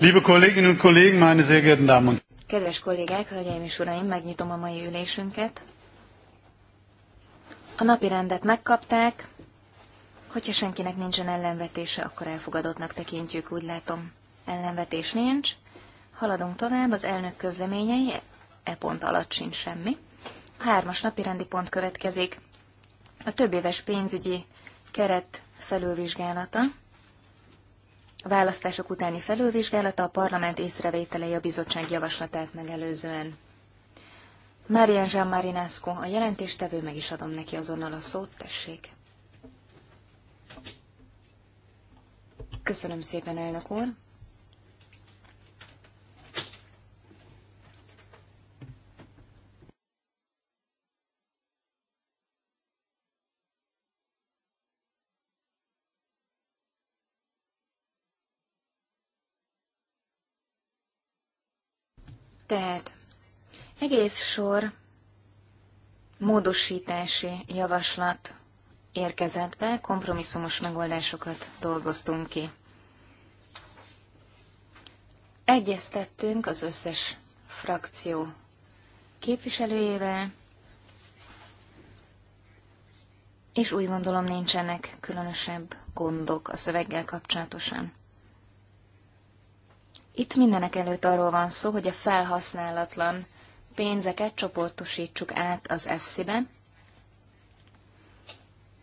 Liebe Kolleginnen und Kollegen, meine sehr geehrten Damen und Kedves kollégák, hölgyeim és uraim, megnyitom a mai ülésünket. A napi rendet megkapták, hogyha senkinek nincsen ellenvetése, akkor elfogadottnak tekintjük, úgy látom. Ellenvetés nincs. Haladunk tovább, az elnök közleményei, e pont alatt sincs semmi. A hármas napi rendi pont következik. A többéves pénzügyi keret felülvizsgálata. A választások utáni felülvizsgálata a parlament észrevételei a bizottság javaslatát megelőzően. Marian Jean Marinescu, a jelentéstevő, meg is adom neki azonnal a szót, tessék. Köszönöm szépen, elnök úr. Tehát egész sor módosítási javaslat érkezett be, kompromisszumos megoldásokat dolgoztunk ki. Egyeztettünk az összes frakció képviselőjével, és úgy gondolom nincsenek különösebb gondok a szöveggel kapcsolatosan. Itt mindenek előtt arról van szó, hogy a felhasználatlan pénzeket csoportosítsuk át az EFSI-be.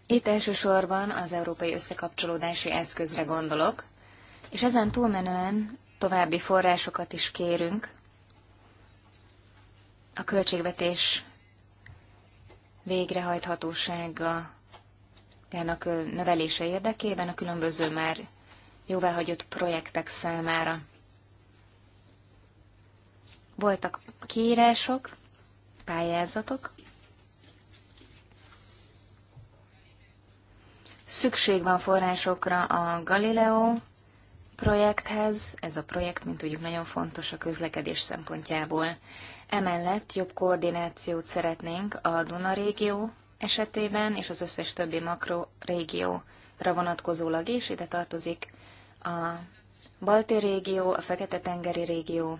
Itt elsősorban az európai összekapcsolódási eszközre gondolok, és ezen túlmenően további forrásokat is kérünk a költségvetés végrehajthatósága növelése érdekében a különböző már jóváhagyott projektek számára. Voltak kiírások, pályázatok. Szükség van forrásokra a Galileo projekthez. Ez a projekt, mint tudjuk, nagyon fontos a közlekedés szempontjából. Emellett jobb koordinációt szeretnénk a Duna régió esetében és az összes többi makro régióra vonatkozólag is. Ide tartozik a Balti régió, a Fekete-tengeri régió,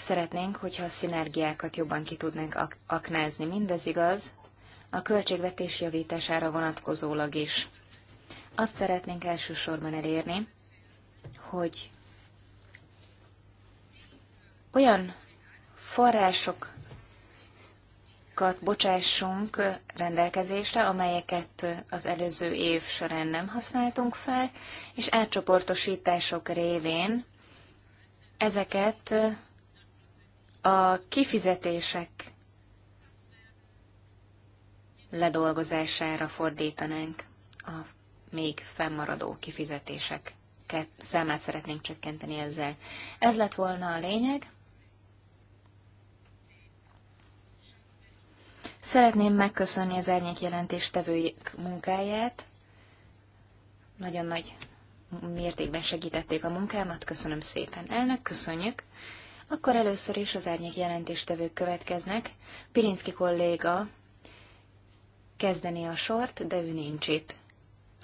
Szeretnénk, hogyha a szinergiákat jobban ki tudnánk ak- aknázni. Mindez igaz, a költségvetés javítására vonatkozólag is. Azt szeretnénk elsősorban elérni, hogy olyan forrásokat bocsássunk rendelkezésre, amelyeket az előző év során nem használtunk fel, és átcsoportosítások révén ezeket a kifizetések ledolgozására fordítanánk a még fennmaradó kifizetések számát szeretnénk csökkenteni ezzel. Ez lett volna a lényeg. Szeretném megköszönni az árnyék jelentéstevőjük munkáját. Nagyon nagy mértékben segítették a munkámat. Köszönöm szépen. Elnök, köszönjük. Akkor először is az árnyék jelentéstevők következnek. Pirinszki kolléga kezdeni a sort, de ő nincs itt.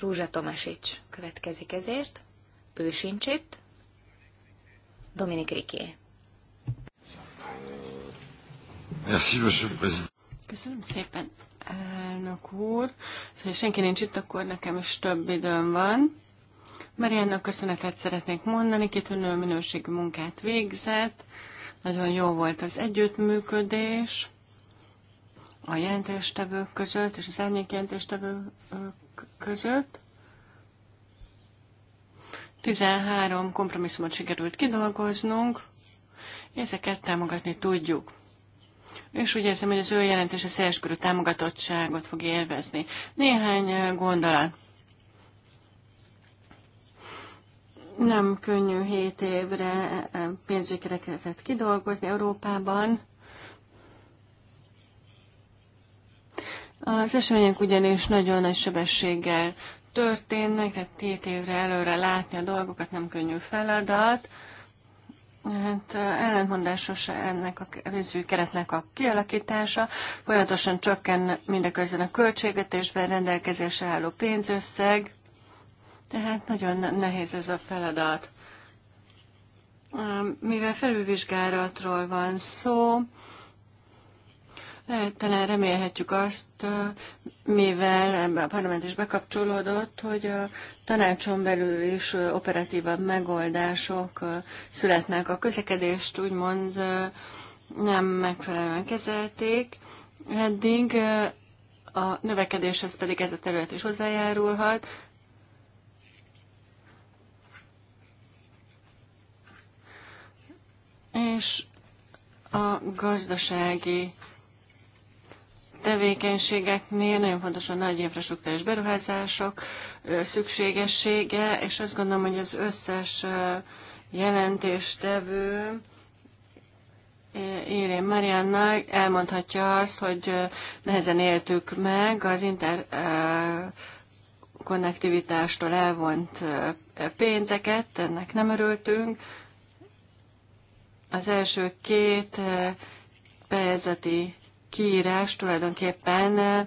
Rúzsa Tomasics következik ezért. Ő sincs itt. Dominik Riké. Merci, monsieur le président. Köszönöm szépen, elnök úr. Ha senki nincs itt, akkor nekem is több időm van. Mariannak köszönetet szeretnék mondani, kitűnő minőségű munkát végzett, nagyon jó volt az együttműködés a jelentéstevők között és az jelentéstevők között. 13 kompromisszumot sikerült kidolgoznunk, ezeket támogatni tudjuk. És úgy érzem, hogy az ő jelentése széleskörű támogatottságot fog élvezni. Néhány gondolat. Nem könnyű 7 évre eh, pénzügyi keretet kidolgozni Európában. Az események ugyanis nagyon nagy sebességgel történnek, tehát két évre előre látni a dolgokat nem könnyű feladat. Hát eh, ellentmondásos ennek a pénzügyi keretnek a kialakítása. Folyamatosan csökken mindeközben a költségvetésben rendelkezésre álló pénzösszeg. Tehát nagyon nehéz ez a feladat. Mivel felülvizsgálatról van szó, eh, talán remélhetjük azt, eh, mivel ebbe a parlament is bekapcsolódott, hogy a tanácson belül is eh, operatívabb megoldások születnek. A közlekedést úgymond nem megfelelően kezelték. Eddig a növekedéshez pedig ez a terület is hozzájárulhat, és a gazdasági tevékenységeknél nagyon fontos a nagy infrastruktúrás beruházások szükségessége, és azt gondolom, hogy az összes jelentéstevő Irén Marianna elmondhatja azt, hogy nehezen éltük meg az konnektivitástól elvont pénzeket, ennek nem örültünk, az első két fejezeti eh, kiírás tulajdonképpen eh,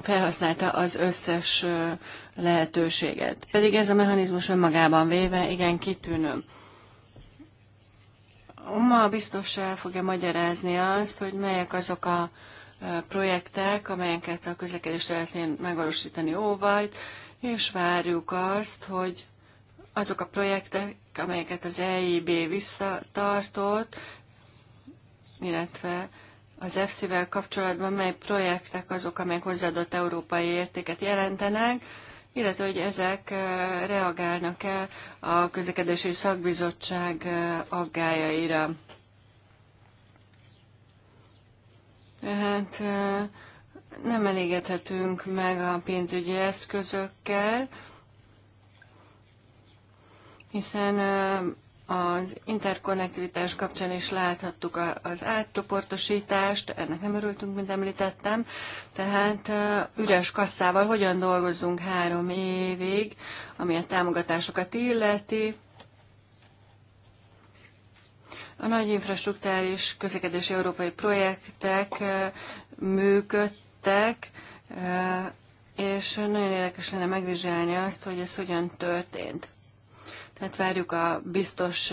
felhasználta az összes eh, lehetőséget. Pedig ez a mechanizmus önmagában véve igen kitűnő. Ma biztos el fogja magyarázni azt, hogy melyek azok a projektek, amelyeket a közlekedés szeretnén megvalósítani óvajt, és várjuk azt, hogy azok a projektek, amelyeket az EIB visszatartott, illetve az EFSZ-vel kapcsolatban mely projektek azok, amelyek hozzáadott európai értéket jelentenek, illetve hogy ezek eh, reagálnak-e a közlekedési szakbizottság eh, aggájaira. Tehát eh, nem elégedhetünk meg a pénzügyi eszközökkel, hiszen az interkonnektivitás kapcsán is láthattuk az átcsoportosítást, ennek nem örültünk, mint említettem, tehát üres kasszával hogyan dolgozzunk három évig, ami a támogatásokat illeti. A nagy infrastruktúrális közlekedési európai projektek működtek, és nagyon érdekes lenne megvizsgálni azt, hogy ez hogyan történt tehát várjuk a biztos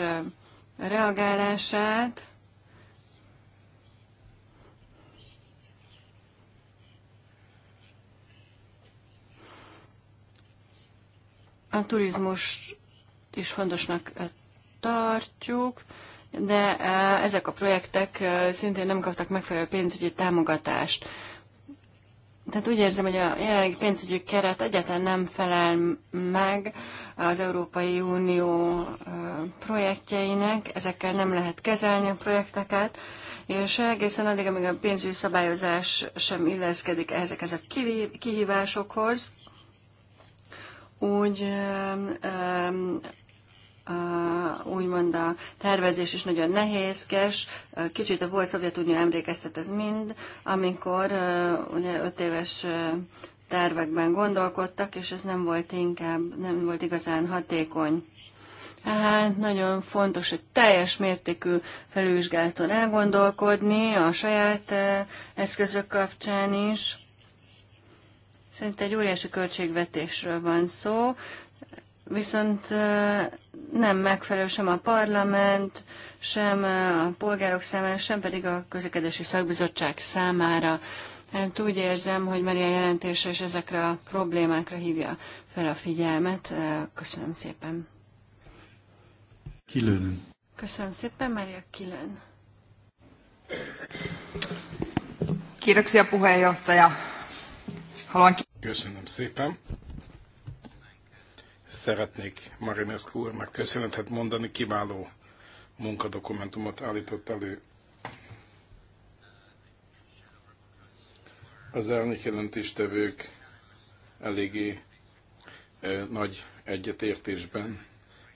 reagálását. A turizmus is fontosnak tartjuk, de ezek a projektek szintén nem kaptak megfelelő pénzügyi támogatást. Tehát úgy érzem, hogy a jelenlegi pénzügyi keret egyáltalán nem felel meg az Európai Unió projektjeinek, ezekkel nem lehet kezelni a projekteket, és egészen addig, amíg a pénzügyi szabályozás sem illeszkedik ezekhez a kihívásokhoz, úgy úgymond a tervezés is nagyon nehézkes, kicsit a volt Szovjetunió emlékeztet ez mind, amikor ugye öt éves tervekben gondolkodtak, és ez nem volt inkább, nem volt igazán hatékony. Hát nagyon fontos egy teljes mértékű felülvizsgálaton elgondolkodni a saját eszközök kapcsán is. Szerintem egy óriási költségvetésről van szó, viszont nem megfelelő sem a parlament, sem a polgárok számára, sem pedig a közlekedési szakbizottság számára. Hát úgy érzem, hogy Maria jelentése és ezekre a problémákra hívja fel a figyelmet. Köszönöm szépen. Kilőn. Köszönöm szépen, Maria Kilőn. Kérek szépen, Haluan... Köszönöm szépen. Szeretnék Marinescu úrnak köszönetet mondani, kiváló munkadokumentumot állított elő. Az elnök jelentéstevők eléggé nagy egyetértésben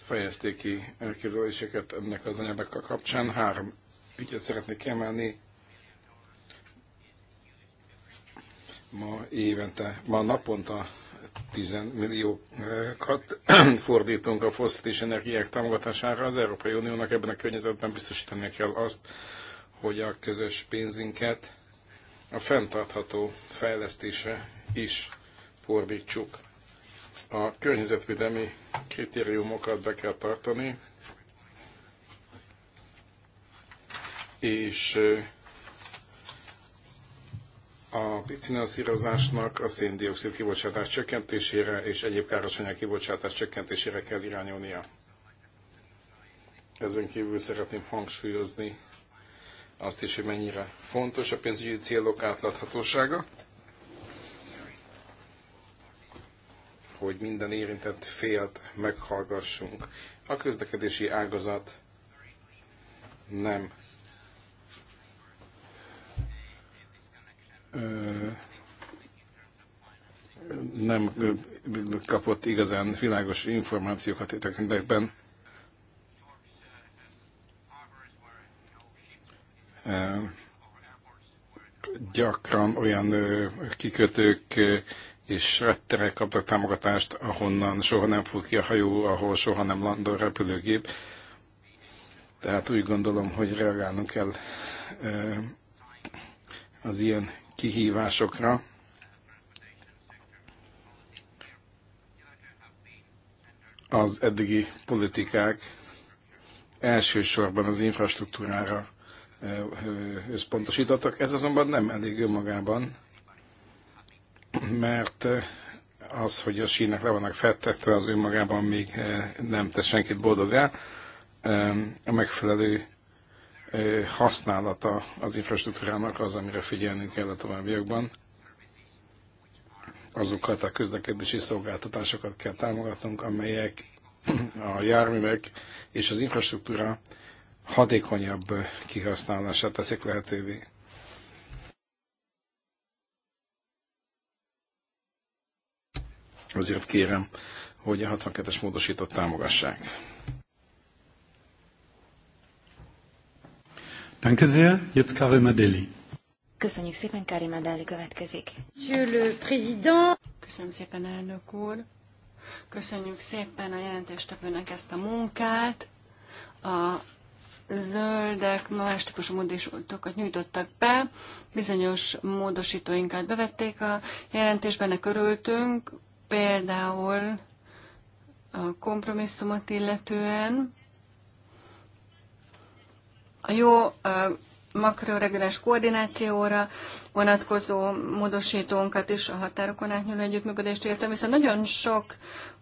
fejezték ki elképzeléseket ennek az anyagnak a kapcsán. Három ügyet szeretnék kiemelni. Ma évente, ma naponta 10 milliókat fordítunk a fosszilis energiák támogatására. Az Európai Uniónak ebben a környezetben biztosítani kell azt, hogy a közös pénzünket a fenntartható fejlesztése is fordítsuk. A környezetvédelmi kritériumokat be kell tartani, és a finanszírozásnak a széndiokszid kibocsátás csökkentésére és egyéb károsanyag kibocsátás csökkentésére kell irányulnia. Ezen kívül szeretném hangsúlyozni azt is, hogy mennyire fontos a pénzügyi célok átláthatósága, hogy minden érintett félt meghallgassunk. A közlekedési ágazat nem nem kapott igazán világos információkat a e tekintetben. Gyakran olyan kikötők és retterek kaptak támogatást, ahonnan soha nem fut ki a hajó, ahol soha nem landol repülőgép. Tehát úgy gondolom, hogy reagálnunk kell az ilyen kihívásokra. Az eddigi politikák elsősorban az infrastruktúrára összpontosítottak. Ez azonban nem elég önmagában, mert az, hogy a sínek le vannak fettetve, az önmagában még nem tesz senkit boldogá. A megfelelő használata az infrastruktúrának az, amire figyelnünk kell a továbbiakban. Azokat a közlekedési szolgáltatásokat kell támogatnunk, amelyek a járművek és az infrastruktúra hatékonyabb kihasználását teszik lehetővé. Azért kérem, hogy a 62-es módosított támogassák. Danke sehr. Jetzt Karim Adeli. Köszönjük szépen, Karim Adeli következik. Monsieur Président. Köszönöm szépen, elnök úr. Köszönjük szépen a jelentéstevőnek ezt a munkát. A zöldek más típusú módosítókat nyújtottak be, bizonyos módosítóinkat bevették a jelentésben, ne körültünk, például a kompromisszumot illetően, a jó makroregulás koordinációra vonatkozó módosítónkat is a határokon átnyúló együttműködést írtam, viszont nagyon sok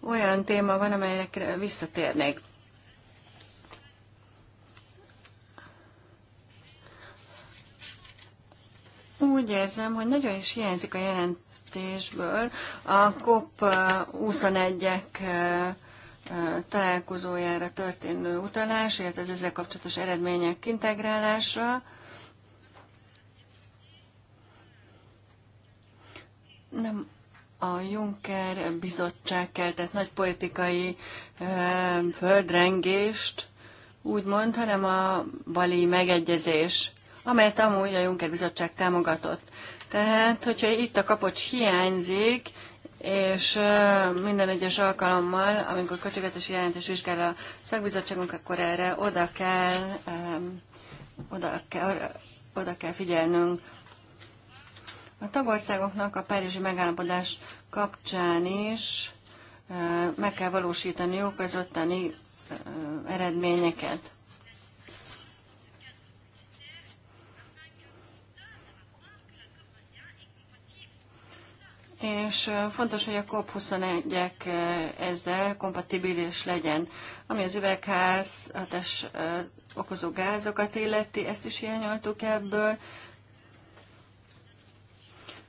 olyan téma van, amelyekre visszatérnék. Úgy érzem, hogy nagyon is hiányzik a jelentésből a COP 21-ek találkozójára történő utalás, illetve az ezzel kapcsolatos eredmények integrálása. Nem a Juncker bizottság keltett nagy politikai földrengést, úgymond, hanem a bali megegyezés, amelyet amúgy a Juncker bizottság támogatott. Tehát, hogyha itt a kapocs hiányzik, és minden egyes alkalommal, amikor költségvetési jelentés vizsgál a szakbizottságunk, akkor erre oda kell, oda kell, oda kell figyelnünk. A tagországoknak a párizsi megállapodás kapcsán is meg kell valósítaniuk az ottani eredményeket. és fontos, hogy a COP21-ek ezzel kompatibilis legyen. Ami az üvegház hatás okozó gázokat illeti, ezt is hiányoltuk ebből,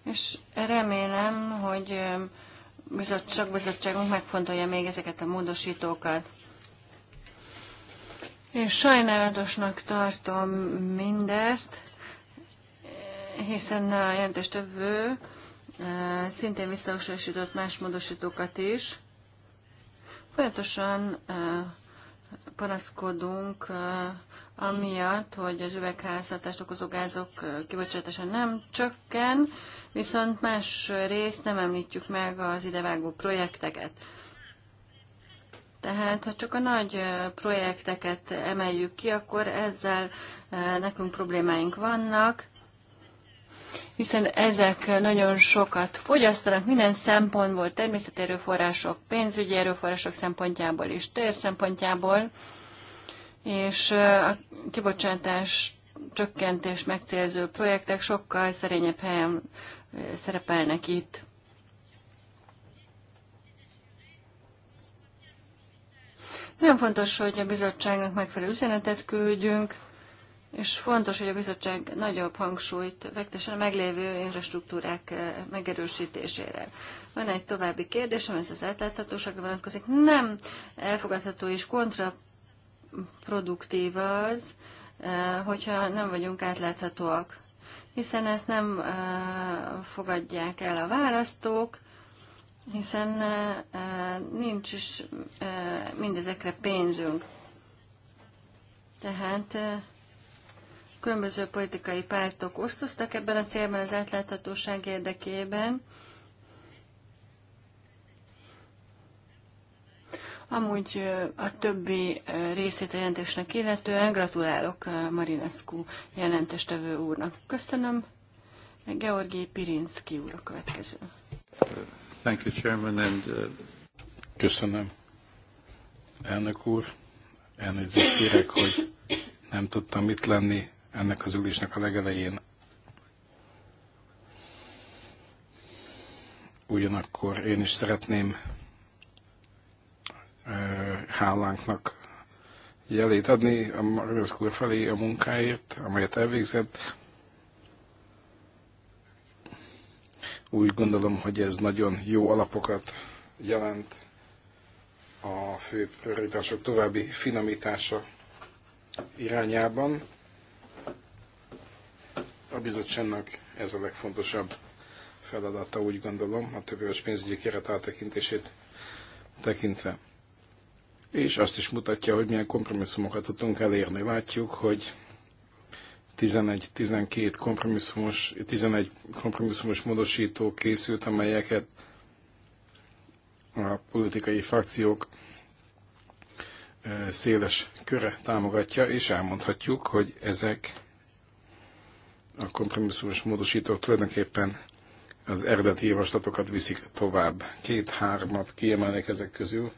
és remélem, hogy bizottság, bizottságunk megfontolja még ezeket a módosítókat. És sajnálatosnak tartom mindezt, hiszen a jelentéstevő szintén visszautasított más módosítókat is. Folyamatosan panaszkodunk amiatt, hogy az üvegházhatást okozó gázok kibocsátása nem csökken, viszont más részt nem említjük meg az idevágó projekteket. Tehát, ha csak a nagy projekteket emeljük ki, akkor ezzel nekünk problémáink vannak, hiszen ezek nagyon sokat fogyasztanak minden szempontból, természeti erőforrások, pénzügyi erőforrások szempontjából és tér szempontjából, és a kibocsátás csökkentés megcélző projektek sokkal szerényebb helyen szerepelnek itt. Nagyon fontos, hogy a bizottságnak megfelelő üzenetet küldjünk, és fontos, hogy a bizottság nagyobb hangsúlyt vektesen a meglévő infrastruktúrák eh, megerősítésére. Van egy további kérdésem, ez az átláthatóságra vonatkozik. Nem elfogadható és kontraproduktív az, eh, hogyha nem vagyunk átláthatóak, hiszen ezt nem eh, fogadják el a választók, hiszen nincs is mindezekre pénzünk. Tehát Különböző politikai pártok osztoztak ebben a célban az átláthatóság érdekében. Amúgy a többi részét a jelentésnek illetően gratulálok Marinescu jelentéstevő úrnak. Köszönöm. Georgi Pirinski úr a következő. Thank you, Chairman, and, uh... Köszönöm. Elnök úr, elnézést kérek, hogy nem tudtam itt lenni ennek az ülésnek a legelején. Ugyanakkor én is szeretném hálánknak jelét adni a Margaret felé a munkáért, amelyet elvégzett. Úgy gondolom, hogy ez nagyon jó alapokat jelent a fő prioritások további finomítása irányában. A bizottságnak ez a legfontosabb feladata, úgy gondolom, a többéves pénzügyi keret áttekintését tekintve. És azt is mutatja, hogy milyen kompromisszumokat tudtunk elérni. Látjuk, hogy 11-12 kompromisszumos, 11 kompromisszumos módosító készült, amelyeket a politikai frakciók széles köre támogatja, és elmondhatjuk, hogy ezek a kompromisszumos módosítók tulajdonképpen az eredeti javaslatokat viszik tovább. Két-hármat kiemelnék ezek közül.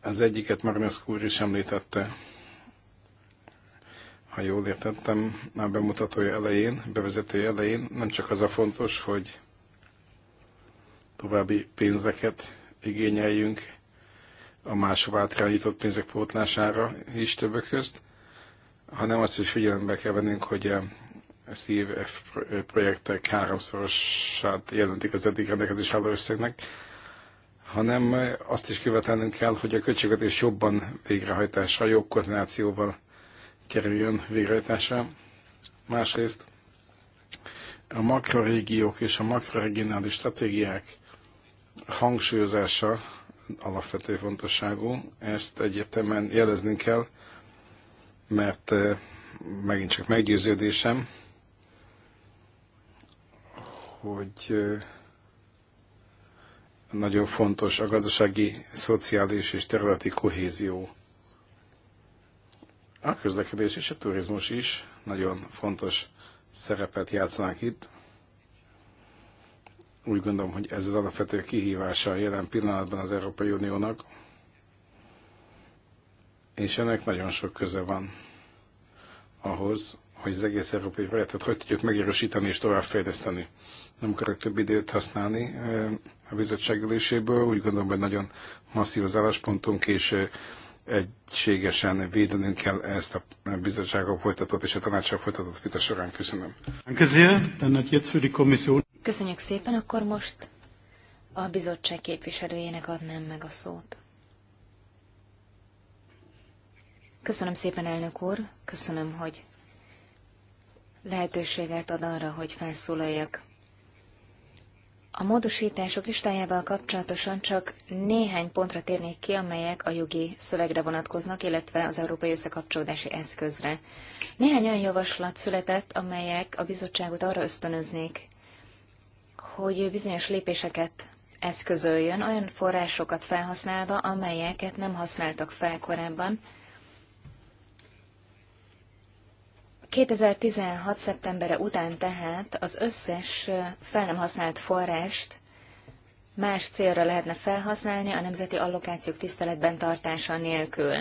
Az egyiket Marinescu úr is említette, ha jól értettem, már bemutatója elején, bevezetője elején, nem csak az a fontos, hogy további pénzeket igényeljünk a máshová átrányított pénzek pótlására is többek közt, hanem azt is figyelembe kell vennünk, hogy szív projektek háromszorosát jelentik az eddig rendelkezés álló összegnek, hanem azt is követelnünk kell, hogy a költségvetés jobban végrehajtásra, jobb koordinációval kerüljön végrehajtásra. Másrészt a makrorégiók és a makroregionális stratégiák hangsúlyozása alapvető fontosságú. Ezt egyetemen jeleznünk kell, mert eh, megint csak meggyőződésem, hogy nagyon fontos a gazdasági, szociális és területi kohézió. A közlekedés és a turizmus is nagyon fontos szerepet játszanak itt. Úgy gondolom, hogy ez az alapvető kihívása jelen pillanatban az Európai Uniónak, és ennek nagyon sok köze van ahhoz, hogy az egész európai projektet hogy tudjuk megerősíteni és továbbfejleszteni. Nem akarok több időt használni a bizottság üléséből, úgy gondolom, hogy nagyon masszív az álláspontunk, és egységesen védenünk kell ezt a bizottsággal folytatott és a tanácssal folytatott vita során. Köszönöm. Köszönjük szépen, akkor most a bizottság képviselőjének adnám meg a szót. Köszönöm szépen, elnök úr, köszönöm, hogy lehetőséget ad arra, hogy felszólaljak. A módosítások listájával kapcsolatosan csak néhány pontra térnék ki, amelyek a jogi szövegre vonatkoznak, illetve az európai összekapcsolódási eszközre. Néhány olyan javaslat született, amelyek a bizottságot arra ösztönöznék, hogy bizonyos lépéseket eszközöljön, olyan forrásokat felhasználva, amelyeket nem használtak fel korábban, 2016. szeptembere után tehát az összes fel nem használt forrást más célra lehetne felhasználni a nemzeti allokációk tiszteletben tartása nélkül.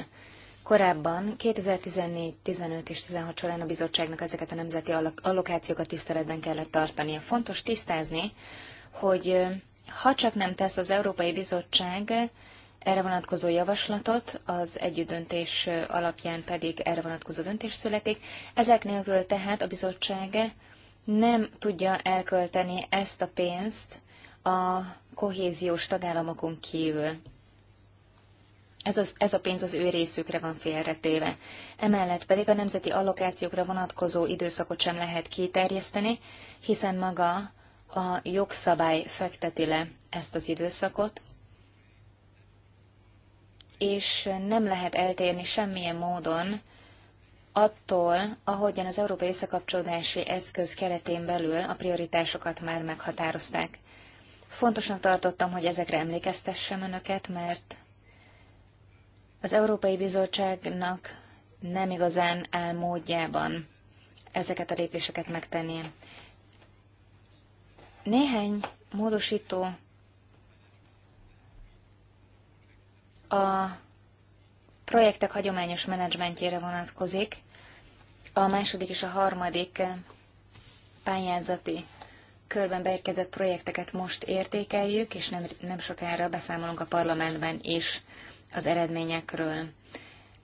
Korábban 2014, 15 és 16 során a bizottságnak ezeket a nemzeti allokációkat tiszteletben kellett tartania. Fontos tisztázni, hogy ha csak nem tesz az Európai Bizottság erre vonatkozó javaslatot, az együttdöntés alapján pedig erre vonatkozó döntés születik. Ezek nélkül tehát a bizottság nem tudja elkölteni ezt a pénzt a kohéziós tagállamokon kívül. Ez, az, ez a pénz az ő részükre van félretéve. Emellett pedig a nemzeti allokációkra vonatkozó időszakot sem lehet kiterjeszteni, hiszen maga a jogszabály fekteti le ezt az időszakot, és nem lehet eltérni semmilyen módon attól, ahogyan az európai összekapcsolódási eszköz keretén belül a prioritásokat már meghatározták. Fontosnak tartottam, hogy ezekre emlékeztessem önöket, mert az Európai Bizottságnak nem igazán áll módjában ezeket a lépéseket megtenni. Néhány módosító a projektek hagyományos menedzsmentjére vonatkozik, a második és a harmadik pályázati körben beérkezett projekteket most értékeljük, és nem, nem sokára beszámolunk a parlamentben is az eredményekről.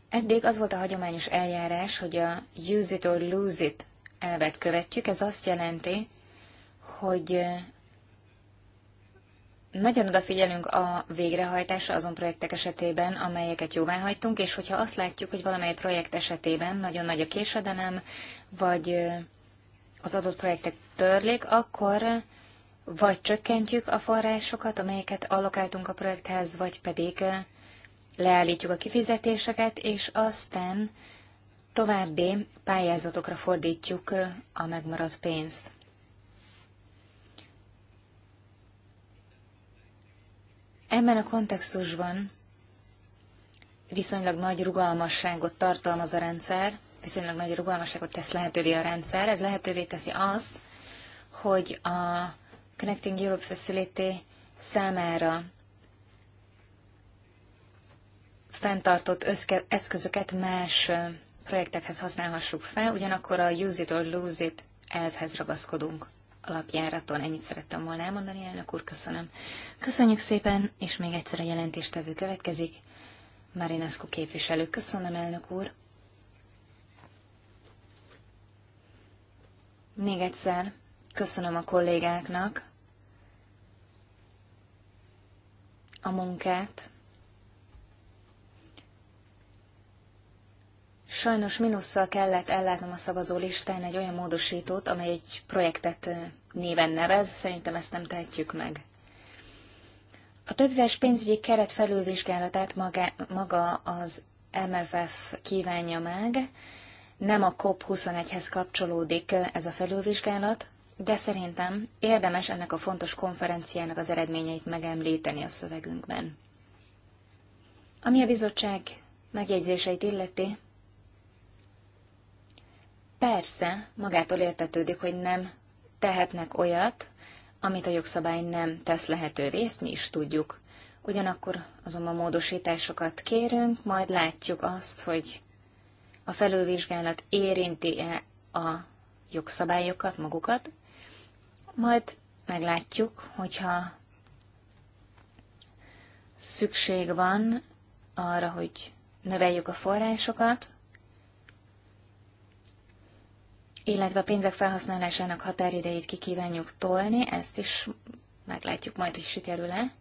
Eddig az volt a hagyományos eljárás, hogy a use it or lose it elvet követjük. Ez azt jelenti, hogy nagyon odafigyelünk a végrehajtásra azon projektek esetében, amelyeket jóvá hagytunk, és hogyha azt látjuk, hogy valamely projekt esetében nagyon nagy a késedelem, vagy az adott projektek törlik, akkor vagy csökkentjük a forrásokat, amelyeket allokáltunk a projekthez, vagy pedig leállítjuk a kifizetéseket, és aztán további pályázatokra fordítjuk a megmaradt pénzt. Ebben a kontextusban viszonylag nagy rugalmasságot tartalmaz a rendszer, viszonylag nagy rugalmasságot tesz lehetővé a rendszer. Ez lehetővé teszi azt, hogy a Connecting Europe Facility számára fenntartott összke- eszközöket más projektekhez használhassuk fel, ugyanakkor a use it or lose it elvhez ragaszkodunk alapjáraton. Ennyit szerettem volna elmondani, elnök úr, köszönöm. Köszönjük szépen, és még egyszer a jelentéstevő következik. Marinescu képviselő, köszönöm, elnök úr. Még egyszer köszönöm a kollégáknak a munkát, Sajnos minusszal kellett ellátnom a szavazó listán egy olyan módosítót, amely egy projektet néven nevez, szerintem ezt nem tehetjük meg. A többéves pénzügyi keret felülvizsgálatát maga, maga az MFF kívánja meg, nem a COP21-hez kapcsolódik ez a felülvizsgálat, de szerintem érdemes ennek a fontos konferenciának az eredményeit megemlíteni a szövegünkben. Ami a bizottság megjegyzéseit illeti, Persze, magától értetődik, hogy nem tehetnek olyat, amit a jogszabály nem tesz lehetővé, ezt mi is tudjuk. Ugyanakkor azonban módosításokat kérünk, majd látjuk azt, hogy a felülvizsgálat érinti-e a jogszabályokat, magukat, majd meglátjuk, hogyha szükség van arra, hogy növeljük a forrásokat, illetve a pénzek felhasználásának határidejét ki kívánjuk tolni, ezt is meglátjuk majd, hogy sikerül-e.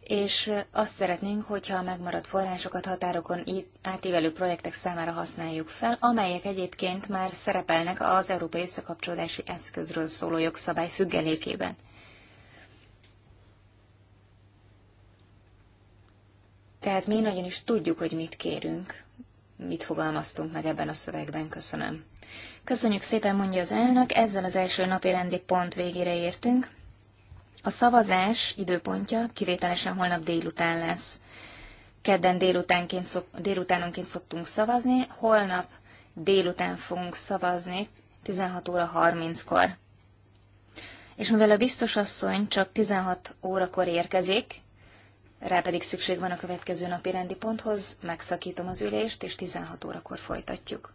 És azt szeretnénk, hogyha a megmaradt forrásokat határokon átívelő projektek számára használjuk fel, amelyek egyébként már szerepelnek az Európai Összekapcsolódási Eszközről szóló jogszabály függelékében. Tehát mi nagyon is tudjuk, hogy mit kérünk, mit fogalmaztunk meg ebben a szövegben. Köszönöm. Köszönjük szépen, mondja az elnök, ezzel az első napi rendi pont végére értünk. A szavazás időpontja kivételesen holnap délután lesz. Kedden délutánként szok, délutánonként szoktunk szavazni, holnap délután fogunk szavazni 16 óra 30-kor. És mivel a biztos asszony csak 16 órakor érkezik, rá pedig szükség van a következő napi rendi ponthoz, megszakítom az ülést, és 16 órakor folytatjuk.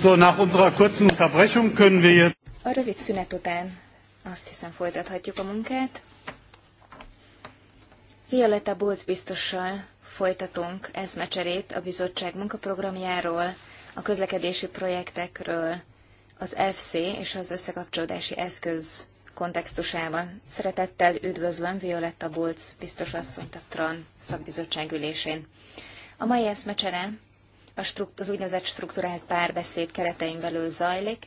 So, nach unserer kurzen Unterbrechung können wir jetzt... A rövid szünet után azt hiszem folytathatjuk a munkát. Violetta Bulc biztossal folytatunk eszmecserét a bizottság munkaprogramjáról, a közlekedési projektekről, az FC és az összekapcsolódási eszköz kontextusában. Szeretettel üdvözlöm Violetta Bulc biztos asszonyt a TRAN szakbizottság ülésén. A mai eszmecsere a strukt- az úgynevezett strukturált párbeszéd keretein belül zajlik,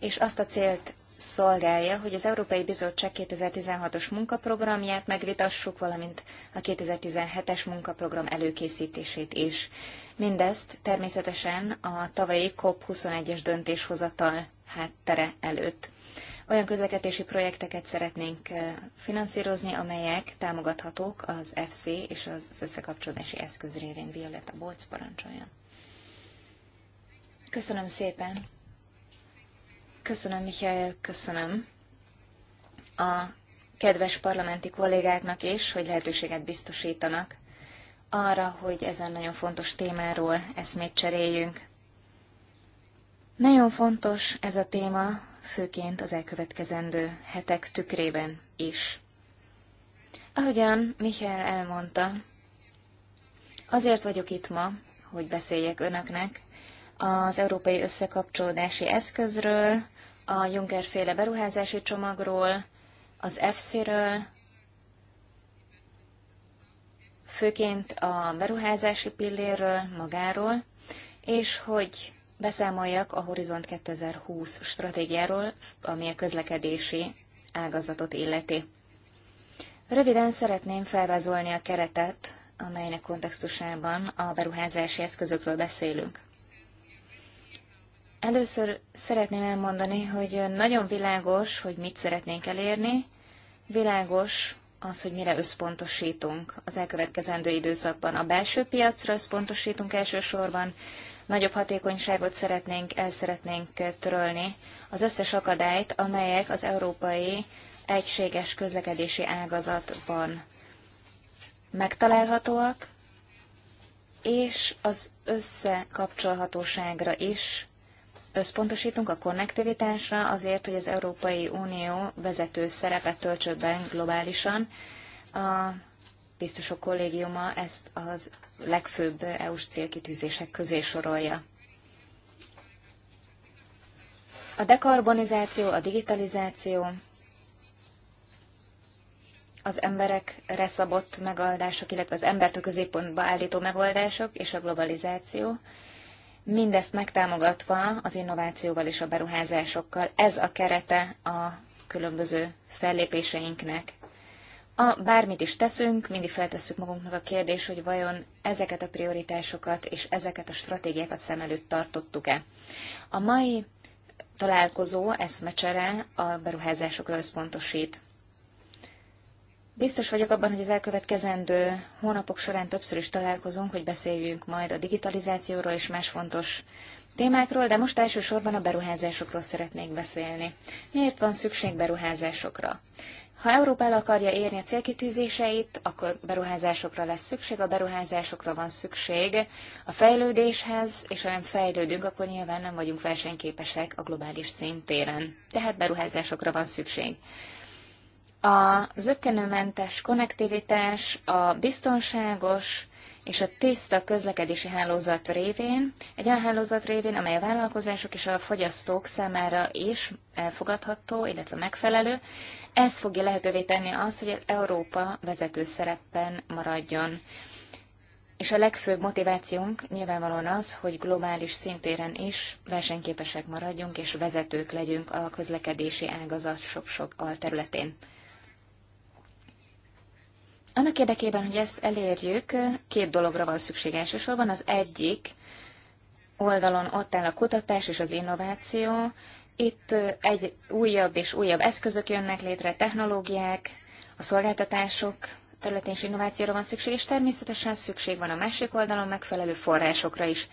és azt a célt szolgálja, hogy az Európai Bizottság 2016-os munkaprogramját megvitassuk, valamint a 2017-es munkaprogram előkészítését is. Mindezt természetesen a tavalyi COP21-es döntéshozatal háttere előtt. Olyan közlekedési projekteket szeretnénk finanszírozni, amelyek támogathatók az FC és az összekapcsolási eszköz révén. Violetta Bolc parancsoljon. Köszönöm szépen. Köszönöm, Mihály, köszönöm a kedves parlamenti kollégáknak is, hogy lehetőséget biztosítanak arra, hogy ezen nagyon fontos témáról eszmét cseréljünk. Nagyon fontos ez a téma, főként az elkövetkezendő hetek tükrében is. Ahogyan Michael elmondta, azért vagyok itt ma, hogy beszéljek önöknek az európai összekapcsolódási eszközről, a Juncker féle beruházási csomagról, az EFSZ-ről, főként a beruházási pillérről, magáról, és hogy beszámoljak a Horizont 2020 stratégiáról, ami a közlekedési ágazatot illeti. Röviden szeretném felvázolni a keretet, amelynek kontextusában a beruházási eszközökről beszélünk. Először szeretném elmondani, hogy nagyon világos, hogy mit szeretnénk elérni, világos az, hogy mire összpontosítunk az elkövetkezendő időszakban. A belső piacra összpontosítunk elsősorban, nagyobb hatékonyságot szeretnénk, el szeretnénk törölni az összes akadályt, amelyek az európai egységes közlekedési ágazatban megtalálhatóak, és az összekapcsolhatóságra is összpontosítunk a konnektivitásra azért, hogy az Európai Unió vezető szerepet töltsön be globálisan. A biztosok kollégiuma ezt az legfőbb EU-s célkitűzések közé sorolja. A dekarbonizáció, a digitalizáció, az emberek szabott megoldások, illetve az embert a középpontba állító megoldások és a globalizáció mindezt megtámogatva az innovációval és a beruházásokkal. Ez a kerete a különböző fellépéseinknek. A bármit is teszünk, mindig feltesszük magunknak a kérdés, hogy vajon ezeket a prioritásokat és ezeket a stratégiákat szem előtt tartottuk-e. A mai találkozó eszmecsere a beruházásokra összpontosít. Biztos vagyok abban, hogy az elkövetkezendő hónapok során többször is találkozunk, hogy beszéljünk majd a digitalizációról és más fontos témákról, de most elsősorban a beruházásokról szeretnék beszélni. Miért van szükség beruházásokra? Ha Európa el akarja érni a célkitűzéseit, akkor beruházásokra lesz szükség, a beruházásokra van szükség a fejlődéshez, és ha nem fejlődünk, akkor nyilván nem vagyunk versenyképesek a globális szintéren. Tehát beruházásokra van szükség. A zökkenőmentes konnektivitás a biztonságos és a tiszta közlekedési hálózat révén, egy olyan hálózat révén, amely a vállalkozások és a fogyasztók számára is elfogadható, illetve megfelelő, ez fogja lehetővé tenni azt, hogy Európa vezető szerepben maradjon. És a legfőbb motivációnk nyilvánvalóan az, hogy globális szintéren is versenyképesek maradjunk és vezetők legyünk a közlekedési ágazat sok-sok alterületén. Annak érdekében, hogy ezt elérjük, két dologra van szükség elsősorban. Az egyik oldalon ott áll a kutatás és az innováció. Itt egy újabb és újabb eszközök jönnek létre, technológiák, a szolgáltatások területén is innovációra van szükség, és természetesen szükség van a másik oldalon megfelelő forrásokra is.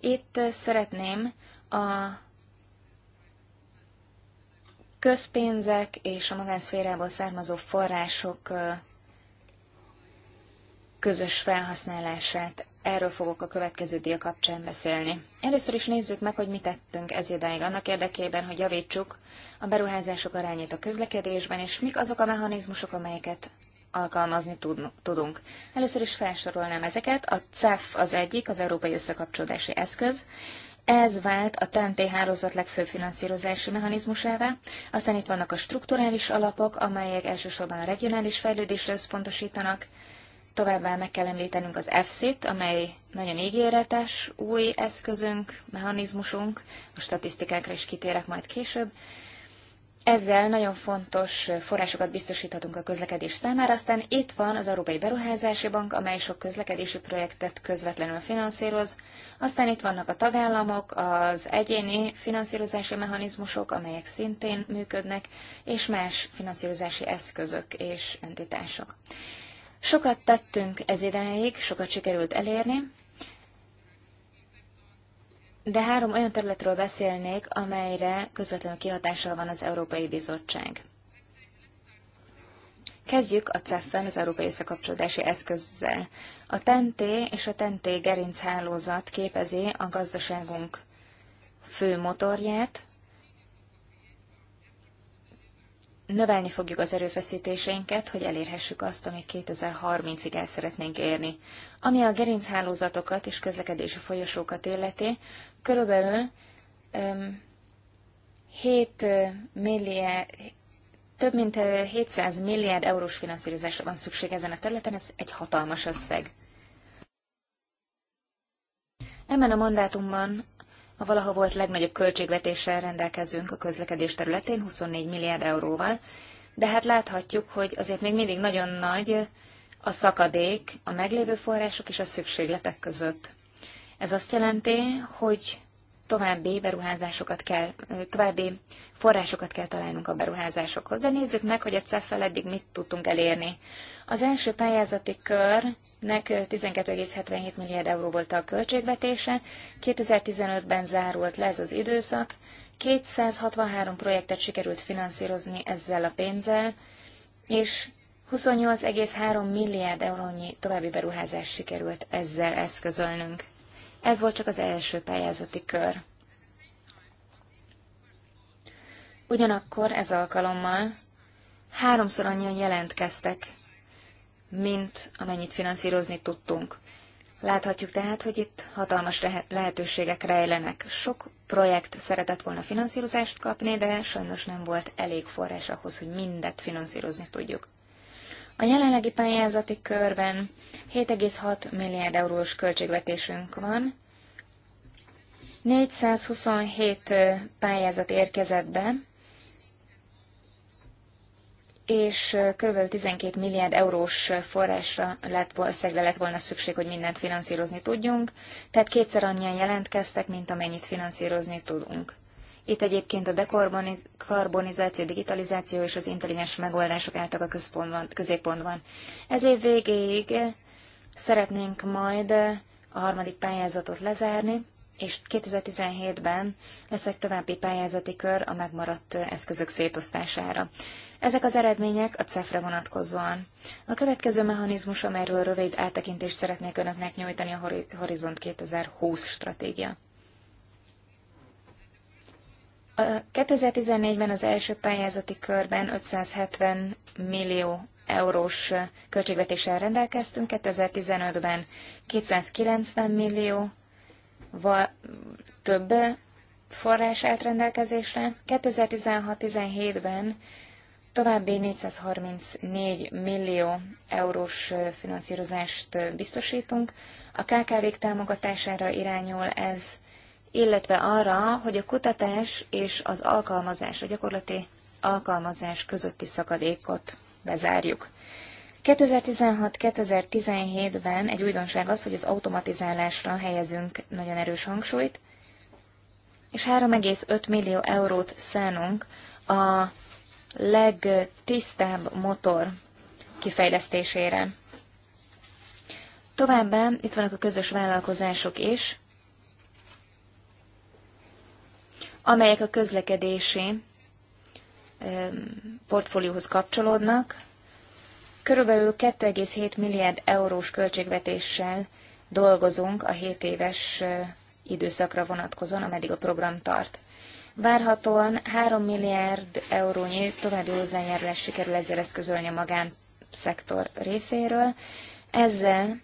Itt szeretném a közpénzek és a magánszférából származó források közös felhasználását. Erről fogok a következő díj kapcsán beszélni. Először is nézzük meg, hogy mit tettünk ez idáig annak érdekében, hogy javítsuk a beruházások arányát a közlekedésben, és mik azok a mechanizmusok, amelyeket alkalmazni tudunk. Először is felsorolnám ezeket. A CEF az egyik, az Európai Összekapcsolódási Eszköz. Ez vált a TNT hálózat legfőbb finanszírozási mechanizmusává. Aztán itt vannak a strukturális alapok, amelyek elsősorban a regionális fejlődésre összpontosítanak. Továbbá meg kell említenünk az EFSIT, t amely nagyon ígéretes új eszközünk, mechanizmusunk, a statisztikákra is kitérek majd később. Ezzel nagyon fontos forrásokat biztosíthatunk a közlekedés számára. Aztán itt van az Európai Beruházási Bank, amely sok közlekedési projektet közvetlenül finanszíroz. Aztán itt vannak a tagállamok, az egyéni finanszírozási mechanizmusok, amelyek szintén működnek, és más finanszírozási eszközök és entitások. Sokat tettünk ez idáig, sokat sikerült elérni, de három olyan területről beszélnék, amelyre közvetlenül kihatással van az Európai Bizottság. Kezdjük a CEF-en, az Európai Összekapcsolódási Eszközzel. A TNT és a TNT gerinc hálózat képezi a gazdaságunk fő motorját, növelni fogjuk az erőfeszítéseinket, hogy elérhessük azt, amit 2030-ig el szeretnénk érni. Ami a gerinchálózatokat és közlekedési folyosókat illeti, körülbelül um, 7 milliárd, több mint 700 milliárd eurós finanszírozásra van szükség ezen a területen, ez egy hatalmas összeg. Ebben a mandátumban a valaha volt legnagyobb költségvetéssel rendelkezünk a közlekedés területén, 24 milliárd euróval, de hát láthatjuk, hogy azért még mindig nagyon nagy a szakadék a meglévő források és a szükségletek között. Ez azt jelenti, hogy további beruházásokat kell, további forrásokat kell találnunk a beruházásokhoz. De nézzük meg, hogy a CEF-fel eddig mit tudtunk elérni. Az első pályázati körnek 12,77 milliárd euró volt a költségvetése, 2015-ben zárult le ez az időszak, 263 projektet sikerült finanszírozni ezzel a pénzzel, és 28,3 milliárd eurónyi további beruházás sikerült ezzel eszközölnünk. Ez volt csak az első pályázati kör. Ugyanakkor ez alkalommal háromszor annyian jelentkeztek mint amennyit finanszírozni tudtunk. Láthatjuk tehát, hogy itt hatalmas lehetőségek rejlenek. Sok projekt szeretett volna finanszírozást kapni, de sajnos nem volt elég forrás ahhoz, hogy mindet finanszírozni tudjuk. A jelenlegi pályázati körben 7,6 milliárd eurós költségvetésünk van. 427 pályázat érkezett be, és kb. 12 milliárd eurós forrásra lett, összegre lett volna szükség, hogy mindent finanszírozni tudjunk, tehát kétszer annyian jelentkeztek, mint amennyit finanszírozni tudunk. Itt egyébként a dekarbonizáció, digitalizáció és az intelligens megoldások álltak a központban, középpontban. Ez év végéig szeretnénk majd a harmadik pályázatot lezárni, és 2017-ben lesz egy további pályázati kör a megmaradt eszközök szétosztására. Ezek az eredmények a CEF-re vonatkozóan. A következő mechanizmus, amelyről rövid áttekintést szeretnék Önöknek nyújtani, a Horizont 2020 stratégia. A 2014-ben az első pályázati körben 570 millió eurós költségvetéssel rendelkeztünk, 2015-ben 290 millió több forrás állt rendelkezésre, 2016-17-ben További 434 millió eurós finanszírozást biztosítunk. A KKV-k támogatására irányul ez, illetve arra, hogy a kutatás és az alkalmazás, a gyakorlati alkalmazás közötti szakadékot bezárjuk. 2016-2017-ben egy újdonság az, hogy az automatizálásra helyezünk nagyon erős hangsúlyt, és 3,5 millió eurót szánunk a legtisztább motor kifejlesztésére. Továbbá itt vannak a közös vállalkozások is, amelyek a közlekedési portfólióhoz kapcsolódnak. Körülbelül 2,7 milliárd eurós költségvetéssel dolgozunk a 7 éves időszakra vonatkozóan, ameddig a program tart. Várhatóan 3 milliárd eurónyi további hozzájárulás sikerül ezzel eszközölni a magánszektor részéről. Ezzel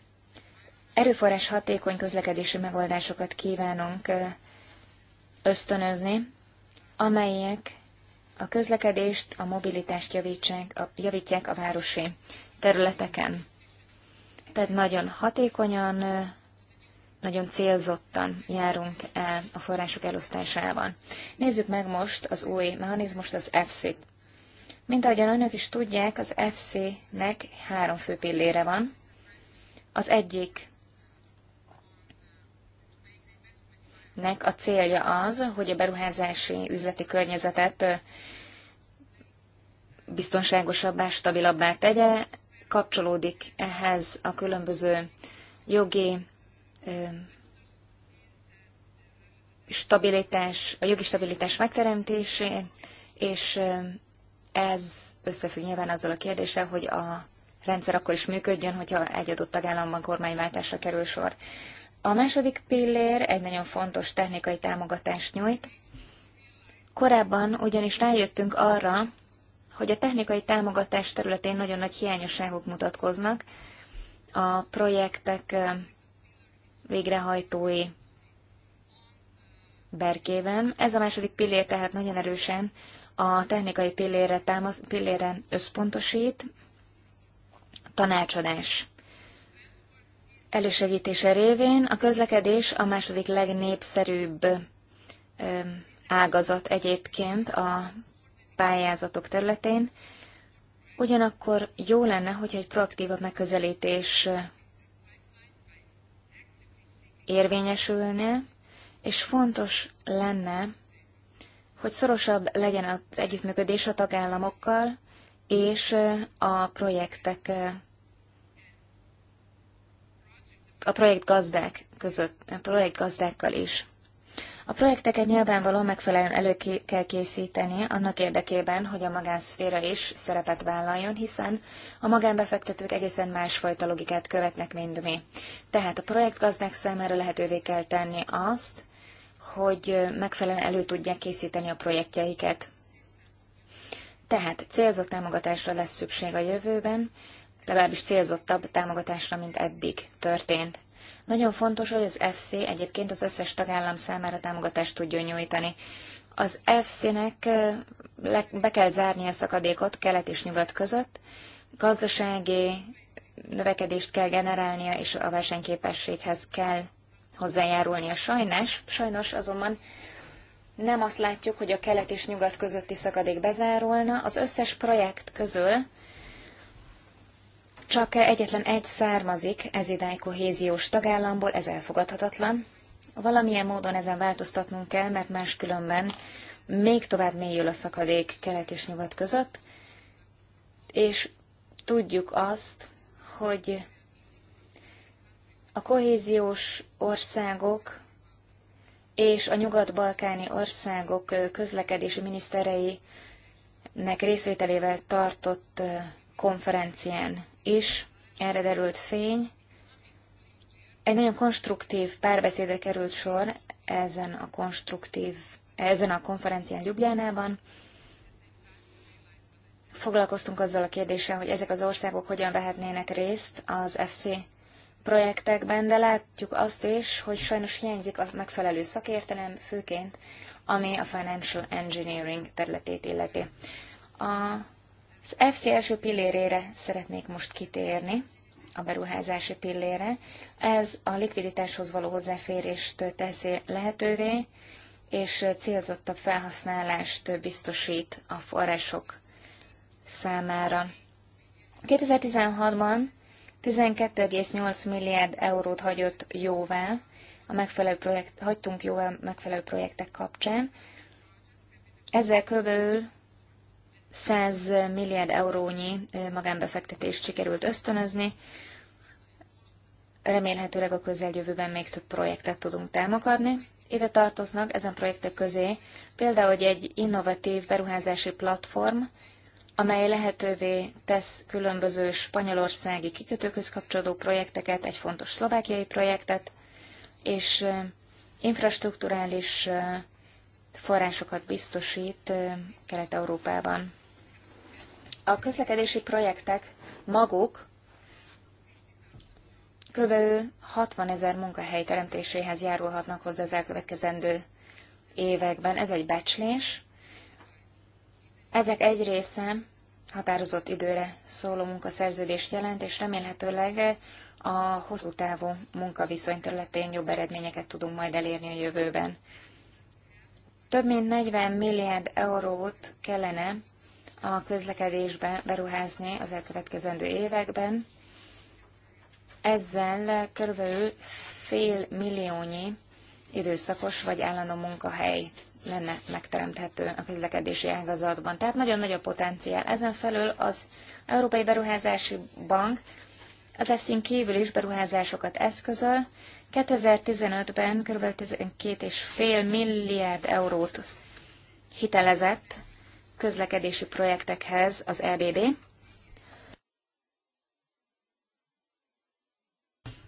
erőforrás hatékony közlekedési megoldásokat kívánunk ösztönözni, amelyek a közlekedést, a mobilitást javítsák, javítják a városi területeken. Tehát nagyon hatékonyan nagyon célzottan járunk el a források elosztásával. Nézzük meg most az új mechanizmust, az Fc. t Mint ahogyan önök is tudják, az FC-nek három fő pillére van. Az egyik nek a célja az, hogy a beruházási üzleti környezetet biztonságosabbá, stabilabbá tegye, kapcsolódik ehhez a különböző jogi stabilitás, a jogi stabilitás megteremtésé, és ez összefügg nyilván azzal a kérdéssel, hogy a rendszer akkor is működjön, hogyha egy adott tagállamban kormányváltásra kerül sor. A második pillér egy nagyon fontos technikai támogatást nyújt. Korábban ugyanis rájöttünk arra, hogy a technikai támogatás területén nagyon nagy hiányosságok mutatkoznak, a projektek végrehajtói berkében. Ez a második pillér tehát nagyon erősen a technikai pillére, támasz, pillére összpontosít, tanácsadás elősegítése révén a közlekedés a második legnépszerűbb ágazat egyébként a pályázatok területén. Ugyanakkor jó lenne, hogyha egy proaktívabb megközelítés érvényesülne, és fontos lenne, hogy szorosabb legyen az együttműködés a tagállamokkal és a projektek, a projektgazdák között, a projektgazdákkal is. A projekteket nyilvánvalóan megfelelően elő kell készíteni annak érdekében, hogy a magánszféra is szerepet vállaljon, hiszen a magánbefektetők egészen másfajta logikát követnek, mint mi. Tehát a projektgazdák számára lehetővé kell tenni azt, hogy megfelelően elő tudják készíteni a projektjeiket. Tehát célzott támogatásra lesz szükség a jövőben, legalábbis célzottabb támogatásra, mint eddig történt. Nagyon fontos, hogy az FC egyébként az összes tagállam számára támogatást tudjon nyújtani. Az FC-nek be kell zárni a szakadékot kelet és nyugat között, gazdasági növekedést kell generálnia, és a versenyképességhez kell hozzájárulnia. Sajnos, sajnos azonban nem azt látjuk, hogy a kelet és nyugat közötti szakadék bezárulna. Az összes projekt közül csak egyetlen egy származik ez idáig kohéziós tagállamból, ez elfogadhatatlan. Valamilyen módon ezen változtatnunk kell, mert máskülönben még tovább mélyül a szakadék kelet és nyugat között, és tudjuk azt, hogy a kohéziós országok és a nyugat-balkáni országok közlekedési minisztereinek részvételével tartott konferencián is erre derült fény. Egy nagyon konstruktív párbeszédre került sor ezen a konstruktív, ezen a konferencián Ljubljánában. Foglalkoztunk azzal a kérdéssel, hogy ezek az országok hogyan vehetnének részt az FC projektekben, de látjuk azt is, hogy sajnos hiányzik a megfelelő szakértelem, főként ami a financial engineering területét illeti. A az FC első pillérére szeretnék most kitérni, a beruházási pillére. Ez a likviditáshoz való hozzáférést teszi lehetővé, és célzottabb felhasználást biztosít a források számára. 2016-ban 12,8 milliárd eurót hagyott jóvá, a megfelelő projekt, hagytunk jóvá megfelelő projektek kapcsán. Ezzel körülbelül 100 milliárd eurónyi magánbefektetést sikerült ösztönözni. Remélhetőleg a közeljövőben még több projektet tudunk támogatni. Ide tartoznak ezen projektek közé például egy innovatív beruházási platform, amely lehetővé tesz különböző spanyolországi kikötőköz kapcsolódó projekteket, egy fontos szlovákiai projektet, és infrastruktúrális forrásokat biztosít Kelet-Európában a közlekedési projektek maguk kb. 60 ezer munkahely teremtéséhez járulhatnak hozzá az elkövetkezendő években. Ez egy becslés. Ezek egy része határozott időre szóló munkaszerződést jelent, és remélhetőleg a hosszú távú munkaviszony területén jobb eredményeket tudunk majd elérni a jövőben. Több mint 40 milliárd eurót kellene a közlekedésbe beruházni az elkövetkezendő években. Ezzel körülbelül fél milliónyi időszakos vagy állandó munkahely lenne megteremthető a közlekedési ágazatban. Tehát nagyon nagy a potenciál. Ezen felül az Európai Beruházási Bank az eszín kívül is beruházásokat eszközöl. 2015-ben kb. 12,5 milliárd eurót hitelezett közlekedési projektekhez az EBB.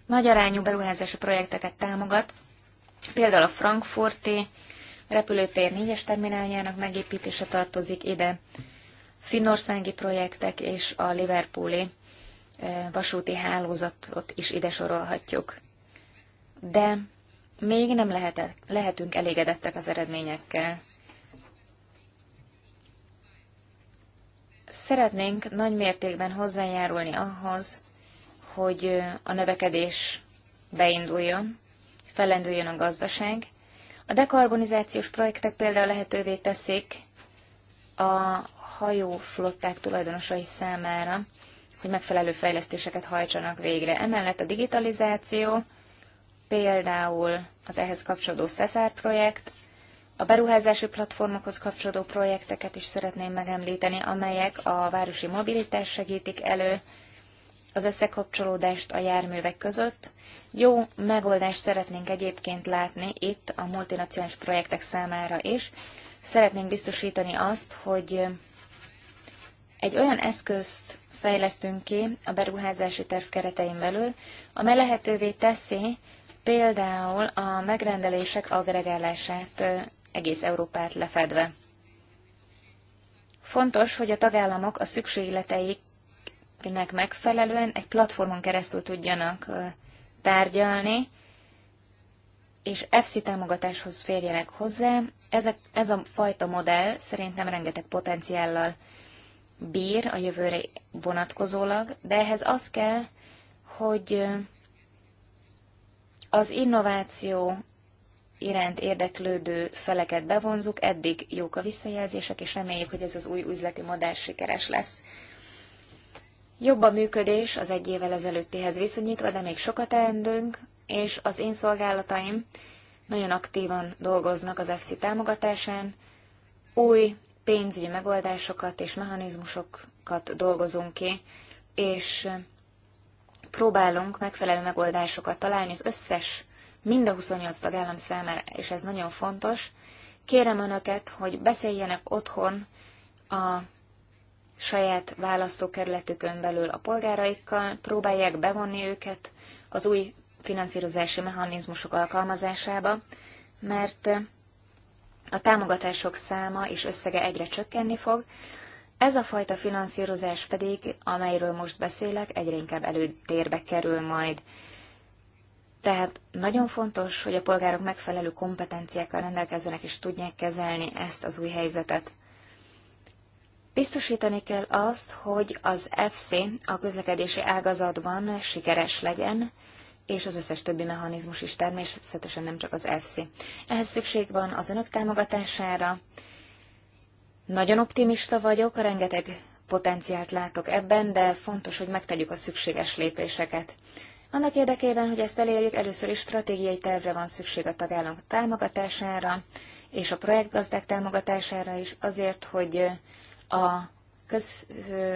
Nagy arányú beruházási projekteket támogat, például a Frankfurti repülőtér 4-es termináljának megépítése tartozik ide, finnországi projektek és a Liverpooli eh, vasúti hálózatot is ide sorolhatjuk. De még nem lehetünk elégedettek az eredményekkel. Szeretnénk nagy mértékben hozzájárulni ahhoz, hogy a növekedés beinduljon, fellendüljön a gazdaság. A dekarbonizációs projektek például lehetővé teszik a hajóflották tulajdonosai számára, hogy megfelelő fejlesztéseket hajtsanak végre. Emellett a digitalizáció, például az ehhez kapcsolódó Cezár projekt, a beruházási platformokhoz kapcsolódó projekteket is szeretném megemlíteni, amelyek a városi mobilitást segítik elő, az összekapcsolódást a járművek között. Jó megoldást szeretnénk egyébként látni itt a multinacionális projektek számára is. Szeretnénk biztosítani azt, hogy egy olyan eszközt fejlesztünk ki a beruházási terv keretein belül, amely lehetővé teszi például a megrendelések agregálását egész Európát lefedve. Fontos, hogy a tagállamok a szükségleteiknek megfelelően egy platformon keresztül tudjanak tárgyalni, és FC támogatáshoz férjenek hozzá. Ezek, ez a fajta modell szerintem rengeteg potenciállal bír a jövőre vonatkozólag, de ehhez az kell, hogy az innováció iránt érdeklődő feleket bevonzuk, eddig jók a visszajelzések, és reméljük, hogy ez az új üzleti modell sikeres lesz. Jobb a működés az egy évvel ezelőttihez viszonyítva, de még sokat teendünk, és az én szolgálataim nagyon aktívan dolgoznak az FC támogatásán. Új pénzügyi megoldásokat és mechanizmusokat dolgozunk ki, és próbálunk megfelelő megoldásokat találni az összes mind a 28 tagállam számára, és ez nagyon fontos. Kérem Önöket, hogy beszéljenek otthon a saját választókerületükön belül a polgáraikkal, próbálják bevonni őket az új finanszírozási mechanizmusok alkalmazásába, mert a támogatások száma és összege egyre csökkenni fog, ez a fajta finanszírozás pedig, amelyről most beszélek, egyre inkább előtérbe kerül majd. Tehát nagyon fontos, hogy a polgárok megfelelő kompetenciákkal rendelkezzenek és tudják kezelni ezt az új helyzetet. Biztosítani kell azt, hogy az FC a közlekedési ágazatban sikeres legyen, és az összes többi mechanizmus is természetesen nem csak az FC. Ehhez szükség van az önök támogatására. Nagyon optimista vagyok, rengeteg potenciált látok ebben, de fontos, hogy megtegyük a szükséges lépéseket. Annak érdekében, hogy ezt elérjük, először is stratégiai tervre van szükség a tagállamok támogatására, és a projektgazdák támogatására is, azért, hogy a köz,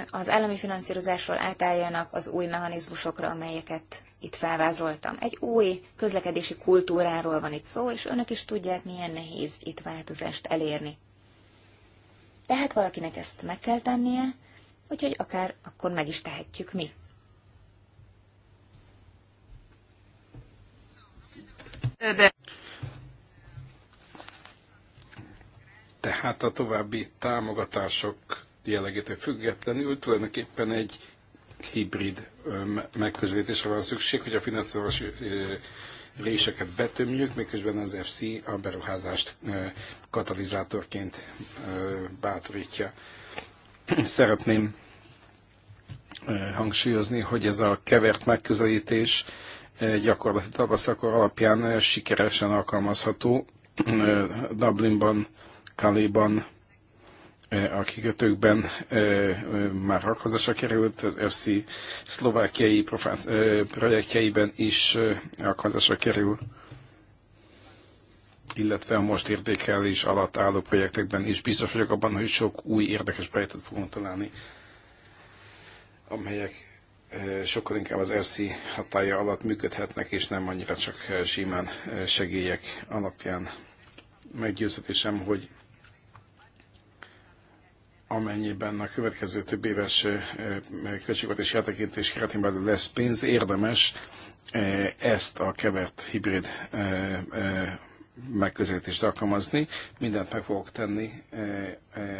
az állami finanszírozásról átálljanak az új mechanizmusokra, amelyeket itt felvázoltam. Egy új közlekedési kultúráról van itt szó, és önök is tudják, milyen nehéz itt változást elérni. Tehát valakinek ezt meg kell tennie, úgyhogy akár akkor meg is tehetjük mi. De... Tehát a további támogatások jellegétől függetlenül tulajdonképpen egy hibrid megközelítésre van szükség, hogy a finanszírozási réseket betömjük, miközben az FC a beruházást katalizátorként bátorítja. Szeretném hangsúlyozni, hogy ez a kevert megközelítés gyakorlati tapasztalatok alapján sikeresen alkalmazható Dublinban, Kaliban, a kikötőkben már alkalmazásra került, az FC szlovákiai projektjeiben is alkalmazásra kerül, illetve a most értékelés alatt álló projektekben is. Biztos vagyok abban, hogy sok új érdekes projektet fogunk találni, amelyek sokkal inkább az FC hatája alatt működhetnek, és nem annyira csak eh, simán eh, segélyek alapján. Meggyőződésem, hogy amennyiben a következő több éves eh, költségvetési áttekintés keretén belül lesz pénz, érdemes ezt a kevert hibrid megközelítést alkalmazni. Mindent meg fogok tenni,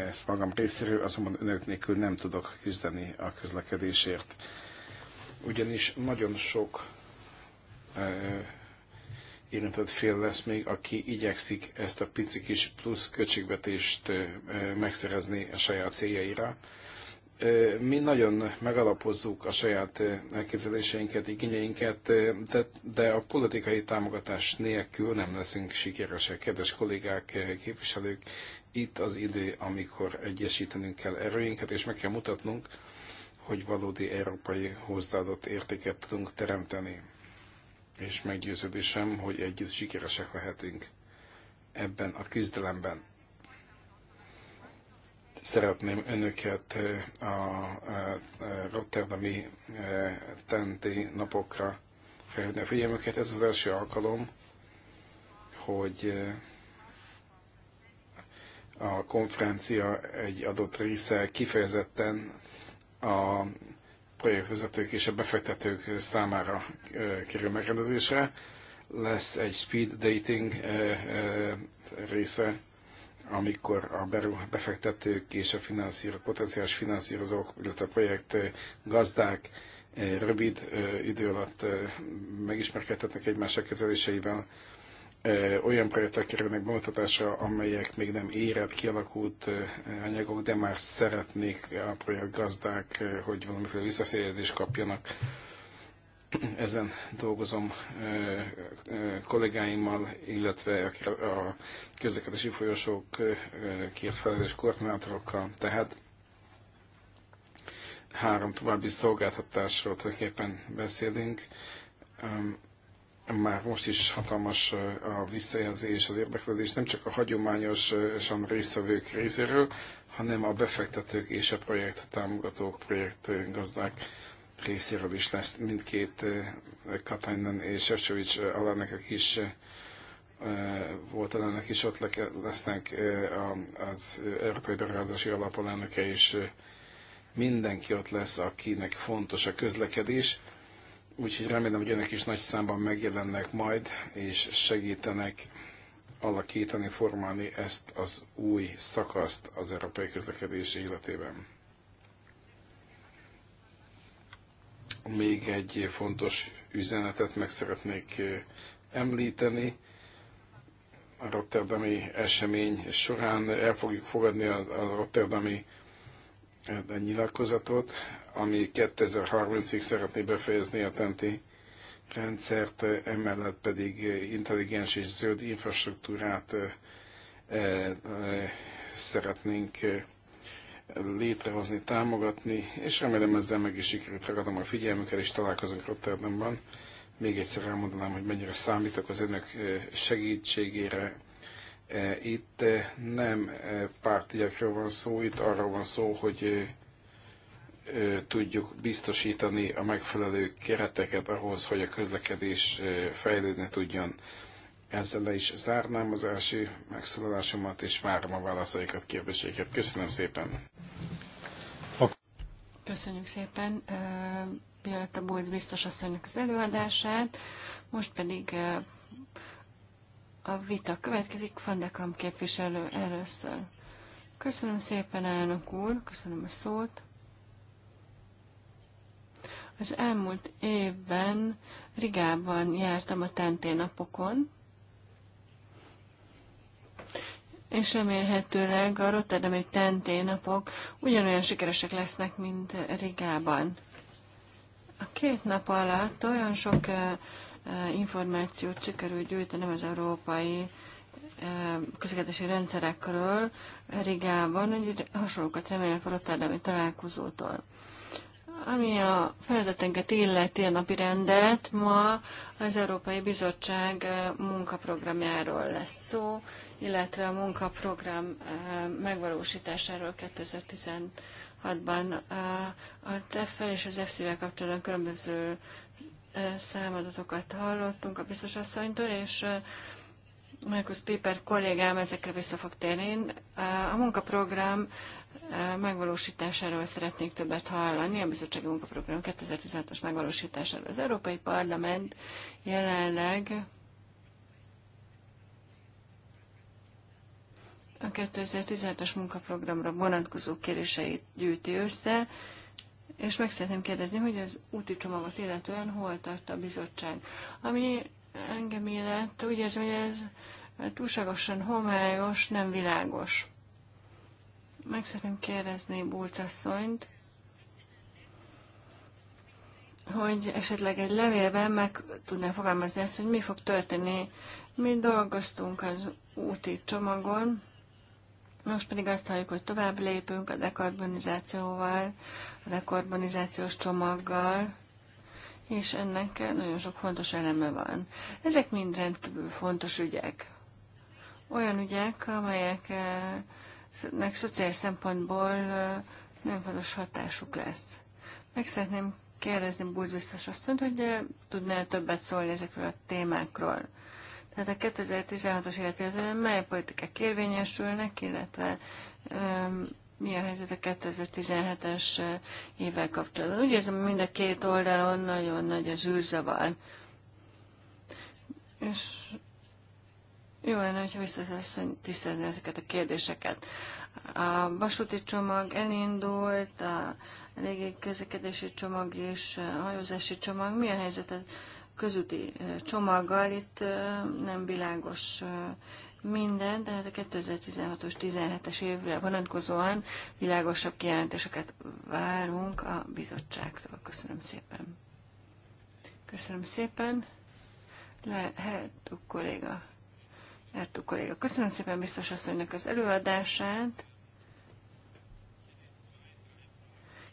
ezt magam részéről, azonban önök nélkül nem tudok küzdeni a közlekedésért ugyanis nagyon sok érintett fél lesz még, aki igyekszik ezt a pici kis plusz költségvetést megszerezni a saját céljaira. Mi nagyon megalapozzuk a saját elképzeléseinket, igényeinket, de, de a politikai támogatás nélkül nem leszünk sikeresek. Kedves kollégák, képviselők, itt az idő, amikor egyesítenünk kell erőinket, és meg kell mutatnunk, hogy valódi európai hozzáadott értéket tudunk teremteni. És meggyőződésem, hogy együtt sikeresek lehetünk ebben a küzdelemben. Szeretném önöket a Rotterdami tenti napokra felhívni a figyelmüket. Ez az első alkalom, hogy a konferencia egy adott része kifejezetten a projektvezetők és a befektetők számára kerül megrendezésre. Lesz egy speed dating része, amikor a befektetők és a finanszíro, potenciális finanszírozók, illetve a projekt gazdák rövid idő alatt megismerkedhetnek egymás elképzeléseivel, olyan projektek kerülnek bemutatásra, amelyek még nem érett, kialakult anyagok, de már szeretnék a projekt gazdák, hogy valamiféle visszaszélyedést kapjanak. Ezen dolgozom kollégáimmal, illetve a közlekedési folyosók két felelős koordinátorokkal. Tehát három további szolgáltatásról tulajdonképpen beszélünk már most is hatalmas a visszajelzés, az érdeklődés nem csak a hagyományosan résztvevők részéről, hanem a befektetők és a projekt támogatók, gazdák részéről is lesz mindkét Katainen és alának a kis volt alának is, ott lesznek az Európai Beruházási Alap alelnöke, és mindenki ott lesz, akinek fontos a közlekedés Úgyhogy remélem, hogy önök is nagy számban megjelennek majd, és segítenek alakítani, formálni ezt az új szakaszt az európai közlekedés életében. Még egy fontos üzenetet meg szeretnék említeni. A Rotterdami esemény során el fogjuk fogadni a Rotterdami nyilatkozatot, ami 2030-ig szeretné befejezni a tenti rendszert, emellett pedig intelligens és zöld infrastruktúrát eh, eh, szeretnénk eh, létrehozni, támogatni, és remélem ezzel meg is sikerült ragadom a figyelmükkel, és találkozunk Rotterdamban. Még egyszer elmondanám, hogy mennyire számítok az önök segítségére. Itt nem pártiakról van szó, itt arról van szó, hogy tudjuk biztosítani a megfelelő kereteket ahhoz, hogy a közlekedés fejlődni tudjon. Ezzel le is zárnám az első megszólalásomat, és várom a válaszaikat, kérdéseiket. Köszönöm szépen! Köszönjük szépen Violetta Bújc biztos asszonynak az előadását. Most pedig a vita következik. Fandekam képviselő először. Köszönöm szépen, elnök úr, köszönöm a szót. Az elmúlt évben Rigában jártam a tentén napokon, és remélhetőleg a Rotterdami tenté napok ugyanolyan sikeresek lesznek, mint Rigában. A két nap alatt olyan sok információt sikerült gyűjtenem az európai közlekedési rendszerekről Rigában, hogy hasonlókat remélek a Rotterdami találkozótól. Ami a feladatunkat illeti a napi rendet, ma az Európai Bizottság eh, munkaprogramjáról lesz szó, illetve a munkaprogram eh, megvalósításáról 2016-ban. Eh, a tef és az EFSZ-vel kapcsolatban különböző számadatokat hallottunk a biztos asszonytól, és Markus Piper kollégám ezekre vissza fog térni. A munkaprogram megvalósításáról szeretnék többet hallani, a bizottsági munkaprogram 2016-os megvalósításáról. Az Európai Parlament jelenleg a 2016-os munkaprogramra vonatkozó kéréseit gyűjti össze, és meg szeretném kérdezni, hogy az úti csomagot illetően hol tart a bizottság. Ami engem illet, úgy érzem, hogy ez túlságosan homályos, nem világos. Meg szeretném kérdezni Bulcsasszonyt, hogy esetleg egy levélben meg tudná fogalmazni ezt, hogy mi fog történni. Mi dolgoztunk az úti csomagon, most pedig azt halljuk, hogy tovább lépünk a dekarbonizációval, a dekarbonizációs csomaggal, és ennek nagyon sok fontos eleme van. Ezek mind rendkívül fontos ügyek. Olyan ügyek, amelyek eh, meg szociális szempontból nagyon fontos hatásuk lesz. Meg szeretném kérdezni Búz biztos mondta, hogy tudnál többet szólni ezekről a témákról. Tehát a 2016-os életében mely politikák érvényesülnek, illetve mi a helyzet a 2017-es évvel kapcsolatban. Úgy érzem, mind a két oldalon nagyon nagy az űrzavar. És jó lenne, hogyha visszateszünk tisztelni ezeket a kérdéseket. A vasúti csomag elindult, a légi közlekedési csomag és a hajózási csomag. Mi a helyzet a közúti csomaggal? Itt nem világos minden, hát a 2016-os 17-es évre vonatkozóan világosabb kijelentéseket várunk a bizottságtól. Köszönöm szépen. Köszönöm szépen. Lehet, kolléga. Ertug kolléga, köszönöm szépen biztos asszonynak az előadását.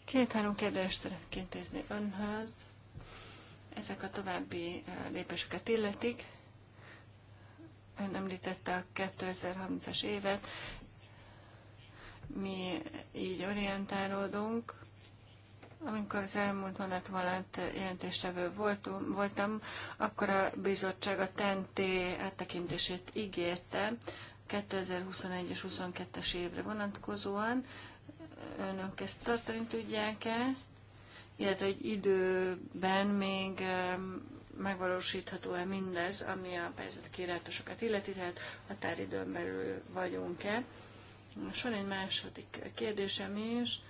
Két-három kérdést szeretnék intézni önhöz. Ezek a további eh, lépéseket illetik. Ön említette a 2030-as évet. Mi így orientálódunk amikor az elmúlt mandat jelentéstevő voltam, akkor a bizottság a TENTÉ áttekintését ígérte 2021 és 22 es évre vonatkozóan. Önök ezt tartani tudják-e? Illetve egy időben még megvalósítható-e mindez, ami a pályázati kérdésokat illeti, tehát határidőn belül vagyunk-e. Van egy második kérdésem is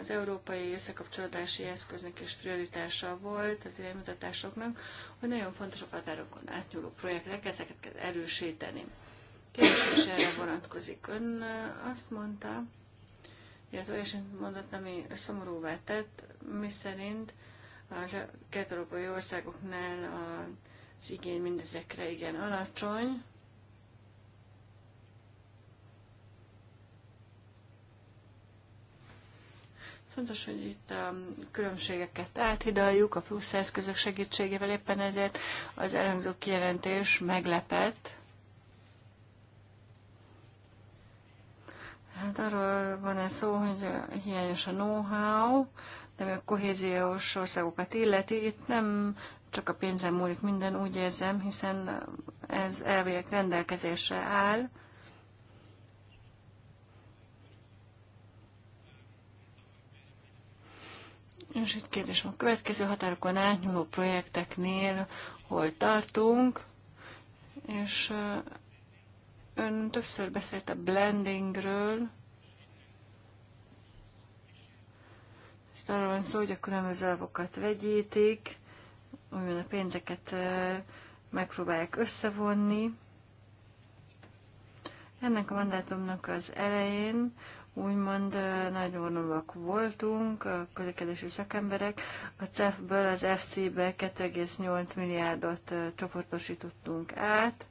az európai összekapcsolódási eszköznek is prioritása volt az iránymutatásoknak, hogy nagyon fontos a határokon átnyúló projektek, ezeket kell erősíteni. Kérdés is erre vonatkozik. Ön azt mondta, illetve olyasmit mondott, ami szomorúvá tett, mi szerint az európai országoknál az igény mindezekre igen alacsony, Fontos, hogy itt a um, különbségeket áthidaljuk a plusz eszközök segítségével, éppen ezért az elhangzó kijelentés meglepett. Hát arról van ez szó, hogy hiányos a know-how, de a kohéziós országokat illeti, itt nem csak a pénzem múlik minden, úgy érzem, hiszen ez elvileg rendelkezésre áll, És egy kérdés van. A következő határokon átnyúló projekteknél hol tartunk, és ön többször beszélt a blendingről, és arról van szó, hogy a különböző alapokat vegyítik, olyan a pénzeket megpróbálják összevonni. Ennek a mandátumnak az elején úgymond nagyon vonulóak voltunk, a közlekedési szakemberek. A CEF-ből az FC-be 2,8 milliárdot csoportosítottunk át,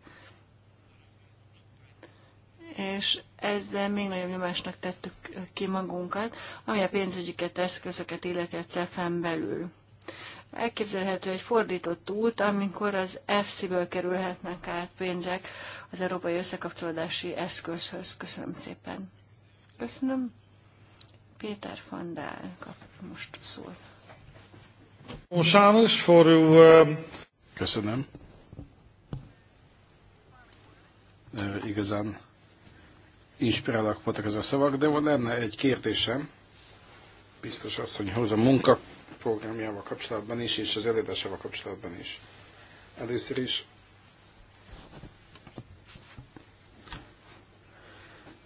és ezzel még nagyobb nyomásnak tettük ki magunkat, ami a pénzügyiket, eszközöket illeti a CEF-en belül. Elképzelhető egy fordított út, amikor az fc ből kerülhetnek át pénzek az Európai Összekapcsolódási Eszközhöz. Köszönöm szépen! Köszönöm. Péter Fandál kap most szót. Uh, Köszönöm. Igazán inspirálak voltak ez a szavak, de lenne egy kérdésem. Biztos azt, hogy hoz a munkaprogramjával kapcsolatban is, és az előadásával kapcsolatban is. Először is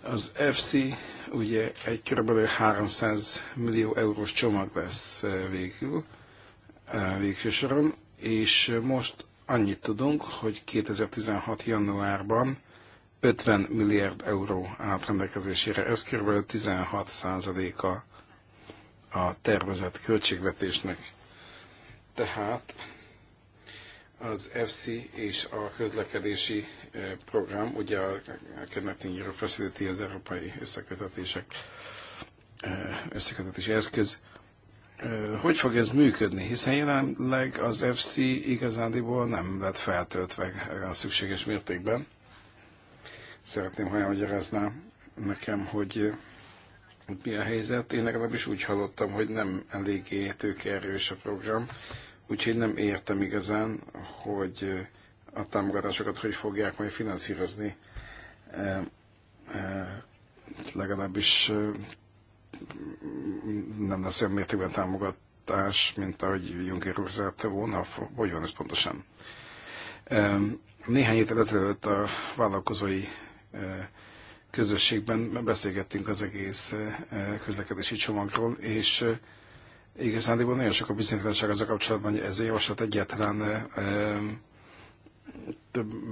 Az FC ugye egy kb. 300 millió eurós csomag lesz eh, végül, eh, végső soron, és most annyit tudunk, hogy 2016. januárban 50 milliárd euró állt rendelkezésére. Ez kb. 16 a a tervezett költségvetésnek. Tehát az FC és a közlekedési program, ugye a Connecting Euro Facility az európai összekötetések összekötetési eszköz. Hogy fog ez működni? Hiszen jelenleg az FC igazándiból nem lett feltöltve a szükséges mértékben. Szeretném, ha elmagyarázná nekem, hogy mi a helyzet. Én legalábbis úgy hallottam, hogy nem eléggé tőkeerős a program, úgyhogy nem értem igazán, hogy a támogatásokat hogy fogják majd finanszírozni, e, e, legalábbis e, nem lesz olyan mértékben támogatás, mint ahogy Juncker úr szerette volna, vagy van ez pontosan. Néhány héttel ezelőtt a vállalkozói közösségben beszélgettünk az egész közlekedési csomagról, és igazán nagyon sok a bizonytalanság az a kapcsolatban, hogy ez a javaslat egyáltalán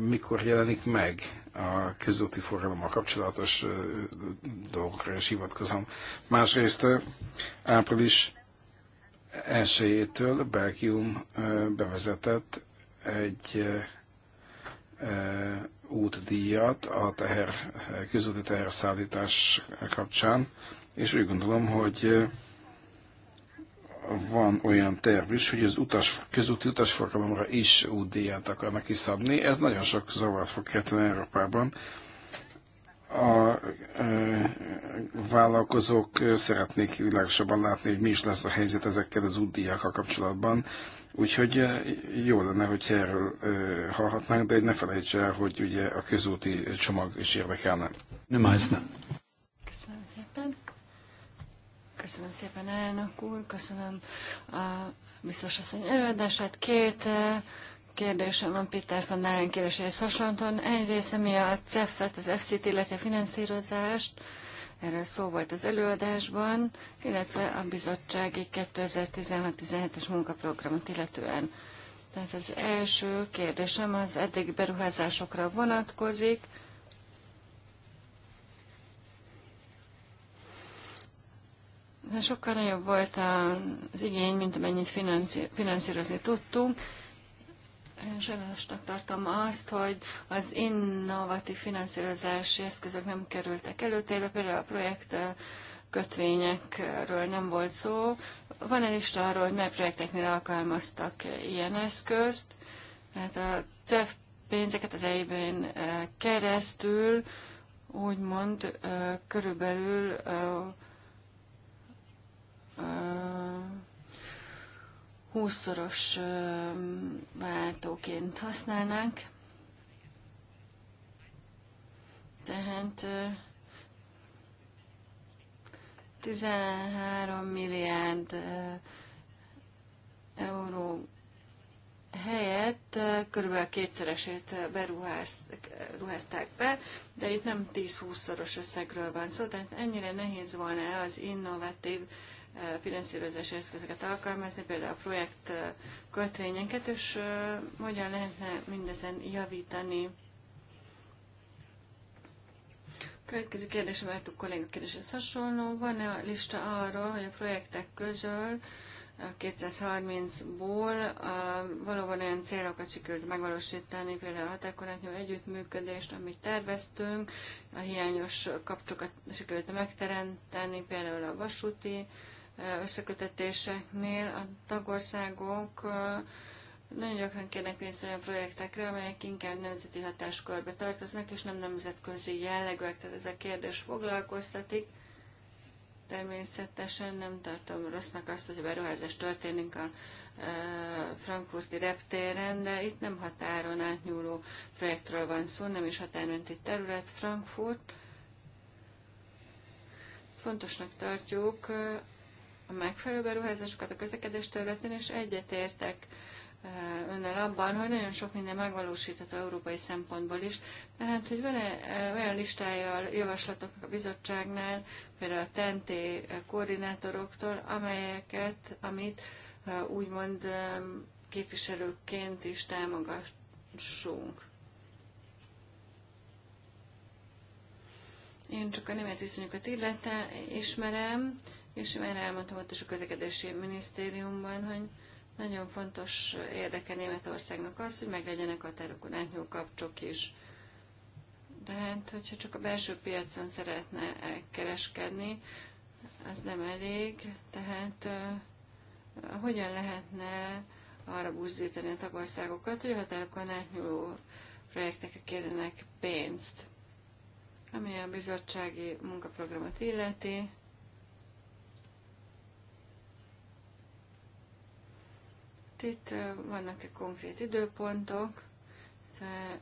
mikor jelenik meg a közúti forgalommal kapcsolatos dolgokra is hivatkozom. Másrészt április 1-től Belgium bevezetett egy útdíjat a teher, közúti teherszállítás kapcsán, és úgy gondolom, hogy van olyan terv is, hogy az utas, közúti utasforgalomra is útdíjat akarnak kiszabni. Ez nagyon sok zavart fog kelteni Európában. A ö, e, vállalkozók szeretnék világosabban látni, hogy mi is lesz a helyzet ezekkel az útdíjakkal kapcsolatban. Úgyhogy e, jó lenne, hogy erről ö, e, hallhatnánk, de ne felejts el, hogy ugye a közúti csomag is érdekelne. Nem állsz, nem. Köszönöm szépen, elnök úr, köszönöm a biztos asszony előadását. Két eh, kérdésem van Péter van Nálen kérdéséhez hasonlóan. része mi a CEF-et, az FCT, illetve finanszírozást, erről szó volt az előadásban, illetve a bizottsági 2016-17-es munkaprogramot illetően. Tehát az első kérdésem az eddig beruházásokra vonatkozik. sokkal nagyobb volt az igény, mint amennyit finanszírozni tudtunk. Én sajnálatosnak tartom azt, hogy az innovatív finanszírozási eszközök nem kerültek előtérbe, például a projekt kötvényekről nem volt szó. Van egy lista arról, hogy mely projekteknél alkalmaztak ilyen eszközt. Tehát a CEF pénzeket az EIB-n keresztül úgymond körülbelül húszszoros váltóként használnánk. Tehát 13 milliárd euró helyett körülbelül kétszeresét beruházták be, de itt nem 10-20 szoros összegről van szó, tehát ennyire nehéz volna az innovatív uh, finanszírozási eszközöket alkalmazni, például a projekt kötvényeket, és hogyan lehetne mindezen javítani. Következő kérdésem, mert a kolléga kérdéshez hasonló. Van-e a lista arról, hogy a projektek közül 230-ból valóban olyan célokat sikerült megvalósítani, például a határokon együttműködést, amit terveztünk, a hiányos kapcsokat sikerült megteremteni, például a vasúti összekötetéseknél a tagországok nagyon gyakran kérnek pénzt olyan projektekre, amelyek inkább nemzeti hatáskörbe tartoznak, és nem nemzetközi jellegűek, tehát ez a kérdés foglalkoztatik. Természetesen nem tartom rossznak azt, hogy a beruházás történik a frankfurti reptéren, de itt nem határon átnyúló projektről van szó, nem is határmenti terület Frankfurt. Fontosnak tartjuk a megfelelő beruházásokat a közlekedés területén, és egyetértek eh, önnel abban, hogy nagyon sok minden megvalósítható európai szempontból is. Tehát, hogy van -e eh, olyan listája a javaslatok a bizottságnál, például a TNT eh, koordinátoroktól, amelyeket, amit úgymond képviselőként is támogassunk. Én csak a német viszonyokat illetve ismerem, és már elmondtam ott is a közlekedési minisztériumban, hogy nagyon fontos érdeke Németországnak az, hogy meglegyenek határokon átnyúló kapcsok is. De hát, hogyha csak a belső piacon szeretne kereskedni, az nem elég, tehát uh, hogyan lehetne arra buzdítani a tagországokat, hogy a határokon átnyúló projektekre kérjenek pénzt, ami a bizottsági munkaprogramot illeti. Most itt vannak-e konkrét időpontok,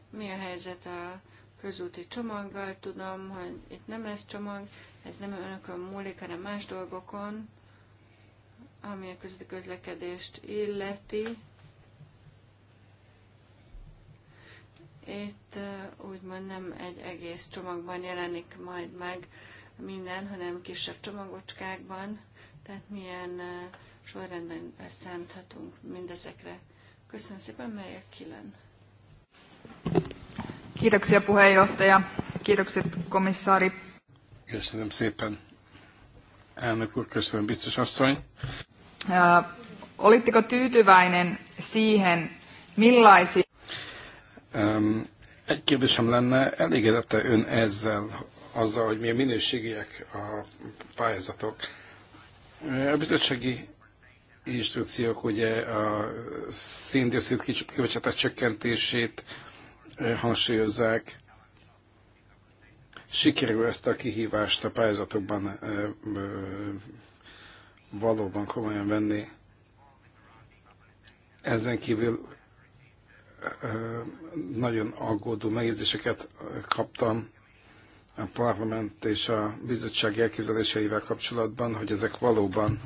mi a helyzet a közúti csomaggal, tudom, hogy itt nem lesz csomag, ez nem önökön múlik, hanem más dolgokon, ami a közúti közlekedést illeti. Itt úgymond nem egy egész csomagban jelenik majd meg minden, hanem kisebb csomagocskákban, tehát milyen uh, sorrendben számíthatunk mindezekre. Köszönöm szépen, melyek kilen. Kiitoksia puheenjohtaja. Kiitokset komissári. Köszönöm szépen. Elnök úr, köszönöm biztos asszony. Uh, olitteko tyytyväinen siihen, millaisi... Um, egy kérdésem lenne, elégedette ön ezzel, azzal, hogy milyen minőségiek a pályázatok? A bizottsági instrukciók ugye a széndiokszid kibocsátás csökkentését eh, hangsúlyozzák. Sikerül ezt a kihívást a pályázatokban eh, eh, valóban komolyan venni. Ezen kívül nagyon aggódó megjegyzéseket kaptam a parlament és a bizottság elképzeléseivel kapcsolatban, hogy ezek valóban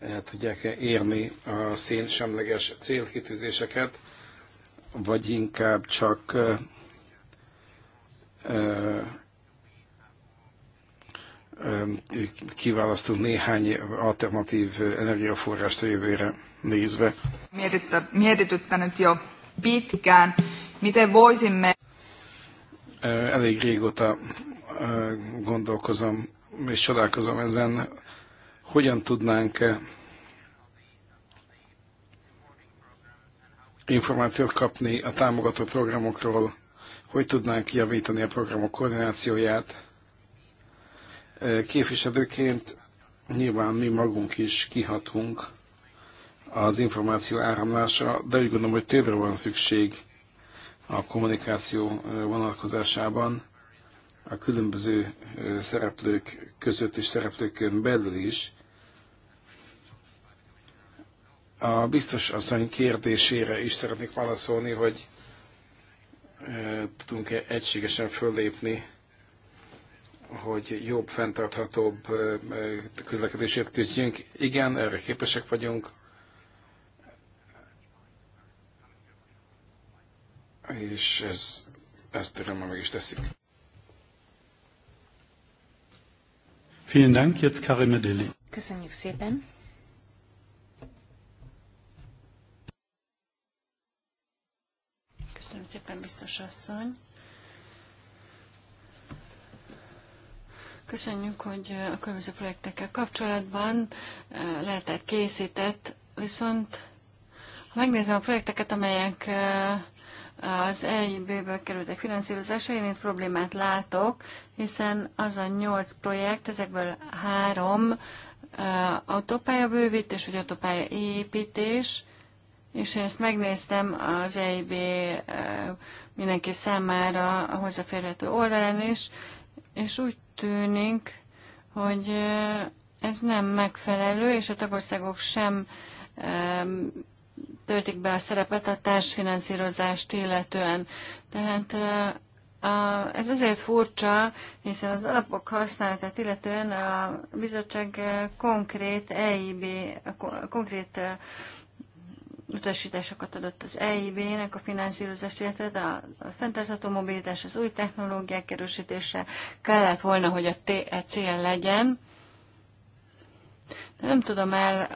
el tudják-e érni a szénsemleges célkitűzéseket, vagy inkább csak kiválasztunk néhány alternatív energiaforrást a jövőre nézve. Mietityttänyt jo pitkään, miten voisimme... Elég régóta gondolkozom és csodálkozom ezen, hogyan tudnánk eh, információt kapni a támogató programokról, hogy tudnánk javítani a programok koordinációját. Eh, képviselőként nyilván mi magunk is kihatunk az információ áramlása, de úgy gondolom, hogy többre van szükség a kommunikáció eh, vonatkozásában a különböző szereplők között és szereplőkön belül is, a biztos asszony kérdésére is szeretnék válaszolni, hogy e, tudunk-e egységesen föllépni, hogy jobb, fenntarthatóbb e, e, közlekedésért küzdjünk. Igen, erre képesek vagyunk. És ez, ezt örömmel meg is teszik. Vielen Dank, jetzt Karim Köszönjük szépen. Köszönöm szépen, biztos asszony. Köszönjük, hogy a különböző projektekkel kapcsolatban eh, lehetett készített, viszont ha megnézem a projekteket, amelyek eh, az EIB-ből kerültek finanszírozásra, én itt problémát látok, hiszen az a nyolc projekt, ezekből három eh, autópálya bővítés vagy autópálya építés, és én ezt megnéztem az EIB eh, mindenki számára a hozzáférhető oldalán is, és úgy tűnik, hogy eh, ez nem megfelelő, és a tagországok sem eh, töltik be a szerepet a társfinanszírozást illetően. Tehát ez azért furcsa, hiszen az alapok használatát illetően a bizottság konkrét EIB, konkrét utasításokat adott az EIB-nek a finanszírozást, illetve a, fenntartható mobilitás, az új technológiák erősítése kellett volna, hogy a, e cél legyen. De nem tudom el,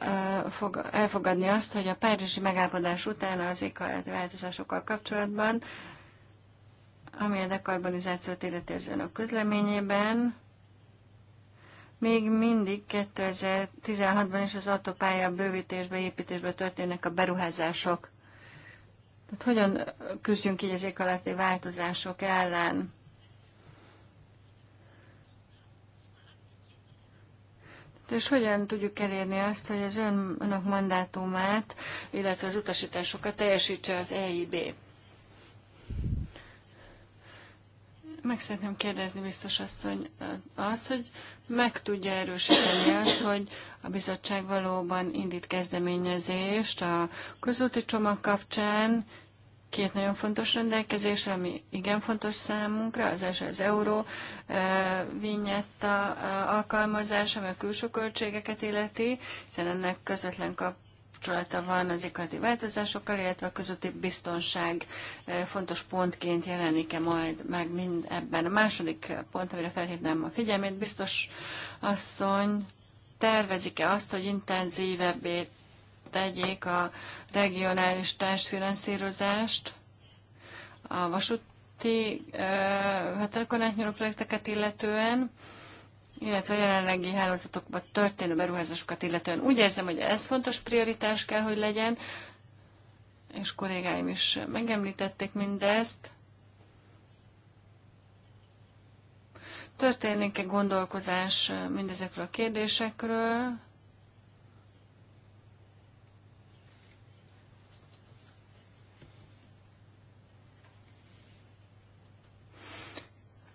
fog, elfogadni azt, hogy a párizsi megállapodás után az éghajlati változásokkal kapcsolatban, ami a dekarbonizációt illeti az önök közleményében, még mindig 2016-ban is az autópálya bővítésbe, építésbe történnek a beruházások. Tehát hogyan küzdjünk így az alatti változások ellen? És hogyan tudjuk elérni azt, hogy az ön, önök mandátumát, illetve az utasításokat teljesítse az EIB? Meg szeretném kérdezni biztos asszony azt, hogy meg tudja erősíteni azt, hogy a bizottság valóban indít kezdeményezést a közúti csomag kapcsán, két nagyon fontos rendelkezés, ami igen fontos számunkra, az első az euró e, vinyetta e, eh, alkalmazása, ami a külső költségeket illeti, hiszen ennek közvetlen kap, kapcsolata van az éghajlati változásokkal, illetve a közötti biztonság eh, fontos pontként jelenik-e majd meg mind ebben. A második pont, amire felhívnám a figyelmét, biztos asszony tervezik-e azt, hogy intenzívebbé tegyék a regionális társfinanszírozást a vasúti eh, határokon átnyúló projekteket illetően, illetve a jelenlegi hálózatokban történő beruházásokat illetően. Úgy érzem, hogy ez fontos prioritás kell, hogy legyen, és kollégáim is megemlítették mindezt. Történik-e gondolkozás mindezekről a kérdésekről?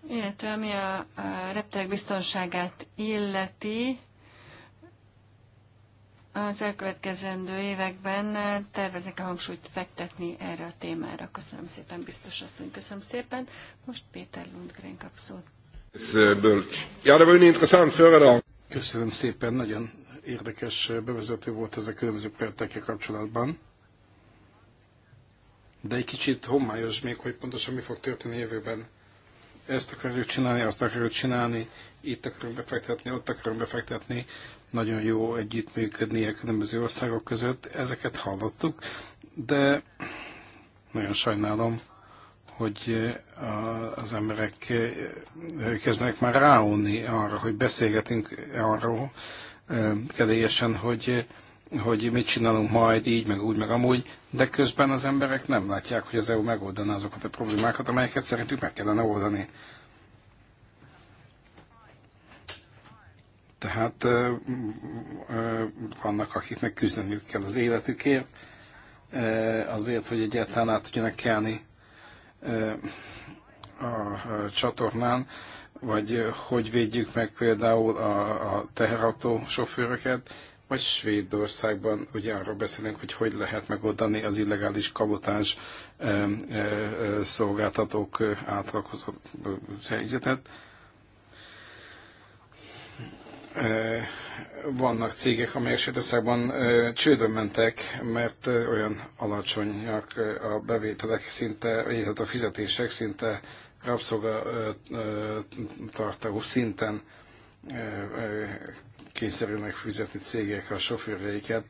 illetve ami a, a repterek biztonságát illeti, az elkövetkezendő években terveznek a hangsúlyt fektetni erre a témára. Köszönöm szépen, biztos asszony, köszönöm szépen. Most Péter Lundgren kap szót. Köszönöm szépen, nagyon érdekes bevezető volt ez a különböző pertekkel kapcsolatban. De egy kicsit homályos még, hogy pontosan mi fog történni a jövőben ezt akarjuk csinálni, azt akarjuk csinálni, itt akarunk befektetni, ott akarunk befektetni, nagyon jó együttműködni a különböző országok között, ezeket hallottuk, de nagyon sajnálom, hogy eh, az emberek eh, kezdenek már ráunni arra, hogy beszélgetünk arról eh, kedélyesen, hogy, hogy mit csinálunk majd így, meg úgy, meg amúgy de közben az emberek nem látják, hogy az EU megoldaná azokat a problémákat, amelyeket szerintük meg kellene oldani. Tehát vannak, akiknek küzdeniük kell az életükért, azért, hogy egyáltalán át tudjanak kelni a csatornán, vagy hogy védjük meg például a, a teherautó sofőröket, vagy Svédországban ugye arról beszélünk, hogy hogy lehet megoldani az illegális kabotás szolgáltatók által hozott helyzetet. Vannak cégek, amelyek Svédországban csődön mentek, mert olyan alacsonyak a bevételek szinte, illetve a fizetések szinte rabszolgatartó szinten kényszerülnek fizetni cégek a sofőreiket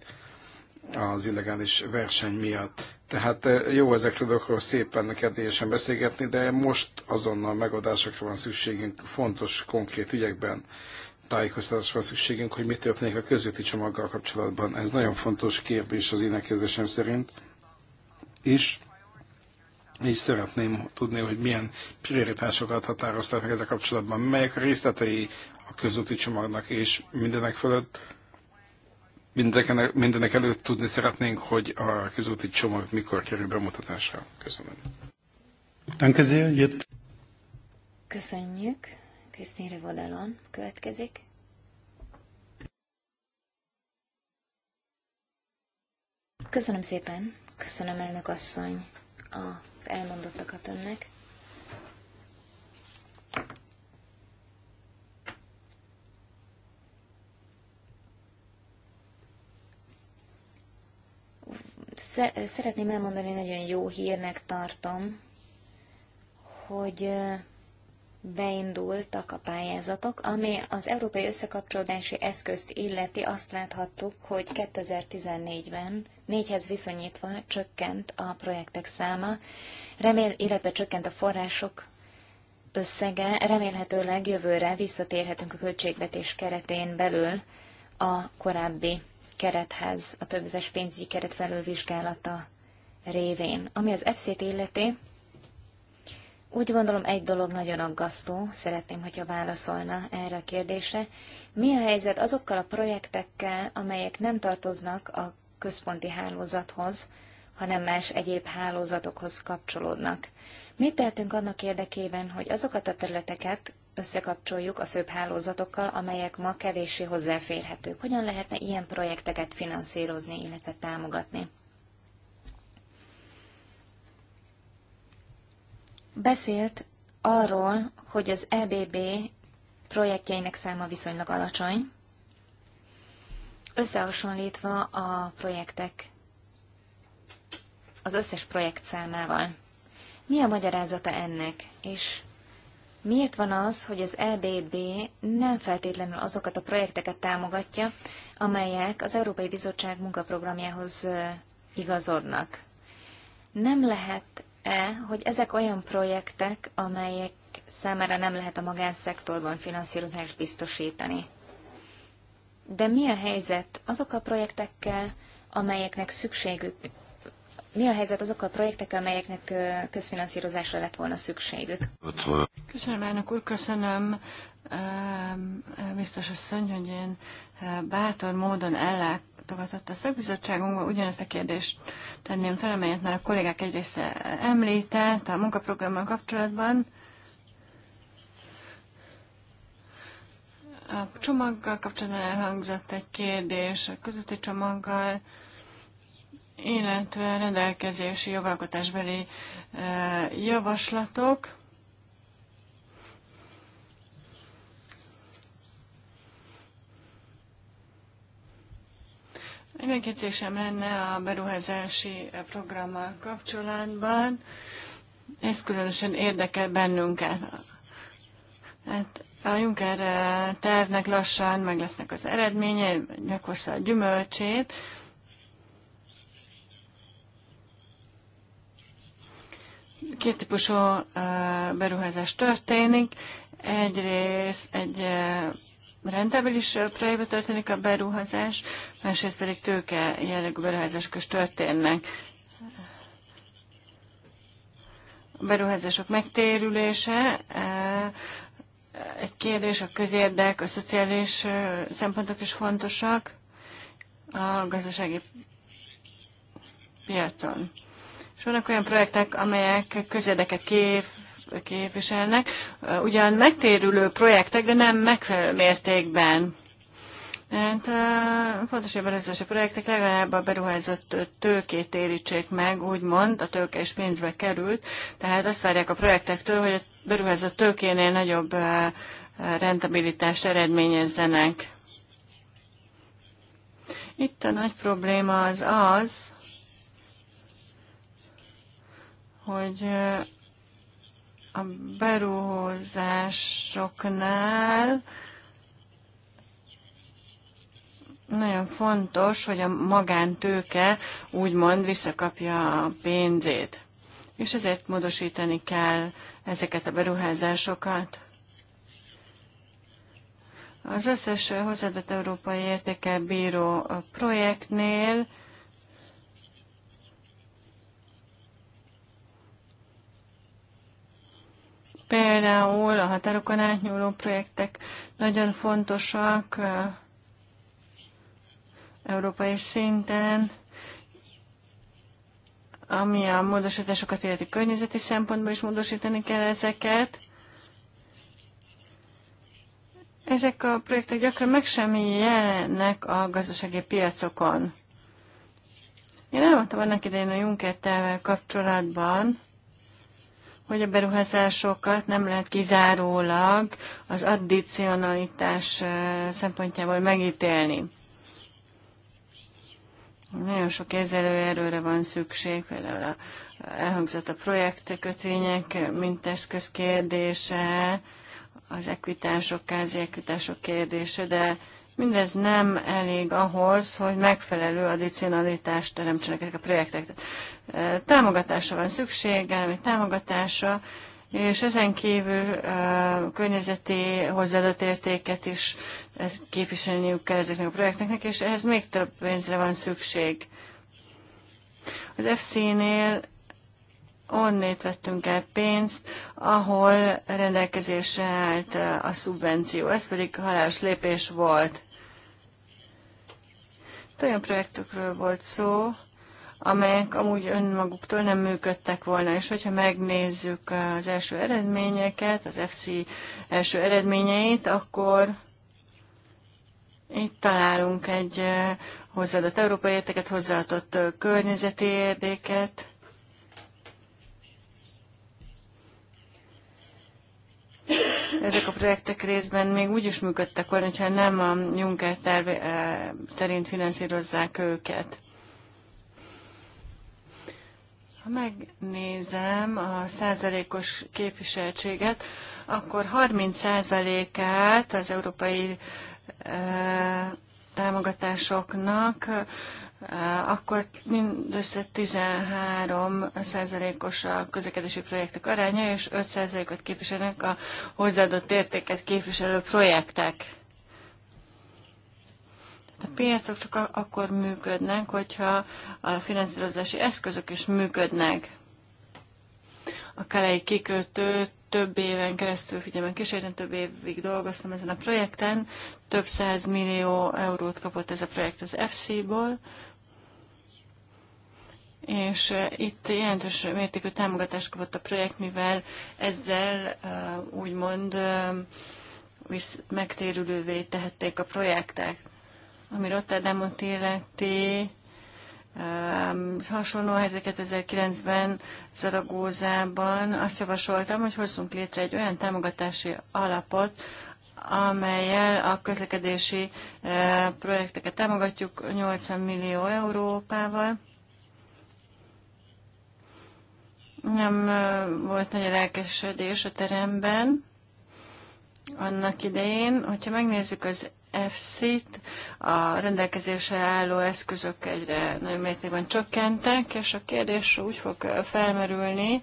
az illegális verseny miatt. Tehát eh, jó ezekről akkor szépen kedélyesen beszélgetni, de most azonnal megoldásokra van szükségünk fontos, konkrét ügyekben tájékoztatásra van szükségünk, hogy mi történik a közötti csomaggal kapcsolatban. Ez nagyon fontos kérdés az én kérdésem szerint. És így szeretném tudni, hogy milyen prioritásokat határozták meg ezzel kapcsolatban, melyek a részletei a közúti csomagnak, és mindenek fölött mindenek, mindenek előtt tudni szeretnénk, hogy a közúti csomag mikor kerül bemutatásra. Köszönöm. Köszönjük. Krisztin Rivodalon következik. Köszönöm szépen, köszönöm elnök asszony az elmondottakat önnek. Szeretném elmondani, nagyon jó hírnek tartom, hogy beindultak a pályázatok, ami az Európai Összekapcsolódási Eszközt illeti, azt láthattuk, hogy 2014-ben négyhez viszonyítva csökkent a projektek száma, remél, illetve csökkent a források összege, remélhetőleg jövőre visszatérhetünk a költségvetés keretén belül a korábbi kerethez, a többéves pénzügyi keret felülvizsgálata révén. Ami az FC-t illeti, úgy gondolom egy dolog nagyon aggasztó, szeretném, hogyha válaszolna erre a kérdésre. Mi a helyzet azokkal a projektekkel, amelyek nem tartoznak a központi hálózathoz, hanem más egyéb hálózatokhoz kapcsolódnak? Mit tehetünk annak érdekében, hogy azokat a területeket, összekapcsoljuk a főbb hálózatokkal, amelyek ma kevéssé hozzáférhetők. Hogyan lehetne ilyen projekteket finanszírozni, illetve támogatni? Beszélt arról, hogy az EBB projektjeinek száma viszonylag alacsony, összehasonlítva a projektek, az összes projekt számával. Mi a magyarázata ennek, és Miért van az, hogy az EBB nem feltétlenül azokat a projekteket támogatja, amelyek az Európai Bizottság munkaprogramjához igazodnak? Nem lehet-e, hogy ezek olyan projektek, amelyek számára nem lehet a magánszektorban finanszírozást biztosítani? De mi a helyzet azok a projektekkel, amelyeknek szükségük mi a helyzet azokkal a projektekkel, amelyeknek közfinanszírozásra lett volna szükségük? Köszönöm, elnök úr, köszönöm. Biztos asszony, hogy én bátor módon ellátogatott a szakbizottságunkba. Ugyanezt a kérdést tenném fel, amelyet már a kollégák egyrészt említett a munkaprogrammal kapcsolatban. A csomaggal kapcsolatban elhangzott egy kérdés, a közötti csomaggal illetve rendelkezési jogalkotásbeli e, javaslatok. Egy megjegyzésem lenne a beruházási programmal kapcsolatban. Ez különösen érdekel bennünket. Hát a Juncker e, tervnek lassan meg lesznek az eredménye. meghozza a gyümölcsét, Két típusú beruházás történik. Egyrészt egy rentábilis projektben történik a beruházás, másrészt pedig tőke jellegű beruházások is történnek. A beruházások megtérülése egy kérdés, a közérdek, a szociális szempontok is fontosak a gazdasági piacon. És vannak olyan projektek, amelyek közérdeket kép, képviselnek, ugyan megtérülő projektek, de nem megfelelő mértékben. Hát fontos, hogy a projektek legalább a beruházott tőkét térítsék meg, úgymond, a tőke és pénzbe került, tehát azt várják a projektektől, hogy a beruházott tőkénél nagyobb rentabilitást eredményezzenek. Itt a nagy probléma az az, hogy a beruházásoknál nagyon fontos, hogy a magántőke úgymond visszakapja a pénzét. És ezért módosítani kell ezeket a beruházásokat. Az összes hozzáadott európai értékel bíró projektnél Például a határokon átnyúló projektek nagyon fontosak európai szinten, ami a módosításokat illeti környezeti szempontból is módosítani kell ezeket. Ezek a projektek gyakran meg sem jelennek a gazdasági piacokon. Én elmondtam annak idején a Juncker tervvel kapcsolatban, hogy a beruházásokat nem lehet kizárólag az addicionalitás szempontjából megítélni. Nagyon sok kezelőerőre van szükség, például a, elhangzott a projektkötvények, mint eszköz kérdése, az ekvitások, kázi ekvitások kérdése, de Mindez nem elég ahhoz, hogy megfelelő addicionalitást teremtsenek ezek a projektek. Eh, támogatásra van szükség, állami támogatása, és ezen kívül a eh, környezeti hozzáadott értéket is eh, képviselniük kell ezeknek a projekteknek, és ehhez még több pénzre van szükség. Az FC-nél onnét vettünk el pénzt, ahol rendelkezésre állt a szubvenció. Ez pedig halálos lépés volt olyan projektekről volt szó, amelyek amúgy önmaguktól nem működtek volna. És hogyha megnézzük az első eredményeket, az FC első eredményeit, akkor itt találunk egy eh, hozzáadott európai érteket, hozzáadott eh, környezeti érdéket, ezek a projektek részben még úgy is működtek volna, hogyha nem a Juncker terv eh, szerint finanszírozzák őket. Ha megnézem a százalékos képviseltséget, akkor 30 százalékát az európai eh, támogatásoknak Eh, akkor mindössze 13 százalékos a közlekedési projektek aránya, és 5 százalékot képviselnek a hozzáadott értéket képviselő projektek. a piacok csak akkor működnek, hogyha a finanszírozási eszközök is működnek. A kelei kikötő több éven keresztül figyelmen kísérten, több évig dolgoztam ezen a projekten, több száz millió eurót kapott ez a projekt az FC-ból, és itt jelentős mértékű támogatást kapott a projekt, mivel ezzel úgymond megtérülővé tehették a projektek. Ami Rotterdamot illeti, hasonló helyzet 2009-ben Zaragózában azt javasoltam, hogy hozzunk létre egy olyan támogatási alapot, amelyel a közlekedési projekteket támogatjuk 80 millió európával. Nem volt nagy lelkesedés a teremben annak idején. Hogyha megnézzük az fc t a rendelkezésre álló eszközök egyre nagy mértékben csökkentek, és a kérdés úgy fog felmerülni,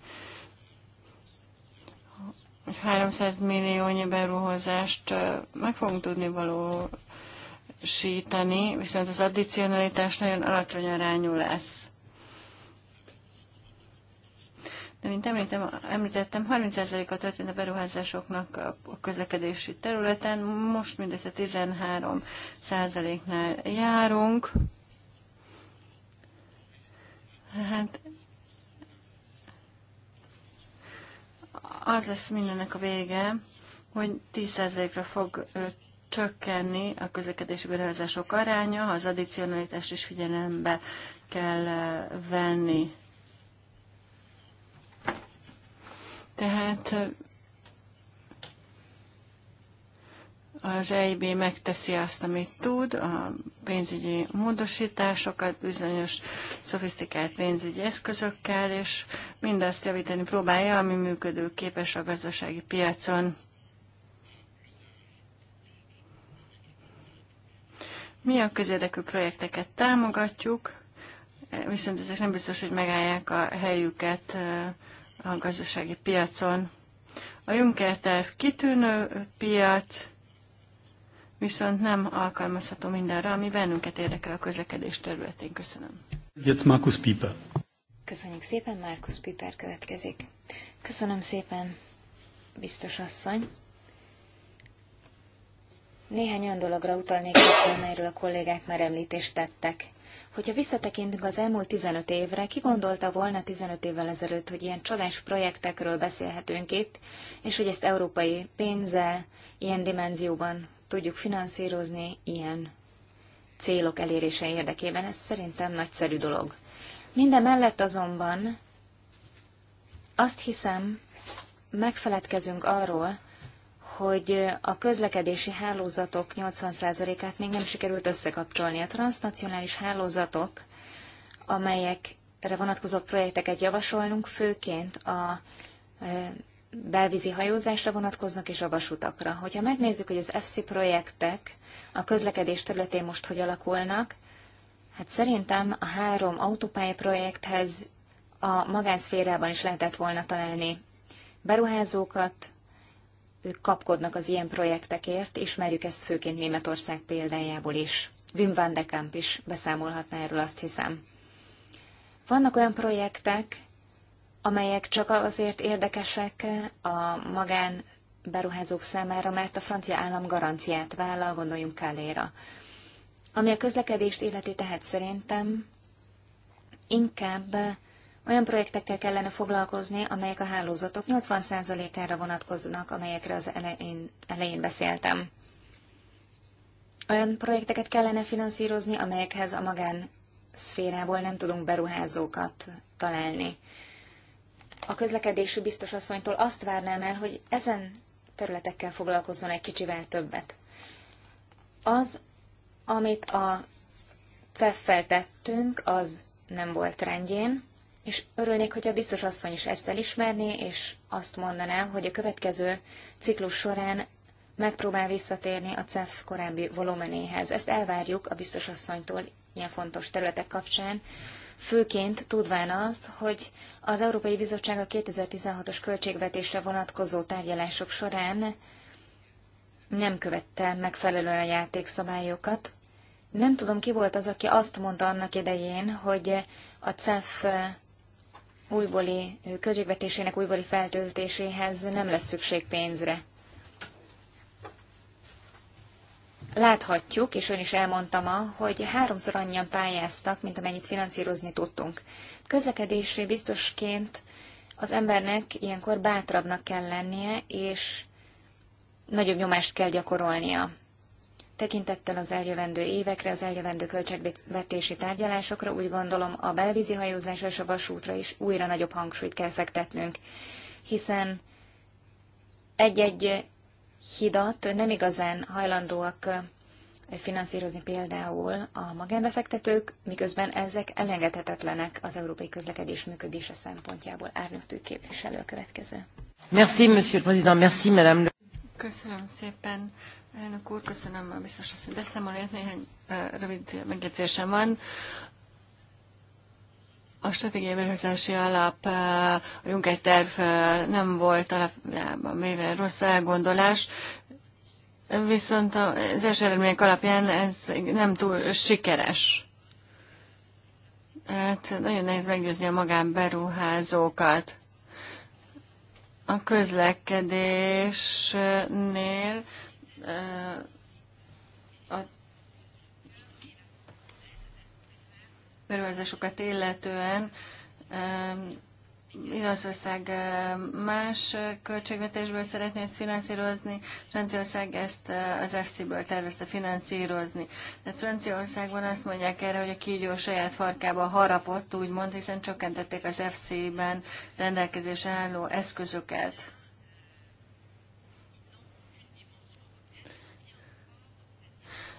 hogy 300 milliónyi beruházást meg fogunk tudni való sítani, viszont az addicionalitás nagyon alacsony arányú lesz. De mint említem, említettem, 30%-a történt a beruházásoknak a közlekedési területen, most mindössze 13%-nál járunk. Hát az lesz mindennek a vége, hogy 10%-ra fog csökkenni a közlekedési beruházások aránya, ha az addicionalitást is figyelembe kell venni. Tehát az EIB megteszi azt, amit tud, a pénzügyi módosításokat bizonyos szofisztikált pénzügyi eszközökkel, és mindazt javítani próbálja, ami működő képes a gazdasági piacon. Mi a közérdekű projekteket támogatjuk, viszont ezek nem biztos, hogy megállják a helyüket a gazdasági piacon. A Juncker terv kitűnő piac, viszont nem alkalmazható mindenre, ami bennünket érdekel a közlekedés területén. Köszönöm. Jetzt Markus Pieper. Köszönjük szépen, Markus Piper következik. Köszönöm szépen, biztos asszony. Néhány olyan dologra utalnék vissza, amelyről a kollégák már említést tettek. Hogyha visszatekintünk az elmúlt 15 évre, ki gondolta volna 15 évvel ezelőtt, hogy ilyen csodás projektekről beszélhetünk itt, és hogy ezt európai pénzzel, ilyen dimenzióban tudjuk finanszírozni, ilyen célok elérése érdekében. Ez szerintem nagyszerű dolog. Minden mellett azonban azt hiszem, megfeledkezünk arról, hogy a közlekedési hálózatok 80%-át még nem sikerült összekapcsolni. A transnacionális hálózatok, amelyekre vonatkozó projekteket javasolnunk, főként a belvízi hajózásra vonatkoznak és a vasutakra. Hogyha megnézzük, hogy az FC projektek a közlekedés területén most hogy alakulnak, hát szerintem a három autópálya projekthez a magánszférában is lehetett volna találni beruházókat, ők kapkodnak az ilyen projektekért, ismerjük ezt főként Németország példájából is. Wim van de Kamp is beszámolhatna erről, azt hiszem. Vannak olyan projektek, amelyek csak azért érdekesek a magán beruházók számára, mert a francia állam garanciát vállal, gondoljunk Káléra. Ami a közlekedést illeti, tehet szerintem inkább olyan projektekkel kellene foglalkozni, amelyek a hálózatok 80%-ára vonatkoznak, amelyekre az elején, elején beszéltem. Olyan projekteket kellene finanszírozni, amelyekhez a magán szférából nem tudunk beruházókat találni. A közlekedési biztos asszonytól azt várnám el, hogy ezen területekkel foglalkozzon egy kicsivel többet. Az, amit a CEF-fel tettünk, az nem volt rendjén. És örülnék, hogy a biztos asszony is ezt elismerné, és azt mondaná, hogy a következő ciklus során megpróbál visszatérni a CEF korábbi volumenéhez. Ezt elvárjuk a biztos asszonytól ilyen fontos területek kapcsán, főként tudván azt, hogy az Európai Bizottság a 2016-os költségvetésre vonatkozó tárgyalások során nem követte megfelelően a játékszabályokat. Nem tudom, ki volt az, aki azt mondta annak idején, hogy a CEF újbóli költségvetésének újbóli feltöltéséhez nem lesz szükség pénzre. Láthatjuk, és ön is elmondta ma, hogy háromszor annyian pályáztak, mint amennyit finanszírozni tudtunk. Közlekedési biztosként az embernek ilyenkor bátrabbnak kell lennie, és nagyobb nyomást kell gyakorolnia. Tekintettel az eljövendő évekre, az eljövendő költségvetési tárgyalásokra úgy gondolom a belvízi hajózásra és a vasútra is újra nagyobb hangsúlyt kell fektetnünk, hiszen egy-egy hidat nem igazán hajlandóak finanszírozni például a magánbefektetők, miközben ezek elengedhetetlenek az európai közlekedés működése szempontjából. Árnyoktő képviselő a következő. Merci, monsieur le président, merci, madame. Köszönöm szépen, elnök úr, köszönöm a biztos asszony beszámolóját. Néhány rövid megjegyzésem van. A stratégiai beruházási alap, a Juncker terv nem volt alapjában véve rossz elgondolás, viszont az első eredmények alapján ez nem túl sikeres. Hát nagyon nehéz meggyőzni a magánberuházókat. A közlekedésnél a beruházásokat illetően Írország más költségvetésből szeretné ezt finanszírozni, Franciaország ezt az FC-ből tervezte finanszírozni. Tehát Franciaországban azt mondják erre, hogy a kígyó saját farkába harapott, úgymond, hiszen csökkentették az FC-ben rendelkezés álló eszközöket.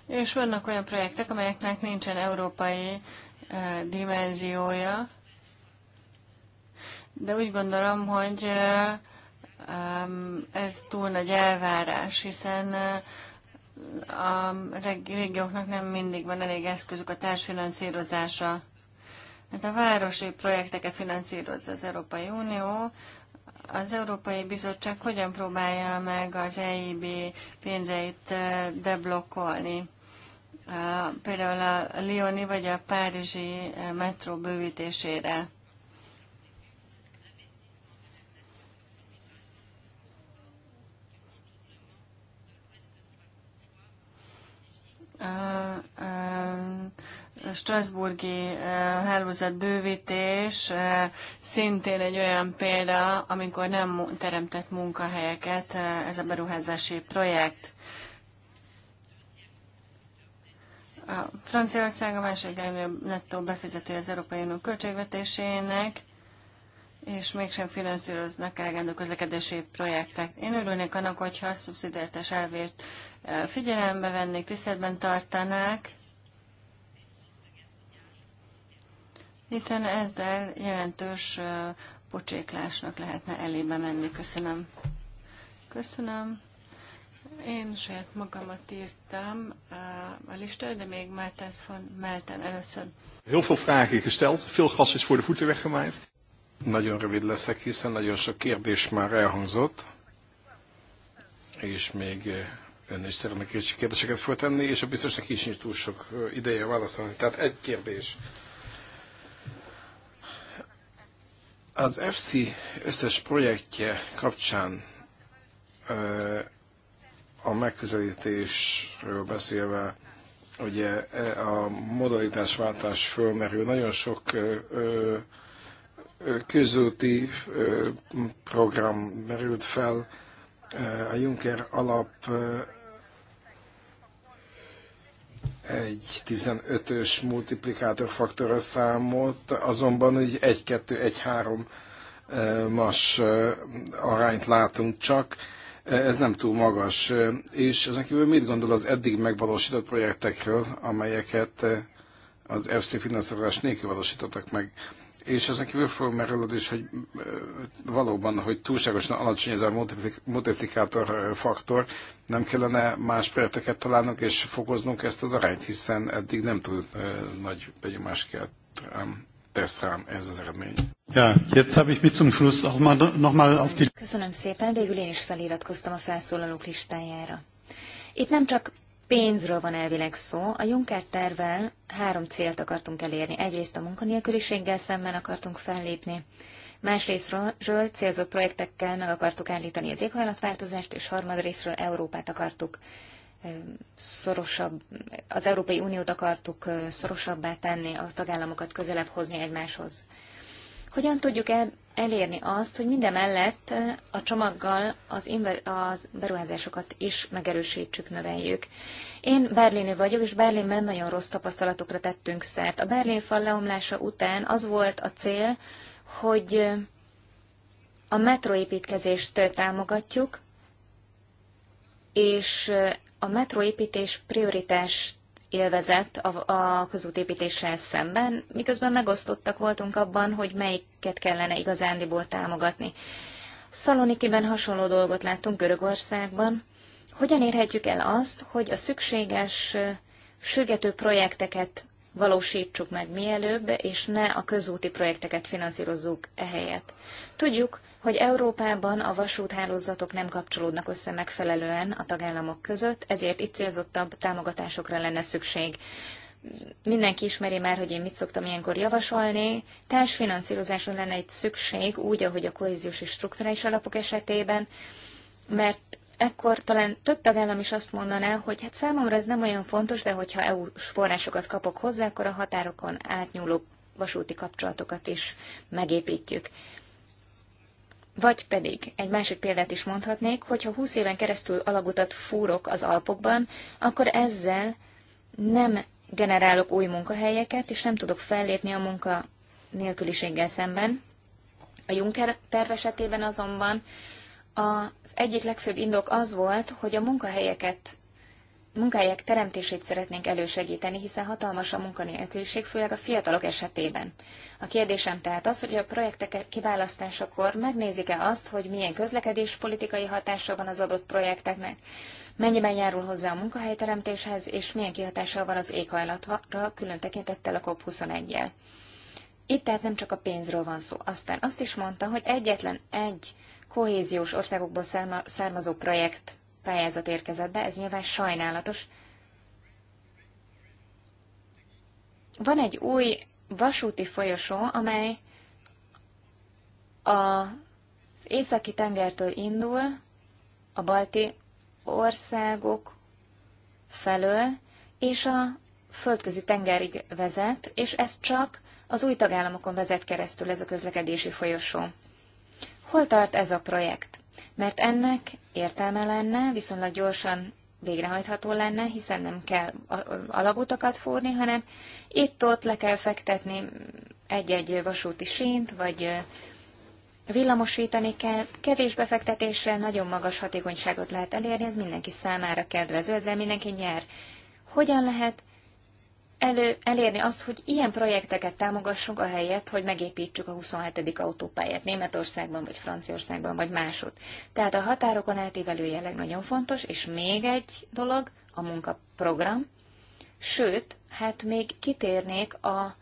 És vannak olyan projektek, amelyeknek nincsen európai dimenziója, de úgy gondolom, hogy ez túl nagy elvárás, hiszen a régióknak nem mindig van elég eszközük a társfinanszírozása. Hát a városi projekteket finanszírozza az Európai Unió, az Európai Bizottság hogyan próbálja meg az EIB pénzeit deblokkolni? Például a Lyoni vagy a Párizsi metró bővítésére. Strasburgi hálózat bővítés szintén egy olyan példa, amikor nem teremtett munkahelyeket ez a beruházási projekt. A Franciaország a második legnagyobb nettó befizetője az Európai Unió költségvetésének, és mégsem finanszíroznak elegendő közlekedési projektek. Én örülnék annak, hogyha a szubszidiáltás elvét figyelembe vennék, tiszteletben tartanák, hiszen ezzel jelentős pocséklásnak lehetne elébe menni. Köszönöm. Köszönöm. Én saját magamat írtam a listára, de még Mártens van Melten először. Heel veel vragen gesteld, veel gas is voor de voeten weggemaaid. Nagyon rövid leszek, hiszen nagyon sok kérdés már elhangzott, és még eh, ön is szeretne kérdéseket föltenni, és a biztosnak is nincs túl sok eh, ideje válaszolni. Tehát egy kérdés. Az FC összes projektje kapcsán eh, a megközelítésről beszélve, ugye a modalitásváltás fölmerül, nagyon sok közúti program merült fel, a Juncker alap egy 15-ös multiplikátor multiplikátorfaktoros számot, azonban egy 1-2-1-3 más arányt látunk csak, ez nem túl magas. És ezen kívül mit gondol az eddig megvalósított projektekről, amelyeket az FC finanszírozás nélkül valósítottak meg? és ezen kívül fog merülni is, hogy valóban, hogy túlságosan alacsony ez a multiplikátor faktor, nem kellene más projekteket találnunk és fokoznunk ezt az arányt, hiszen eddig nem túl nagy benyomást kelt rám, tesz rám ez az eredmény. Ja, jetzt habe ich mich zum Schluss auch mal, noch mal auf die... Köszönöm szépen, végül én is feliratkoztam a felszólalók listájára. Itt nem csak pénzről van elvileg szó. A Juncker tervvel három célt akartunk elérni. Egyrészt a munkanélküliséggel szemben akartunk fellépni, másrésztről célzott projektekkel meg akartuk állítani az éghajlatváltozást, és harmadrésztről Európát akartuk szorosabb, az Európai Uniót akartuk szorosabbá tenni, a tagállamokat közelebb hozni egymáshoz. Hogyan tudjuk elérni azt, hogy mindemellett eh, a csomaggal az, inve- az beruházásokat is megerősítsük, növeljük. Én berlini vagyok, és Berlinben nagyon rossz tapasztalatokra tettünk szert. A Berlin fal leomlása után az volt a cél, hogy eh, a metroépítkezést eh, támogatjuk, és a metroépítés prioritást élvezett a, a közútépítéssel szemben, miközben megosztottak voltunk abban, hogy melyiket kellene igazándiból támogatni. Szalonikiben hasonló dolgot láttunk Görögországban. Hogyan érhetjük el azt, hogy a szükséges sürgető projekteket valósítsuk meg mielőbb, és ne a közúti projekteket finanszírozzuk ehelyett. Tudjuk, hogy Európában a vasúthálózatok nem kapcsolódnak össze megfelelően a tagállamok között, ezért itt célzottabb támogatásokra lenne szükség. Mindenki ismeri már, hogy én mit szoktam ilyenkor javasolni. Társfinanszírozáson lenne egy szükség, úgy, ahogy a kohéziós és strukturális alapok esetében, mert ekkor talán több tagállam is azt mondaná, hogy hát számomra ez nem olyan fontos, de hogyha EU-s forrásokat kapok hozzá, akkor a határokon átnyúló vasúti kapcsolatokat is megépítjük. Vagy pedig, egy másik példát is mondhatnék, hogyha 20 éven keresztül alagutat fúrok az Alpokban, akkor ezzel nem generálok új munkahelyeket, és nem tudok fellépni a munka nélküliséggel szemben. A Juncker terv esetében azonban az egyik legfőbb indok az volt, hogy a munkahelyeket munkahelyek teremtését szeretnénk elősegíteni, hiszen hatalmas a munkanélküliség, főleg a fiatalok esetében. A kérdésem tehát az, hogy a projektek kiválasztásakor megnézik-e azt, hogy milyen politikai hatása van az adott projekteknek, mennyiben járul hozzá a munkahelyteremtéshez, és milyen kihatással van az éghajlatra, külön tekintettel a COP21-jel. Itt tehát nem csak a pénzről van szó. Aztán azt is mondta, hogy egyetlen egy kohéziós országokból származó projekt pályázat érkezett be, ez nyilván sajnálatos. Van egy új vasúti folyosó, amely az északi tengertől indul, a balti országok felől, és a földközi tengerig vezet, és ez csak az új tagállamokon vezet keresztül ez a közlekedési folyosó. Hol tart ez a projekt? mert ennek értelme lenne, viszonylag gyorsan végrehajtható lenne, hiszen nem kell alagutakat fúrni, hanem itt-ott le kell fektetni egy-egy vasúti sínt, vagy villamosítani kell. Kevés befektetéssel nagyon magas hatékonyságot lehet elérni, ez mindenki számára kedvező, ezzel mindenki nyer. Hogyan lehet elő, elérni azt, hogy ilyen projekteket támogassunk a helyet, hogy megépítsük a 27. autópályát Németországban, vagy Franciaországban, vagy másod. Tehát a határokon átívelő jelleg nagyon fontos, és még egy dolog, a munkaprogram. Sőt, hát még kitérnék a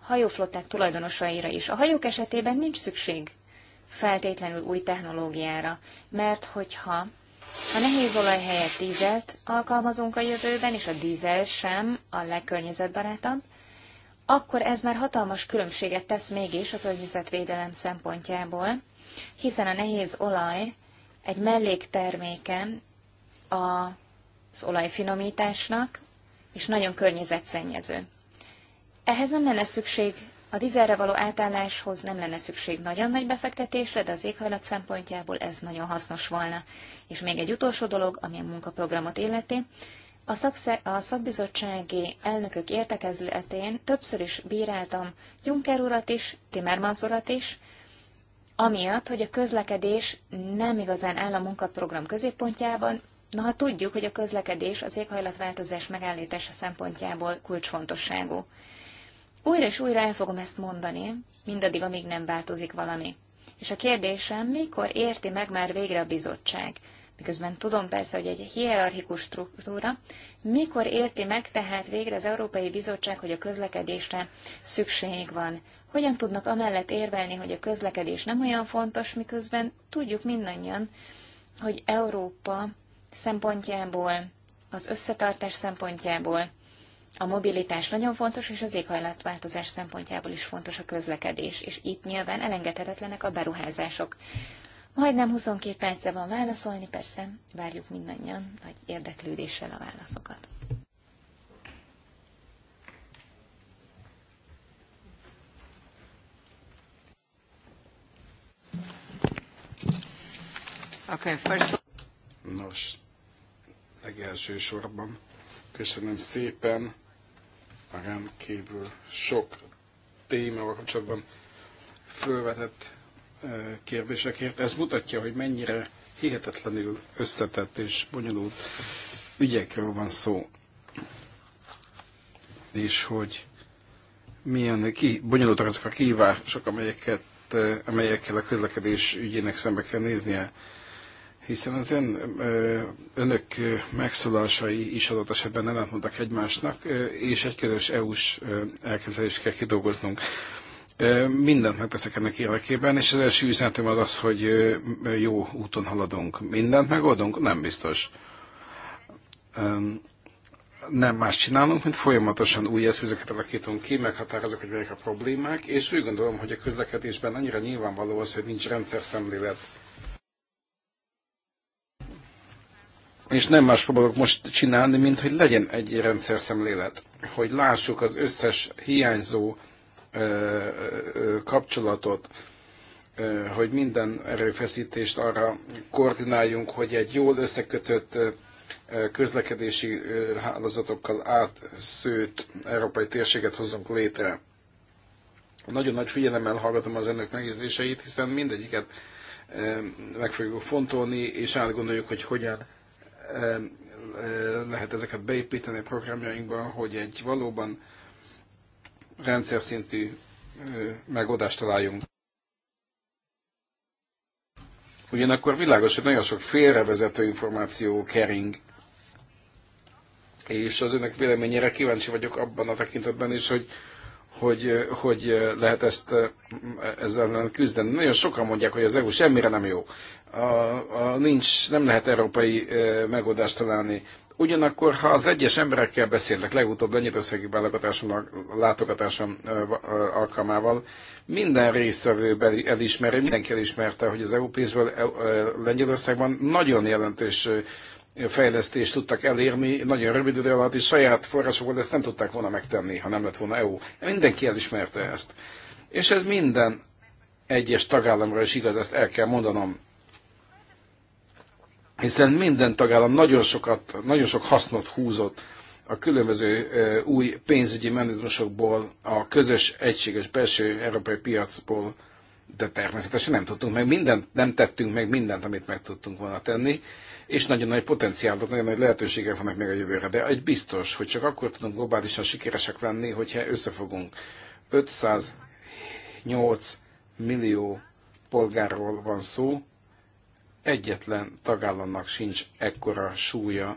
hajóflották tulajdonosaira is. A hajók esetében nincs szükség feltétlenül új technológiára, mert hogyha a nehéz olaj helyett dízelt alkalmazunk a jövőben, és a dízel sem a legkörnyezetbarátabb, akkor ez már hatalmas különbséget tesz mégis a környezetvédelem szempontjából, hiszen a nehéz olaj egy mellékterméke az olajfinomításnak, és nagyon környezetszennyező. Ehhez nem lenne szükség a dizerre való átálláshoz nem lenne szükség nagyon nagy befektetésre, de az éghajlat szempontjából ez nagyon hasznos volna. És még egy utolsó dolog, ami a munkaprogramot illeti. A, szakszer, a szakbizottsági elnökök értekezletén többször is bíráltam Juncker urat is, Timmermans urat is, amiatt, hogy a közlekedés nem igazán áll a munkaprogram középpontjában, na ha tudjuk, hogy a közlekedés az éghajlatváltozás megállítása szempontjából kulcsfontosságú. Újra és újra el fogom ezt mondani, mindaddig, amíg nem változik valami. És a kérdésem, mikor érti meg már végre a bizottság? Miközben tudom persze, hogy egy hierarchikus struktúra, mikor érti meg tehát végre az Európai Bizottság, hogy a közlekedésre szükség van? Hogyan tudnak amellett érvelni, hogy a közlekedés nem olyan fontos, miközben tudjuk mindannyian, hogy Európa szempontjából, az összetartás szempontjából a mobilitás nagyon fontos, és az éghajlatváltozás szempontjából is fontos a közlekedés, és itt nyilván elengedhetetlenek a beruházások. Majdnem 22 perce van válaszolni, persze várjuk mindannyian nagy érdeklődéssel a válaszokat. Okay, first... Nos, legelső sorban köszönöm szépen magán kívül sok témával kapcsolatban fölvetett kérdésekért. Ez mutatja, hogy mennyire hihetetlenül összetett és bonyolult ügyekről van szó. És hogy milyen ki, bonyolultak ezek a kívások, amelyeket, amelyekkel a közlekedés ügyének szembe kell néznie hiszen az ön, önök megszólásai is adott esetben ellentmondtak egymásnak, és egy közös EU-s elképzelést kell kidolgoznunk. Mindent megteszek ennek érdekében, és az első üzenetem az az, hogy jó úton haladunk. Mindent megoldunk? Nem biztos. Nem más csinálunk, mint folyamatosan új eszközöket alakítunk ki, meghatározok, hogy melyek a problémák, és úgy gondolom, hogy a közlekedésben annyira nyilvánvaló az, hogy nincs rendszer szemlélet és nem más próbálok most csinálni, mint hogy legyen egy rendszer szemlélet, hogy lássuk az összes hiányzó ö, ö, kapcsolatot, ö, hogy minden erőfeszítést arra koordináljunk, hogy egy jól összekötött közlekedési hálózatokkal átszőtt európai térséget hozzunk létre. Nagyon nagy figyelemmel hallgatom az önök megjegyzéseit, hiszen mindegyiket meg fogjuk fontolni, és átgondoljuk, hogy hogyan lehet ezeket beépíteni a programjainkba, hogy egy valóban rendszer szintű megoldást találjunk. Ugyanakkor világos, hogy nagyon sok félrevezető információ kering, és az önök véleményére kíváncsi vagyok abban a tekintetben is, hogy hogy, hogy lehet ezt ezzel küzdeni. Nagyon sokan mondják, hogy az EU semmire nem jó. A, a, nincs, nem lehet európai megoldást találni. Ugyanakkor, ha az egyes emberekkel beszélek, legutóbb Lengyelországi válogatásom, látogatásom alkalmával, minden résztvevő elismeri, mindenki elismerte, hogy az EU pénzből e Lengyelországban nagyon jelentős fejlesztést tudtak elérni, nagyon rövid idő alatt, és saját forrásokból ezt nem tudták volna megtenni, ha nem lett volna EU. Mindenki elismerte ezt. És ez minden egyes tagállamra is igaz, ezt el kell mondanom. Hiszen minden tagállam nagyon, sokat, nagyon sok hasznot húzott a különböző új pénzügyi mechanizmusokból, a közös, egységes belső európai piacból, de természetesen nem tudtunk meg mindent, nem tettünk meg mindent, amit meg tudtunk volna tenni és nagyon nagy potenciálok, nagyon nagy lehetőségek vannak még a jövőre. De egy biztos, hogy csak akkor tudunk globálisan sikeresek lenni, hogyha összefogunk. 508 millió polgárról van szó, egyetlen tagállamnak sincs ekkora súlya.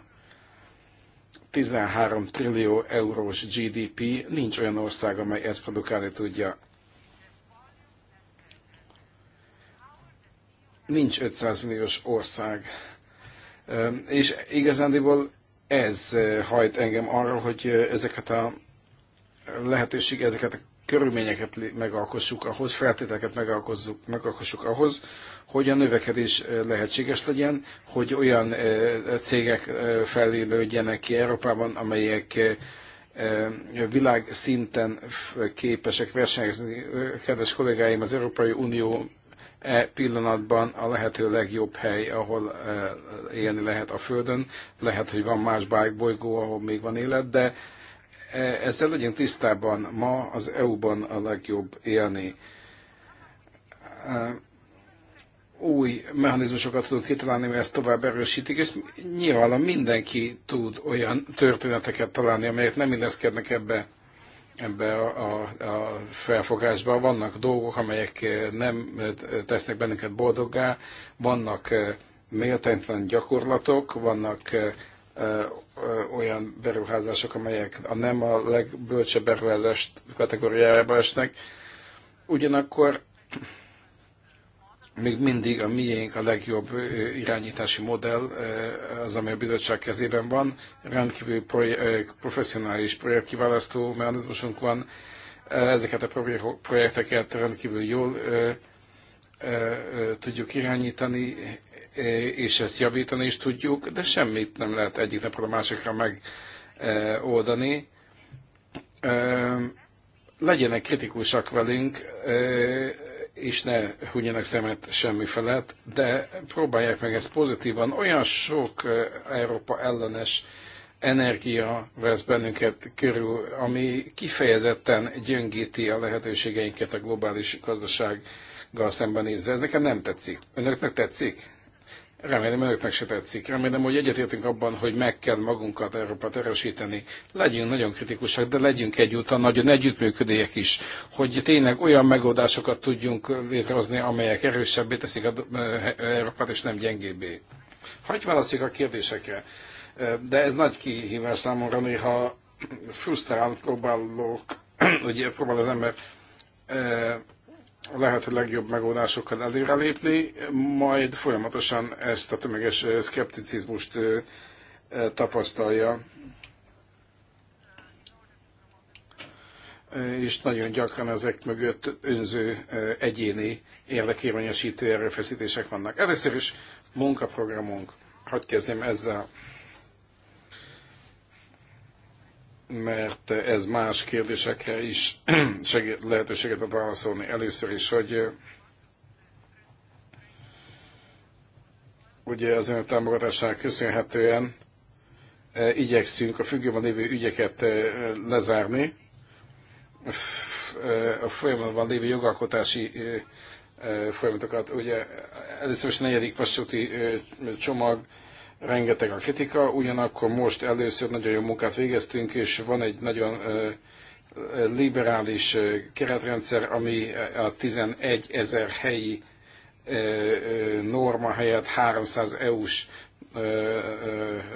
13 trillió eurós GDP, nincs olyan ország, amely ezt produkálni tudja. Nincs 500 milliós ország, és igazándiból ez hajt engem arra, hogy ezeket a lehetőség, ezeket a körülményeket megalkossuk ahhoz, feltételeket megalkossuk, ahhoz, hogy a növekedés lehetséges legyen, hogy olyan cégek felélődjenek ki Európában, amelyek világszinten képesek versenyezni. Kedves kollégáim, az Európai Unió E pillanatban a lehető legjobb hely, ahol e, élni lehet a Földön. Lehet, hogy van más bolygó, ahol még van élet, de e, ezzel legyünk tisztában. Ma az EU-ban a legjobb élni e, új mechanizmusokat tudunk kitalálni, mert ezt tovább erősítik, és nyilvánvalóan mindenki tud olyan történeteket találni, amelyek nem illeszkednek ebbe ebbe a, a, a felfogásba. Vannak dolgok, amelyek eh, nem eh, tesznek bennünket boldoggá, vannak eh, méltánytlan gyakorlatok, vannak olyan beruházások, amelyek a nem a legbölcsebb beruházás kategóriájába esnek. Ugyanakkor még mindig a miénk a legjobb irányítási modell, az, ami a bizottság kezében van. Rendkívül projek, professzionális projektkiválasztó mechanizmusunk van. Ezeket a projekteket rendkívül jól tudjuk irányítani, és ezt javítani is tudjuk, de semmit nem lehet egyik napról a másikra megoldani legyenek kritikusak velünk, és ne hunyjanak szemet semmi felett, de próbálják meg ezt pozitívan. Olyan sok Európa ellenes energia vesz bennünket körül, ami kifejezetten gyöngíti a lehetőségeinket a globális gazdasággal nézve. Ez nekem nem tetszik. Önöknek tetszik? Remélem önöknek se tetszik. Remélem, hogy egyetértünk abban, hogy meg kell magunkat Európát erősíteni. Legyünk nagyon kritikusak, de legyünk egyúttal nagyon együttműködőek is, hogy tényleg olyan megoldásokat tudjunk létrehozni, amelyek erősebbé teszik eh, Európát, és nem gyengébbé. Hagyj válaszik a kérdésekre. Eh, de ez nagy kihívás számomra, néha frusztrál próbálok, ugye próbál az ember eh, lehető legjobb megoldásokkal előrelépni, majd folyamatosan ezt a tömeges eh, szkepticizmust eh, eh, tapasztalja. És nagyon gyakran ezek mögött önző egyéni érdekérvényesítő erőfeszítések vannak. Először is munkaprogramunk, hadd kezdjem ezzel. mert ez más kérdésekre is lehetőséget ad válaszolni. Először is, hogy ugye az ön támogatásának köszönhetően igyekszünk a függőben lévő ügyeket lezárni. A folyamatban lévő jogalkotási folyamatokat, ugye először is negyedik vasúti csomag, rengeteg a kritika, ugyanakkor most először nagyon jó munkát végeztünk, és van egy nagyon liberális keretrendszer, ami a 11 ezer helyi norma helyett 300 EU-s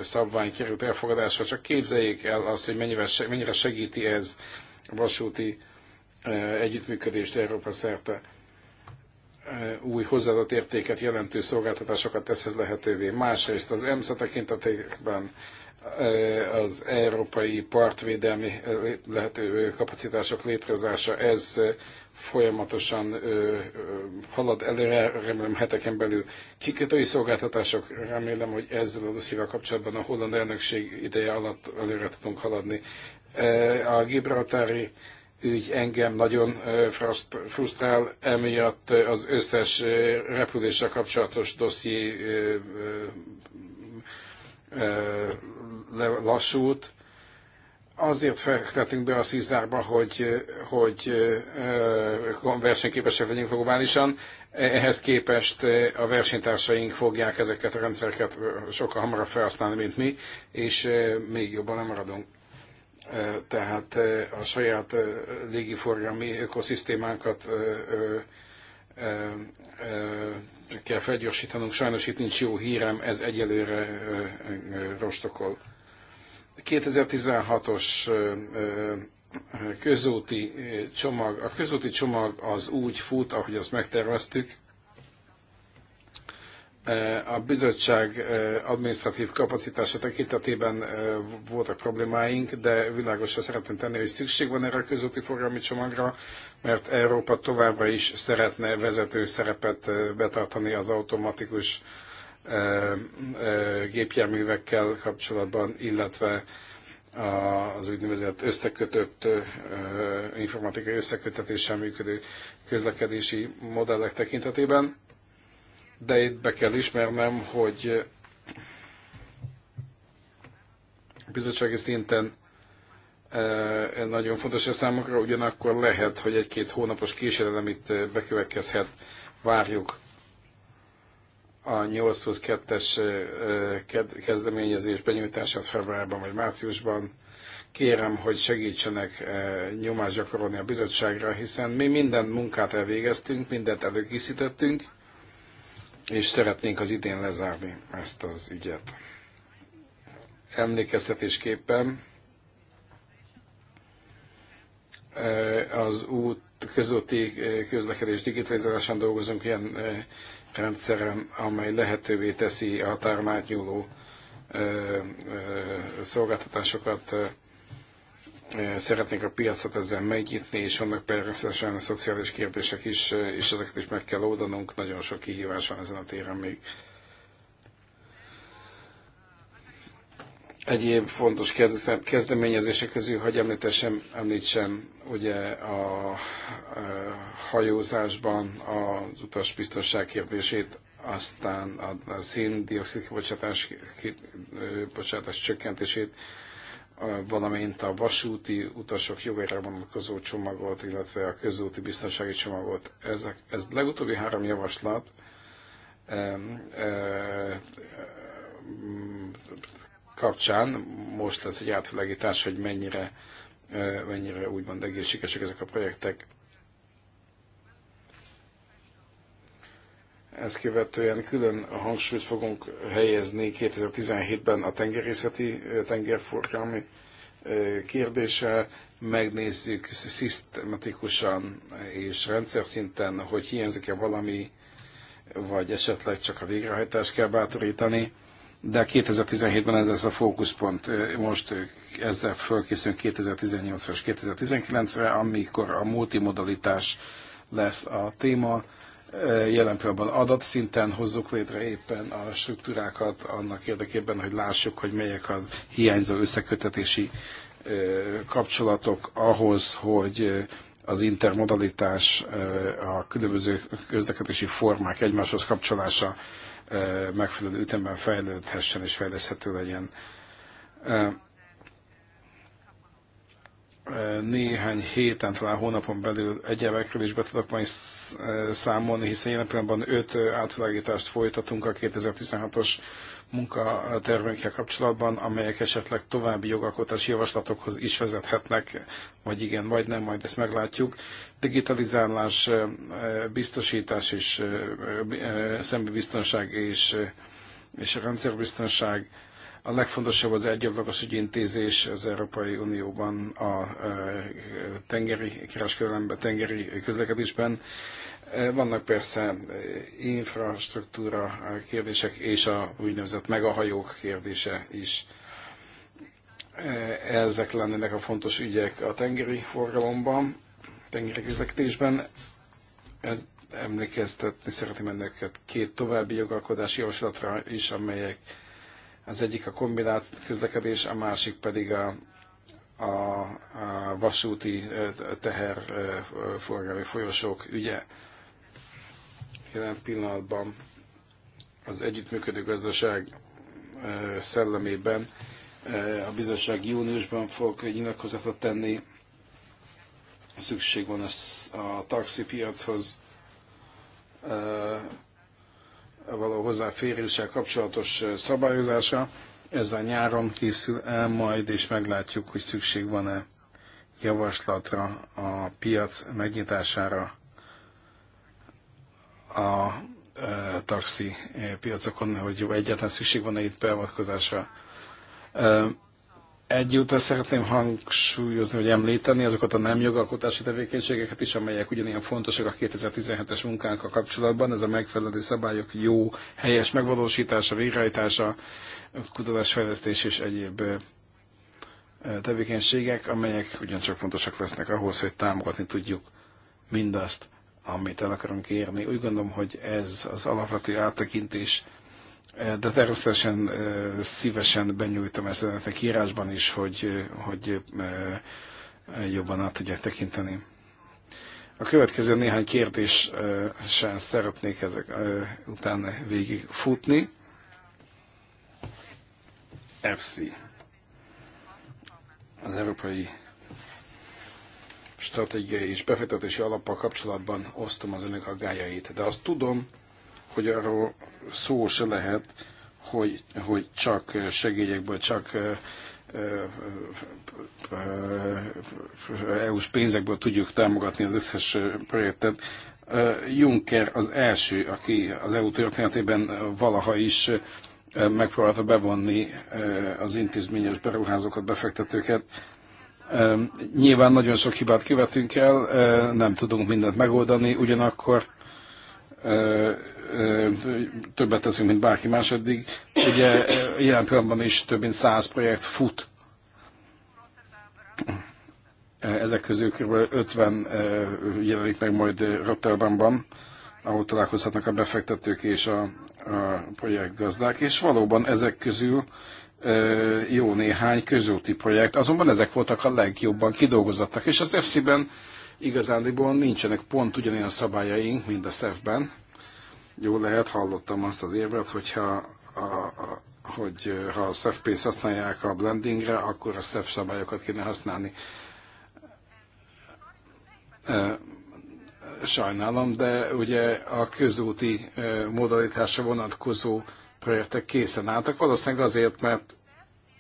szabvány került elfogadásra. Csak képzeljék el azt, hogy mennyire segíti ez vasúti együttműködést Európa szerte új hozzáadott értéket jelentő szolgáltatásokat tesz ez lehetővé. Másrészt az EMSZA tekintetében az európai partvédelmi lehető kapacitások létrehozása, ez folyamatosan halad előre, remélem heteken belül. Kikötői szolgáltatások, remélem, hogy ezzel a dossziéval kapcsolatban a holland elnökség ideje alatt előre tudunk haladni. A Gibraltári ügy engem nagyon frusztrál, emiatt az összes repüléssel kapcsolatos dosszié lassult. Azért fektetünk be a szízárba, hogy, hogy versenyképesek legyünk globálisan. Ehhez képest a versenytársaink fogják ezeket a rendszereket sokkal hamarabb felhasználni, mint mi, és még jobban nem maradunk tehát a saját légiforgalmi ökoszisztémánkat kell felgyorsítanunk. Sajnos itt nincs jó hírem, ez egyelőre rostokol. 2016-os közúti csomag. A közúti csomag az úgy fut, ahogy azt megterveztük, Eh, a bizottság eh, adminisztratív kapacitása tekintetében eh, voltak problémáink, de világosra szeretném tenni, hogy szükség van erre a közúti forgalmi csomagra, mert Európa továbbra is szeretne vezető szerepet betartani az automatikus gépjárművekkel kapcsolatban, illetve az úgynevezett összekötött, informatikai összekötetéssel működő közlekedési modellek tekintetében de itt be kell ismernem, hogy bizottsági szinten e, e, nagyon fontos a számokra, ugyanakkor lehet, hogy egy-két hónapos késedelem itt e, bekövetkezhet, várjuk a 8 plusz 2-es kezdeményezés benyújtását februárban vagy márciusban. Kérem, hogy segítsenek nyomást gyakorolni a bizottságra, hiszen mi minden munkát elvégeztünk, mindent előkészítettünk, és szeretnénk az idén lezárni ezt az ügyet. Emlékeztetésképpen e, az út közúti e, közlekedés digitalizálásán dolgozunk ilyen e, rendszeren, amely lehetővé teszi a határon átnyúló szolgáltatásokat szeretnék a piacot ezzel megnyitni, és annak persze a szociális kérdések is, és ezeket is meg kell oldanunk. Nagyon sok kihívás van ezen a téren még. Egyéb fontos kezdeményezések közül, hogy említesem, említsem, ugye a, a hajózásban az utasbiztonság kérdését, aztán a, a szén-dioxid kibocsátás, kibocsátás csökkentését, valamint a vasúti utasok jogaira vonatkozó csomagot, illetve a közúti biztonsági csomagot. Ezek, ez legutóbbi három javaslat kapcsán most lesz egy átvilágítás, hogy mennyire, mennyire úgymond egészségesek ezek a projektek. Ezt követően külön a hangsúlyt fogunk helyezni 2017-ben a tengerészeti, tengerforgalmi kérdése. Megnézzük szisztematikusan és rendszer szinten, hogy hiányzik-e valami, vagy esetleg csak a végrehajtást kell bátorítani de 2017-ben ez lesz a fókuszpont. Most ezzel fölkészülünk 2018-ra és 2019-re, amikor a multimodalitás lesz a téma, jelen pillanatban adatszinten hozzuk létre éppen a struktúrákat annak érdekében, hogy lássuk, hogy melyek az hiányzó összekötetési kapcsolatok ahhoz, hogy az intermodalitás, a különböző közlekedési formák egymáshoz kapcsolása megfelelő ütemben fejlődhessen és fejleszthető legyen néhány héten, talán hónapon belül egyebekről is be tudok majd e, számolni, hiszen jelen pillanatban öt e, átvilágítást folytatunk a 2016-os munkatervünkkel kapcsolatban, amelyek esetleg további jogalkotási javaslatokhoz is vezethetnek, vagy igen, vagy nem, majd ezt meglátjuk. Digitalizálás, e, biztosítás és biztonság és, és a rendszerbiztonság, a legfontosabb az egyablakos ügyintézés az Európai Unióban a e, tengeri kereskedelemben, tengeri közlekedésben. E, vannak persze infrastruktúra kérdések és a úgynevezett megahajók kérdése is. E, ezek lennének a fontos ügyek a tengeri forgalomban, tengeri közlekedésben. Ez emlékeztetni szeretném önöket két további jogalkodási javaslatra is, amelyek az egyik a kombinált közlekedés, a másik pedig a, a, a vasúti teherforgalmi folyosók ügye. Jelen pillanatban az együttműködő gazdaság szellemében a bizottság júniusban fog nyilatkozatot tenni. Szükség van a taxi piachoz való hozzáféréssel kapcsolatos szabályozása. Ez a nyáron készül el majd, és meglátjuk, hogy szükség van-e javaslatra a piac megnyitására a e, taxi piacokon, hogy egyáltalán szükség van-e itt beavatkozásra. E, Egyúttal szeretném hangsúlyozni, hogy említeni azokat a nem jogalkotási tevékenységeket is, amelyek ugyanilyen fontosak a 2017-es munkánkkal kapcsolatban. Ez a megfelelő szabályok jó, helyes megvalósítása, végrehajtása, kutatásfejlesztés és egyéb tevékenységek, amelyek ugyancsak fontosak lesznek ahhoz, hogy támogatni tudjuk mindazt, amit el akarunk érni. Úgy gondolom, hogy ez az alapvető áttekintés de természetesen szívesen benyújtom ezt önöknek írásban is, hogy, hogy jobban át tudják tekinteni. A következő néhány kérdés sem szeretnék ezek után végig futni. FC. Az Európai Stratégiai és Befektetési Alappal kapcsolatban osztom az önök aggájait, de azt tudom, hogy arról szó se lehet, hogy, hogy csak segélyekből, csak EU-s pénzekből tudjuk támogatni az összes projektet. Juncker az első, aki az EU történetében valaha is megpróbálta bevonni az intézményes beruházókat, befektetőket. Nyilván nagyon sok hibát követünk el, nem tudunk mindent megoldani, ugyanakkor többet teszünk, mint bárki más eddig. Ugye jelen pillanatban is több mint száz projekt fut. Ezek közül kb. 50 jelenik meg majd Rotterdamban, ahol találkozhatnak a befektetők és a, a projektgazdák, és valóban ezek közül jó néhány közúti projekt, azonban ezek voltak a legjobban kidolgozottak, és az FC-ben igazándiból nincsenek pont ugyanilyen szabályaink, mint a SZEF-ben, jó lehet, hallottam azt az érvet, hogyha a, a, hogy ha a SEF pénzt használják a blendingre, akkor a SEF szabályokat kéne használni. Sajnálom, de ugye a közúti modalitásra vonatkozó projektek készen álltak, valószínűleg azért, mert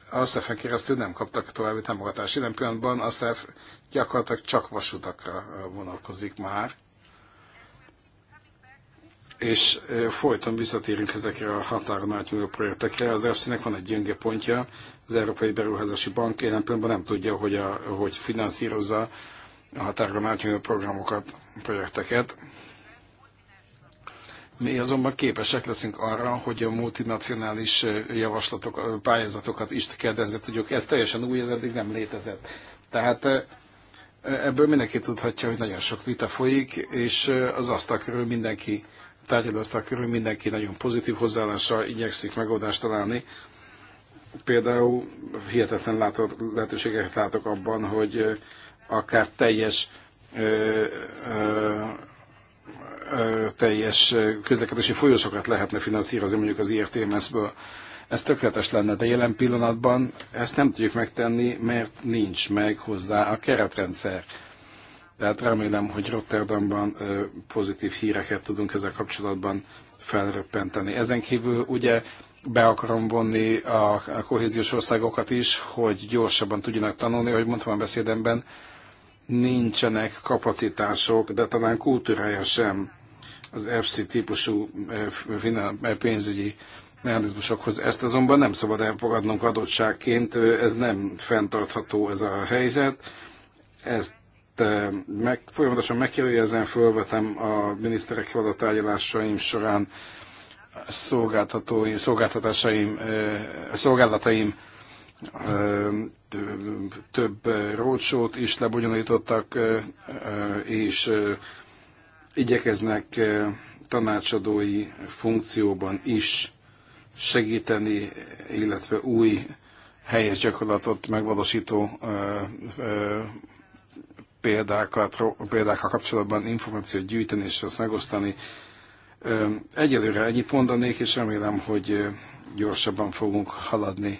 a SZEF-en keresztül nem kaptak további támogatást. Jelen pillanatban a SZEF gyakorlatilag csak vasutakra vonatkozik már és folyton visszatérünk ezekre a határon átnyúló projektekre. Az EFSZ-nek van egy gyenge pontja, az Európai Beruházási Bank jelen pillanatban nem tudja, hogy, a, hogy finanszírozza a határon átnyúló programokat, projekteket. Mi azonban képesek leszünk arra, hogy a multinacionális javaslatok, pályázatokat is kedenzni tudjuk. Ez teljesen új, ez eddig nem létezett. Tehát ebből mindenki tudhatja, hogy nagyon sok vita folyik, és az asztal körül mindenki tárgyaló körül mindenki nagyon pozitív hozzáállással igyekszik megoldást találni. Például hihetetlen látod, lehetőségeket látok abban, hogy akár teljes ö, ö, ö, teljes közlekedési folyosokat lehetne finanszírozni mondjuk az IRTMS-ből. Er Ez tökéletes lenne, de jelen pillanatban ezt nem tudjuk megtenni, mert nincs meg hozzá a keretrendszer tehát remélem, hogy Rotterdamban pozitív híreket tudunk ezzel kapcsolatban felröppenteni. Ezen kívül ugye be akarom vonni a kohéziós országokat is, hogy gyorsabban tudjanak tanulni, hogy mondtam a beszédemben, nincsenek kapacitások, de talán kultúrája sem az FC típusú pénzügyi mechanizmusokhoz. Ezt azonban nem szabad elfogadnunk adottságként, ez nem fenntartható ez a helyzet, ezt Eh, meg, folyamatosan megkérdezem, fölvetem a miniszterek való tárgyalásaim során szolgáltatói, szolgáltatásaim, eh, szolgáltataim eh, több rócsót is lebonyolítottak, és igyekeznek tanácsadói funkcióban is segíteni, illetve új helyes gyakorlatot megvalósító példákat, példákkal kapcsolatban információt gyűjteni és azt megosztani. Egyelőre ennyit mondanék, és remélem, hogy gyorsabban fogunk haladni,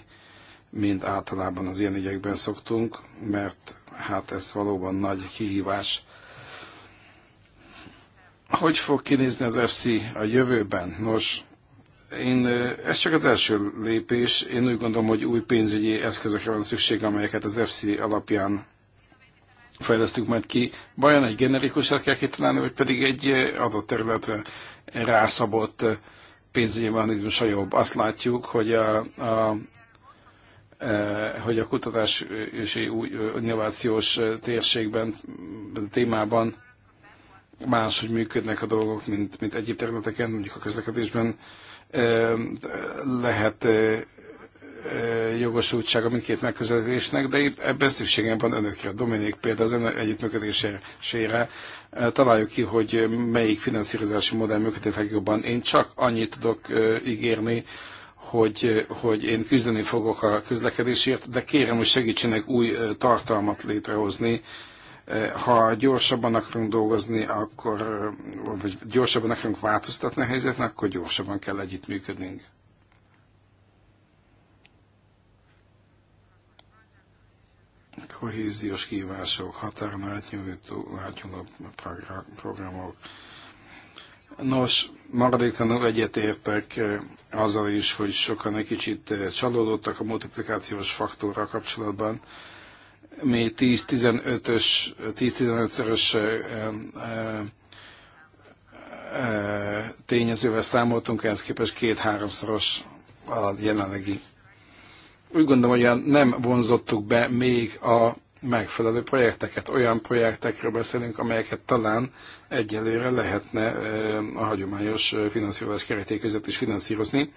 mint általában az ilyen ügyekben szoktunk, mert hát ez valóban nagy kihívás. Hogy fog kinézni az FC a jövőben? Nos, én, ez csak az első lépés. Én úgy gondolom, hogy új pénzügyi eszközökre van szükség, amelyeket az FC alapján fejlesztünk majd ki, vajon egy generikusat kell kitalálni, vagy pedig egy eh, adott területre rászabott eh, pénzügyi mechanizmus a jobb. Azt látjuk, hogy a, a eh, hogy a kutatás és innovációs térségben, témában máshogy működnek a dolgok, mint, mint egyéb területeken, mondjuk a közlekedésben lehet Eh, jogosultsága mindkét megközelítésnek, de itt ebben szükségem van önökre. Dominik például az ön együttműködésére eh, találjuk ki, hogy melyik finanszírozási modell működik legjobban. Én csak annyit tudok eh, ígérni, hogy, hogy én küzdeni fogok a közlekedésért, de kérem, hogy segítsenek új tartalmat létrehozni. Ha gyorsabban akarunk dolgozni, akkor, vagy gyorsabban akarunk változtatni a helyzetnek, akkor gyorsabban kell együttműködnünk. kohéziós kívások, határon átnyúló programok. Nos, maradéktanul egyetértek eh, azzal is, hogy sokan egy kicsit eh, csalódottak a multiplikációs faktorra kapcsolatban. Mi 10-15-ös, 10-15-szeres eh, tényezővel számoltunk, ehhez képest két-háromszoros a jelenlegi úgy gondolom, hogy nem vonzottuk be még a megfelelő projekteket. Olyan projektekről beszélünk, amelyeket talán egyelőre lehetne a hagyományos finanszírozás kereté között is finanszírozni.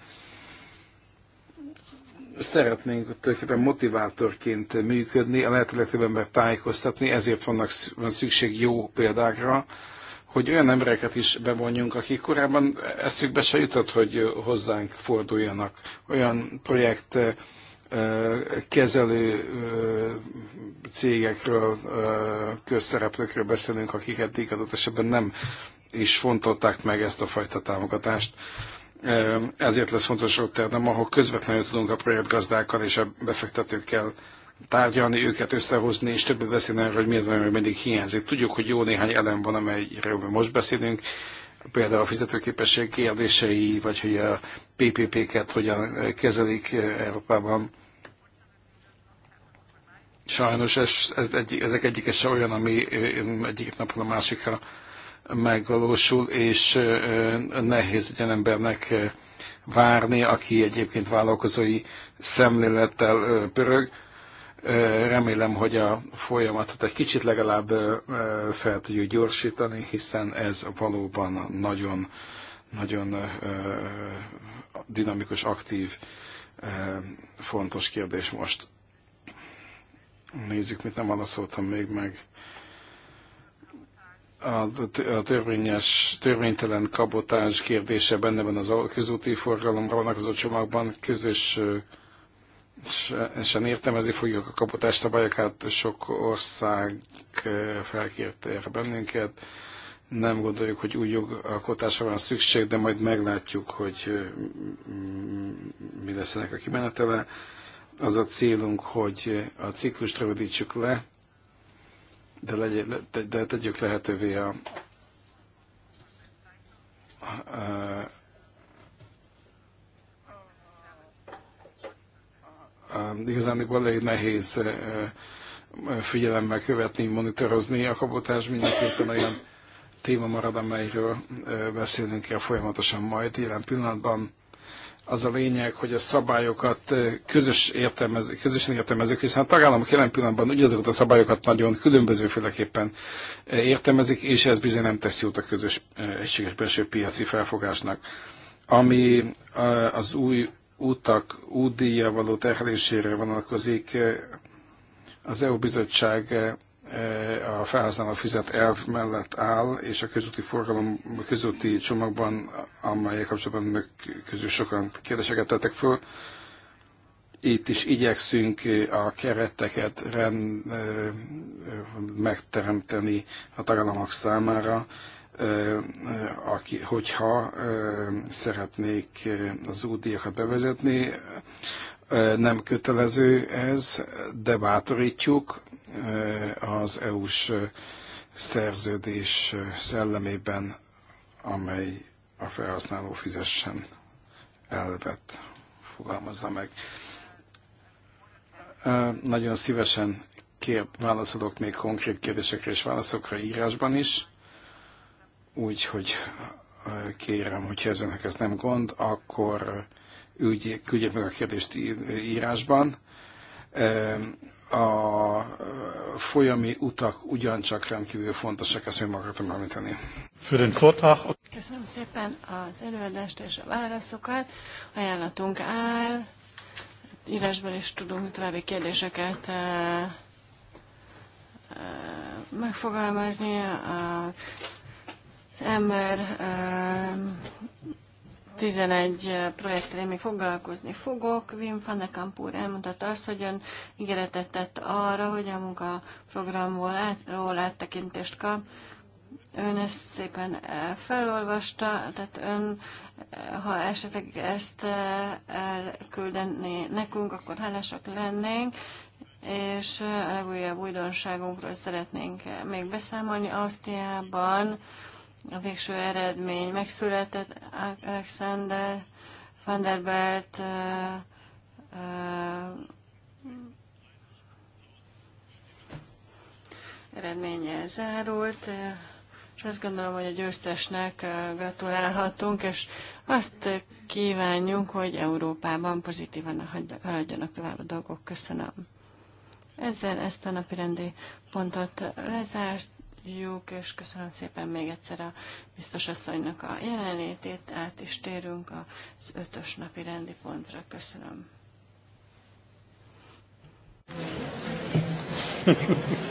Szeretnénk tulajdonképpen motivátorként működni, a lehető legtöbb ember tájékoztatni, ezért vannak, van szükség jó példákra, hogy olyan embereket is bevonjunk, akik korábban eszükbe se jutott, hogy hozzánk forduljanak. Olyan projekt kezelő cégekről, közszereplőkről beszélünk, akik eddig adott esetben nem is fontolták meg ezt a fajta támogatást. Ezért lesz fontos ott tennem, ahol közvetlenül tudunk a projektgazdákkal és a befektetőkkel tárgyalni, őket összehozni, és többet beszélni arról, hogy mi az, ami mindig hiányzik. Tudjuk, hogy jó néhány elem van, amelyről most beszélünk, például a fizetőképesség kérdései, vagy hogy a PPP-ket hogyan kezelik Európában, Sajnos ez, ez egy, ezek egyike se olyan, ami egyik napon a másikra megvalósul, és nehéz egy embernek várni, aki egyébként vállalkozói szemlélettel pörög. Remélem, hogy a folyamatot egy kicsit legalább fel tudjuk gyorsítani, hiszen ez valóban nagyon, nagyon dinamikus, aktív, fontos kérdés most. Nézzük, mit nem válaszoltam még meg. A törvényes, törvénytelen kabotás kérdése benne van az közúti forgalomra vonatkozó csomagban. Közös sem értelmezni fogjuk a kabotás szabályokat, hát sok ország felkért erre bennünket. Nem gondoljuk, hogy új jogalkotásra van szükség, de majd meglátjuk, hogy mi lesz ennek a kimenetele. Az a célunk, hogy a ciklust rövidítsük le, de, legy, de, de tegyük lehetővé a, a igazániból elég nehéz figyelemmel követni, monitorozni. A kabotás mindenképpen olyan téma marad, amelyről beszélnünk kell folyamatosan majd. Jelen pillanatban az a lényeg, hogy a szabályokat közös értelmezik, közösen értelmezik. hiszen a tagállamok jelen pillanatban ugyanazokat a szabályokat nagyon különbözőféleképpen értelmezik, és ez bizony nem teszi út a közös egységes belső piaci felfogásnak. Ami az új útak útdíjjal való terhelésére vonatkozik, az EU bizottság a felhasználó fizet elv mellett áll, és a közúti forgalom, a közúti csomagban, amelyek kapcsolatban önök közül sokan kérdéseket tettek föl, itt is igyekszünk a kereteket rend, megteremteni a tagállamok számára, aki, hogyha szeretnék az útdíjakat bevezetni. Nem kötelező ez, de bátorítjuk, Eh, az EU-s eh, szerződés eh, szellemében, amely a felhasználó fizessen elvet fogalmazza meg. Nagyon szívesen kér, válaszolok még konkrét kérdésekre és válaszokra írásban is, úgyhogy kérem, hogyha ezenek ez nem gond, akkor küldjék meg a kérdést írásban a folyami utak ugyancsak rendkívül fontosak, ezt még akartam említeni. Köszönöm szépen az előadást és a válaszokat. Ajánlatunk áll, írásban is tudunk további kérdéseket eh, eh, megfogalmazni. az ember eh, 11 eh, projektre még foglalkozni fogok. Wim van de elmutatta azt, hogy ön ígéretet tett arra, hogy a munkaprogramról át, áttekintést kap. Ön ezt szépen eh, felolvasta, tehát ön, eh, ha esetleg ezt elküldené nekünk, akkor hálásak lennénk, és a legújabb újdonságunkról szeretnénk még beszámolni. Ausztriában a végső eredmény megszületett, Alexander van der Belt eredménye zárult, és azt gondolom, hogy a győztesnek gratulálhatunk, és azt kívánjuk, hogy Európában pozitívan haladjanak tovább a dolgok. Köszönöm. Ezzel ezt a rendi pontot lezárt, jók, és köszönöm szépen még egyszer a biztos asszonynak a jelenlétét, át is térünk az ötös napi rendi pontra. Köszönöm.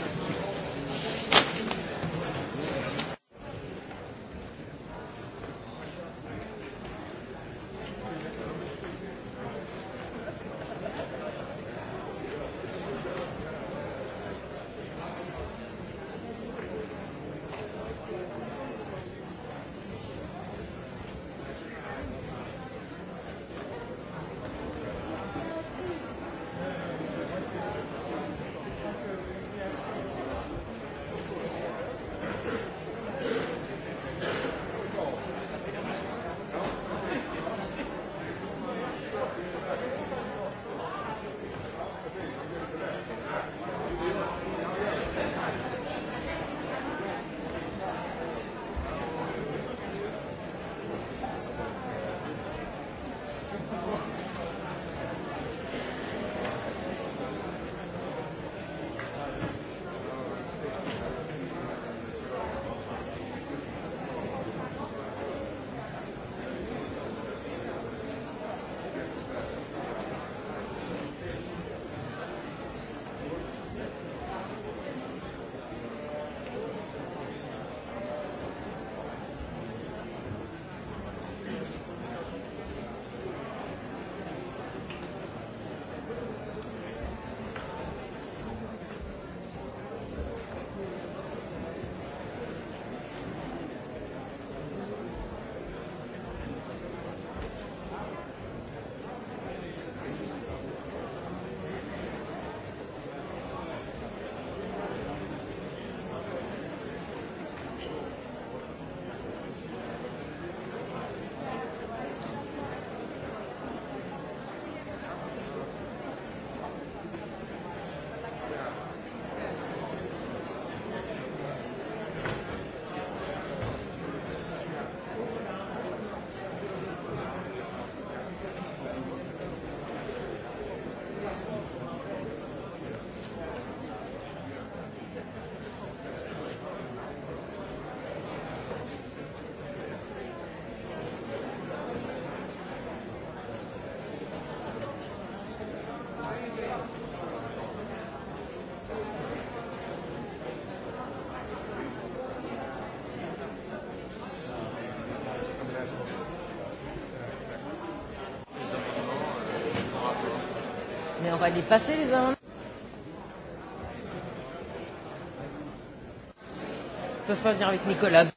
va les passer les amendements. Ils peuvent pas venir avec Nicolas.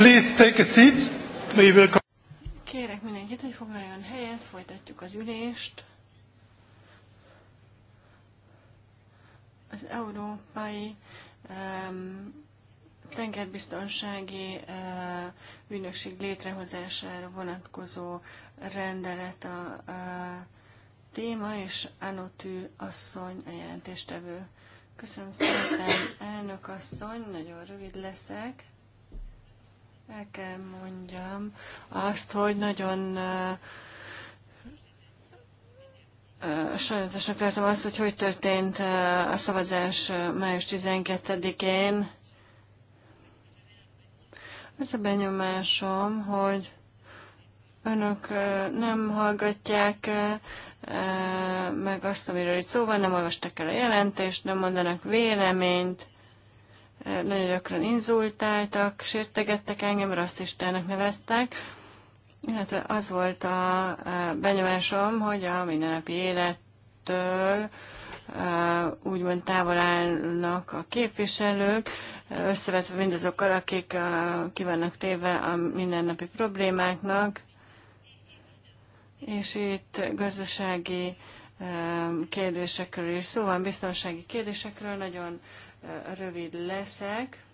Please take a seat. We will... Kérek mindenkit, hogy foglaljon helyet, folytatjuk az ülést. Az európai um, tengerbiztonsági uh, ügynökség létrehozására vonatkozó rendelet a uh, téma, és Anotű asszony a jelentéstevő. Köszönöm szépen, elnök asszony, nagyon rövid leszek. El kell mondjam azt, hogy nagyon sajnálatosnak tartom azt, hogy hogy történt a szavazás május 12-én. Az a benyomásom, hogy önök nem hallgatják meg azt, amiről itt szó van, nem olvastak el a jelentést, nem mondanak véleményt nagyon gyakran inzultáltak, sértegettek engem, rasszistának neveztek, illetve az volt a benyomásom, hogy a mindennapi élettől úgymond távol állnak a képviselők, összevetve mindazokkal, akik ki vannak téve a mindennapi problémáknak, és itt gazdasági e, kérdésekről is szó van, biztonsági kérdésekről nagyon rövid leszek.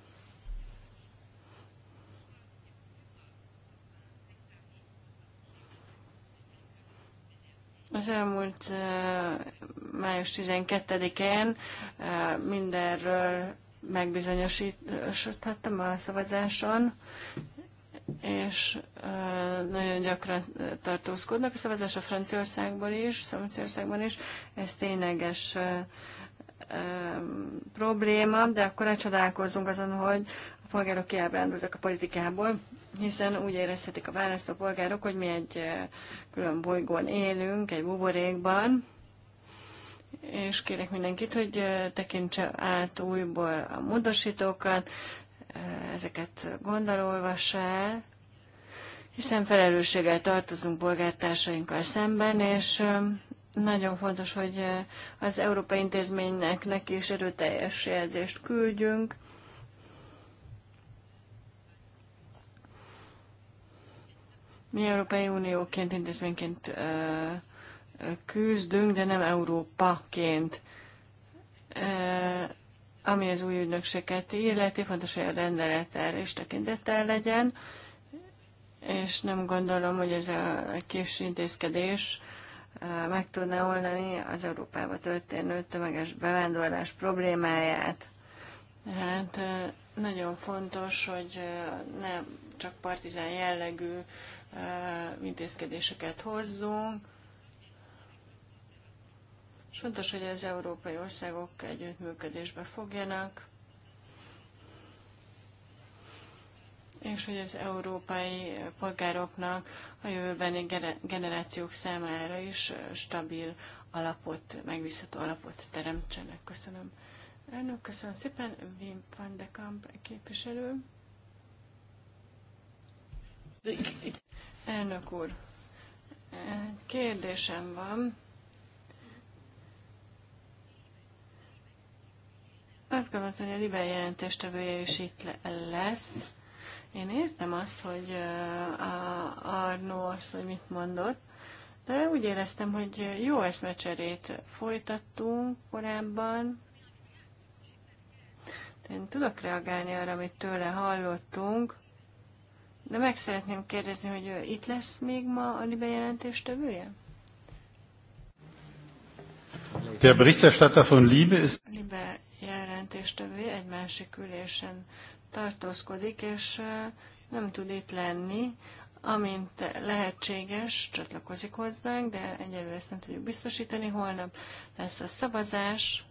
Az elmúlt uh, május 12-én uh, mindenről megbizonyosíthattam a szavazáson, és uh, nagyon gyakran tartózkodnak a szavazás a Franciaországban is, Szomszédországban is. Ez tényleges uh, probléma, de akkor ne csodálkozzunk azon, hogy a polgárok kiábrándultak a politikából, hiszen úgy érezhetik a választó polgárok, hogy mi egy eh, külön bolygón élünk, egy buborékban, és kérek mindenkit, hogy eh, tekintse át újból a módosítókat, eh, ezeket gondololvassa el, hiszen felelősséggel tartozunk polgártársainkkal szemben, és nagyon fontos, hogy eh, az Európai Intézménynek neki is erőteljes jelzést küldjünk. Mi Európai Unióként, intézményként eh, küzdünk, de nem Európaként. Eh, ami az új ügynökséget illeti, fontos, hogy a rendelettel is tekintettel legyen, és nem gondolom, hogy ez a kis intézkedés Eh, meg tudna oldani az Európába történő tömeges bevándorlás problémáját. Hát eh, nagyon fontos, hogy eh, ne csak partizán jellegű intézkedéseket hozzunk, és fontos, hogy az európai országok együttműködésbe fogjanak. és hogy az európai polgároknak a jövőbeni generációk számára is stabil alapot, megbízható alapot teremtsenek. Köszönöm. Elnök, köszönöm szépen. Wim van de Kamp képviselő. Elnök úr, egy kérdésem van. Azt gondoltam, hogy a Libel jelentéstevője is itt lesz. Én értem azt, hogy a Arno azt, hogy mit mondott, de úgy éreztem, hogy jó eszmecserét folytattunk korábban. De én tudok reagálni arra, amit tőle hallottunk, de meg szeretném kérdezni, hogy itt lesz még ma a libe tövője? Der Berichterstatter von Liebe ist... Liebe jelentéstevője egy másik ülésen tartózkodik, és nem tud itt lenni, amint lehetséges, csatlakozik hozzánk, de egyelőre ezt nem tudjuk biztosítani. Holnap lesz a szavazás.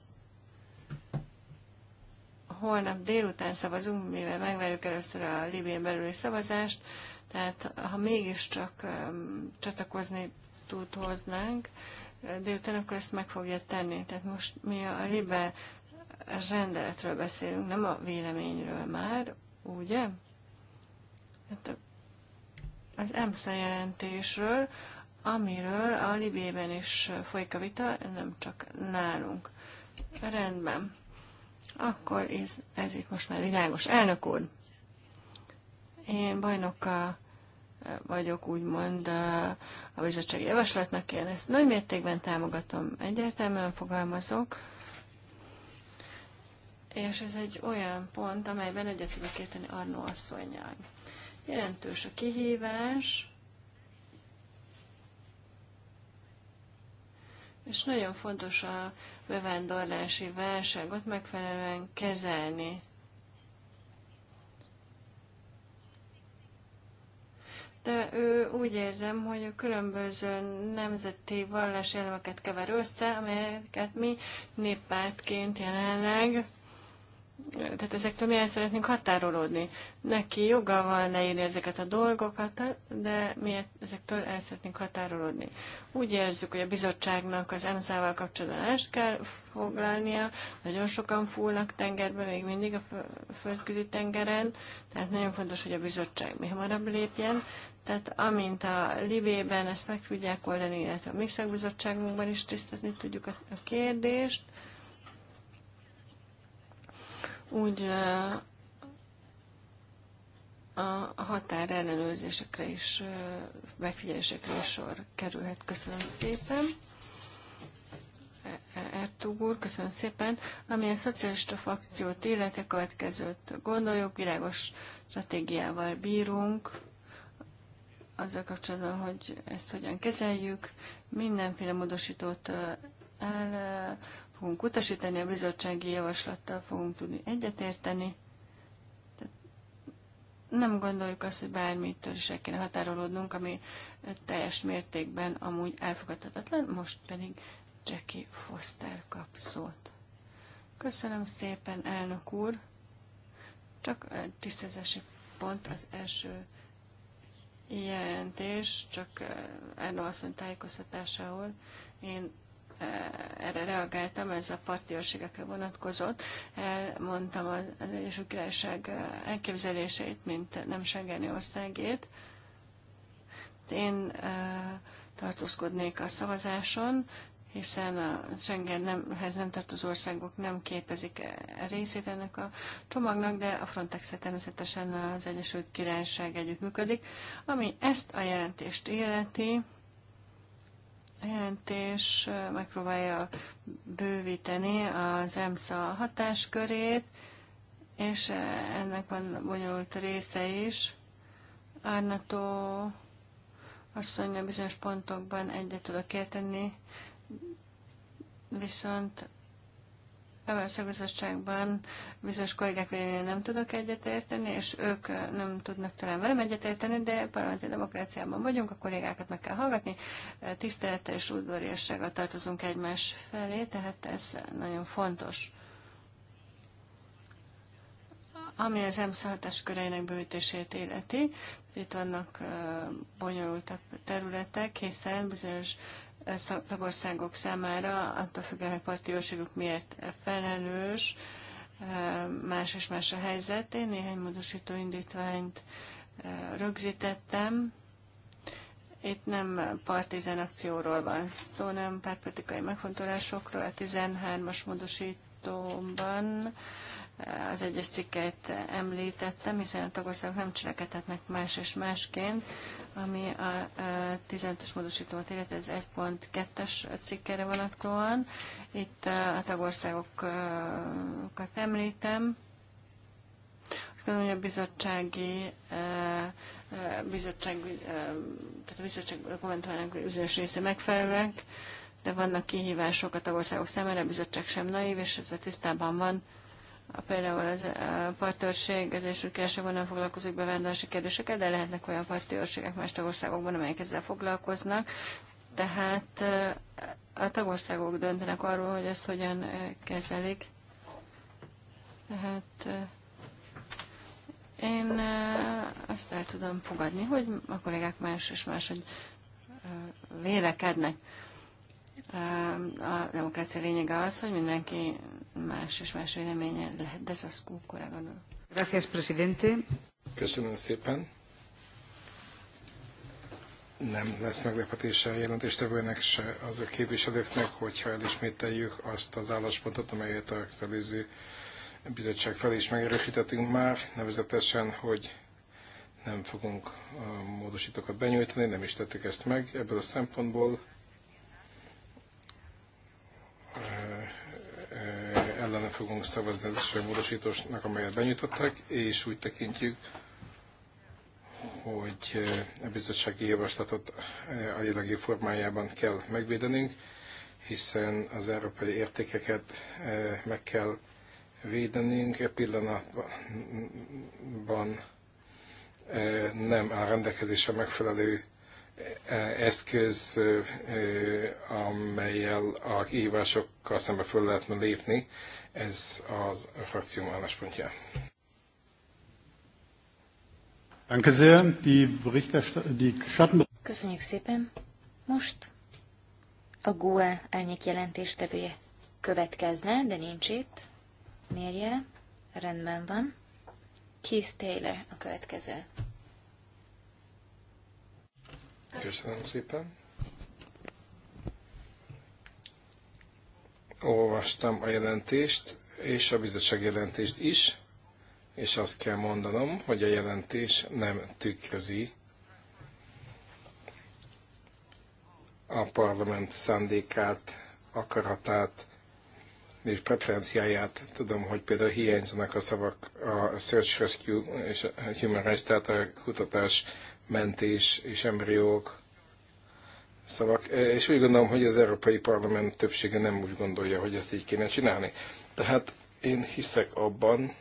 Holnap délután szavazunk, mivel megvárjuk először a Libyen belüli szavazást, tehát ha mégiscsak csatlakozni tud hoznánk, délután akkor ezt meg fogja tenni. Tehát most mi a Libe rendeletről beszélünk, nem a véleményről már, ugye? Hát az EMSZA jelentésről, amiről a Libében is folyik a vita, nem csak nálunk. Rendben. Akkor ez, ez itt most már világos. Elnök úr, én bajnoka vagyok, úgymond a bizottsági javaslatnak, én ezt nagy mértékben támogatom, egyértelműen fogalmazok, és ez egy olyan pont, amelyben egyet tudok érteni Arnó asszonyjal. Jelentős a kihívás, és nagyon fontos a bevándorlási válságot megfelelően kezelni. De ő úgy érzem, hogy a különböző nemzeti vallási elemeket kever össze, amelyeket mi néppártként jelenleg tehát ezektől mi el szeretnénk határolódni. Neki joga van leírni ezeket a dolgokat, de mi ezektől el szeretnénk határolódni. Úgy érzük, hogy a bizottságnak az EMSZ-val kapcsolatban ezt kell foglalnia, nagyon sokan fúlnak tengerbe, még mindig a földközi tengeren, tehát nagyon fontos, hogy a bizottság mi hamarabb lépjen, tehát amint a Libében ezt meg tudják oldani, illetve a mi is tisztázni tudjuk a kérdést, úgy a határ ellenőrzésekre is, megfigyelésekre is sor kerülhet. Köszönöm szépen. E, e, Ertug úr, köszönöm szépen. Ami a szocialista frakciót illeti, a következőt gondoljuk, világos stratégiával bírunk, azzal kapcsolatban, hogy ezt hogyan kezeljük, mindenféle módosítót el fogunk utasítani, a bizottsági javaslattal fogunk tudni egyetérteni. Tehát nem gondoljuk azt, hogy bármitől is el kéne határolódnunk, ami teljes mértékben amúgy elfogadhatatlan, most pedig Jackie Foster kap szót. Köszönöm szépen, elnök úr! Csak tisztázási pont az első jelentés, csak Erno asszony tájékoztatásához. Én Eh, erre reagáltam, ez a partiőrségekre vonatkozott. Elmondtam az Egyesült Királyság eh, elképzeléseit, mint nem Schengeni országét. Én eh, tartózkodnék a szavazáson, hiszen a Schengenhez nem tartozó országok nem képezik részét ennek a csomagnak, de a frontex -e természetesen az Egyesült Királyság együttműködik, ami ezt a jelentést illeti, jelentés megpróbálja bővíteni az EMSZA hatáskörét, és ennek van bonyolult része is. Árnató asszony a bizonyos pontokban egyet tudok érteni, viszont Ebben a szakbizottságban bizonyos kollégák nem tudok egyetérteni, és ők nem tudnak talán velem egyetérteni, de parlamenti demokráciában vagyunk, a kollégákat meg kell hallgatni, tisztelettel és udvariassággal tartozunk egymás felé, tehát ez nagyon fontos. Ami az EMSZ hatásköreinek bővítését illeti, itt vannak bonyolultabb területek, hiszen bizonyos tagországok számára, attól függően, hogy parti jóságuk miért felelős, más és más a helyzet. Én néhány módosító indítványt rögzítettem. Itt nem partizán akcióról van szó, nem pártpolitikai megfontolásokról. A 13-as módosítóban az egyes cikkeit említettem, hiszen a tagországok nem cselekedhetnek más és másként, ami a 15-ös módosítómat illeti, ez 1.2-es cikkere vonatkozóan. Itt a tagországokat említem. Azt gondolom, hogy a bizottsági bizottság, tehát a bizottság kommentálnak bizonyos része megfelelőek, de vannak kihívások a tagországok számára, a bizottság sem naív, és ezzel tisztában van a például az, a partőrség az Egyesült nem foglalkozik bevándorlási kérdésekkel, de lehetnek olyan partőrségek más tagországokban, amelyek ezzel foglalkoznak. Tehát a tagországok döntenek arról, hogy ezt hogyan kezelik. Tehát én azt el tudom fogadni, hogy a kollégák más és más, hogy vélekednek. A demokrácia lényege az, hogy mindenki más és más véleménye lehet. De Gracias, presidente. Köszönöm szépen. Nem lesz meglepetése a jelentéstevőnek se az a képviselőknek, hogyha elismételjük azt az álláspontot, amelyet a előző bizottság felé is megerősítettünk már, nevezetesen, hogy nem fogunk a módosítókat benyújtani, nem is tettük ezt meg. Ebből a szempontból ellene fogunk szavazni az esetleg módosítósnak, amelyet benyújtottak, és úgy tekintjük, hogy eh, a bizottsági javaslatot eh, a jelenlegi formájában kell megvédenünk, hiszen az európai értékeket eh, meg kell védenünk. E pillanatban mm, mm, mm, nem a rendelkezésre megfelelő eszköz, amelyel a kihívásokkal szembe föl lehetne lépni, ez az a frakció álláspontja. Köszönjük szépen. Most a GUE elnyék jelentéstevője következne, de nincs itt. Mérje, rendben van. Keith Taylor a következő. Köszönöm szépen. Olvastam a jelentést, és a bizottság jelentést is, és azt kell mondanom, hogy a jelentés nem tükrözi a parlament szándékát, akaratát és preferenciáját. Tudom, hogy például hiányzanak a szavak a Search Rescue és a Human Rights, tehát a kutatás mentés és embriók szavak, e, és úgy gondolom, hogy az Európai Parlament többsége nem úgy gondolja, hogy ezt így kéne csinálni. Tehát én hiszek abban,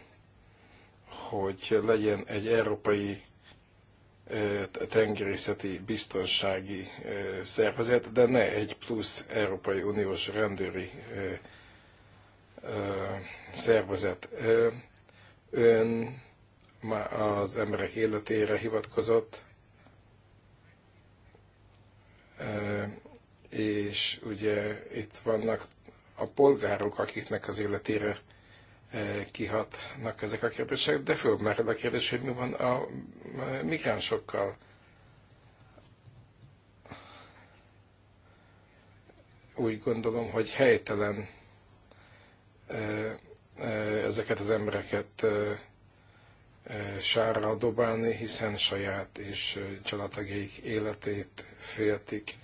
hogy legyen egy európai e, tengerészeti biztonsági e, szervezet, de ne egy plusz Európai Uniós rendőri szervezet. Ön már az emberek életére hivatkozott, és ugye itt vannak a polgárok, akiknek az életére kihatnak ezek a kérdések, de fölmerül a kérdés, hogy mi van a migránsokkal. Úgy gondolom, hogy helytelen ezeket az embereket sárra dobálni, hiszen saját és családtagjaik életét féltik.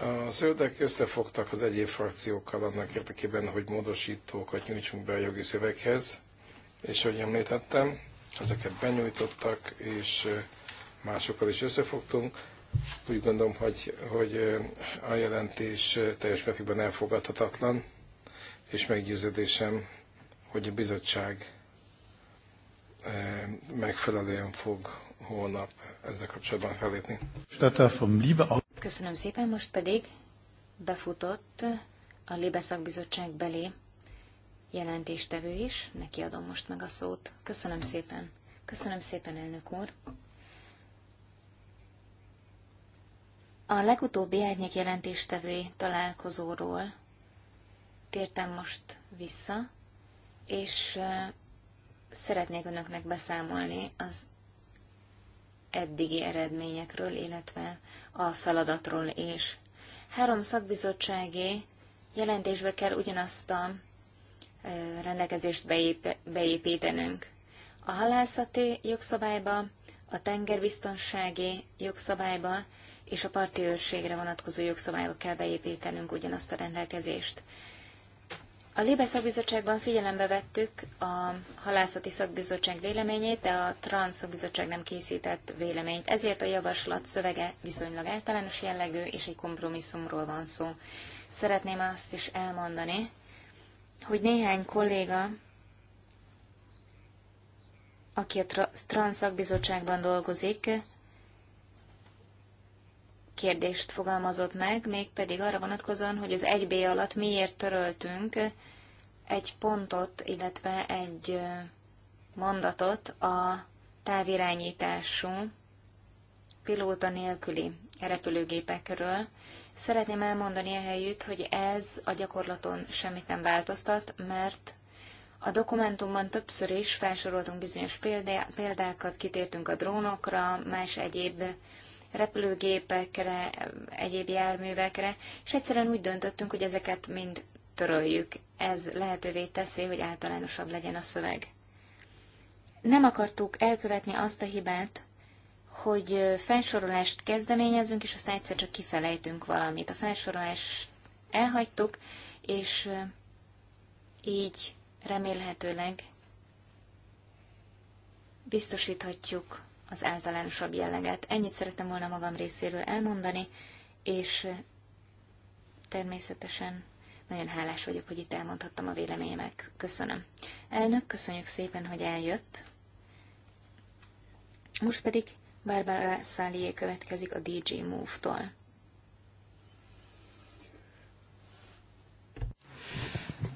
A zöldek összefogtak az egyéb frakciókkal annak érdekében, hogy módosítókat nyújtsunk be a jogi szöveghez, és ahogy említettem, ezeket benyújtottak, és másokkal is összefogtunk. Úgy gondolom, hogy, hogy a jelentés teljes mértékben elfogadhatatlan, és meggyőződésem, hogy a bizottság megfelelően fog holnap ezzel kapcsolatban felépni. Köszönöm szépen, most pedig befutott a Libe szakbizottság belé jelentéstevő is. Neki adom most meg a szót. Köszönöm szépen. Köszönöm szépen, elnök úr. A legutóbbi árnyék jelentéstevő találkozóról tértem most vissza, és szeretnék önöknek beszámolni az eddigi eredményekről, illetve a feladatról is. Három szakbizottsági jelentésbe kell ugyanazt a rendelkezést beépítenünk. A halászati jogszabályba, a tengerbiztonsági jogszabályba és a parti őrségre vonatkozó jogszabályba kell beépítenünk ugyanazt a rendelkezést. A Libe szakbizottságban figyelembe vettük a halászati szakbizottság véleményét, de a trans szakbizottság nem készített véleményt. Ezért a javaslat szövege viszonylag általános jellegű, és egy kompromisszumról van szó. Szeretném azt is elmondani, hogy néhány kolléga, aki a trans szakbizottságban dolgozik, kérdést fogalmazott meg, mégpedig arra vonatkozóan, hogy az 1B alatt miért töröltünk egy pontot, illetve egy mondatot a távirányítású pilóta nélküli repülőgépekről. Szeretném elmondani a helyütt, hogy ez a gyakorlaton semmit nem változtat, mert a dokumentumban többször is felsoroltunk bizonyos példákat, kitértünk a drónokra, más egyéb repülőgépekre, egyéb járművekre, és egyszerűen úgy döntöttünk, hogy ezeket mind töröljük. Ez lehetővé teszi, hogy általánosabb legyen a szöveg. Nem akartuk elkövetni azt a hibát, hogy felsorolást kezdeményezünk, és aztán egyszer csak kifelejtünk valamit. A felsorolást elhagytuk, és eh, így remélhetőleg biztosíthatjuk az általánosabb jelleget. Ennyit szerettem volna magam részéről elmondani, és természetesen nagyon hálás vagyok, hogy itt elmondhattam a véleményemet. Köszönöm. Elnök, köszönjük szépen, hogy eljött. Most pedig Barbara Szálié következik a DJ Move-tól.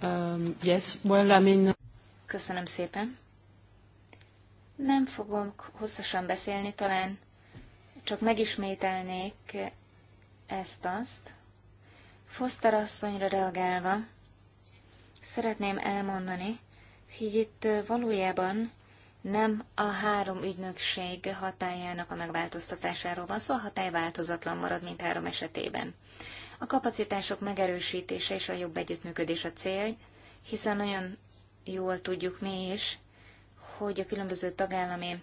Um, yes, well, I mean... Köszönöm szépen. Nem fogom hosszasan beszélni, talán csak megismételnék ezt-azt. Foster asszonyra reagálva szeretném elmondani, hogy itt valójában nem a három ügynökség hatájának a megváltoztatásáról van szó, szóval a hatály változatlan marad, mint három esetében. A kapacitások megerősítése és a jobb együttműködés a cél, hiszen nagyon jól tudjuk mi is, hogy a különböző tagállami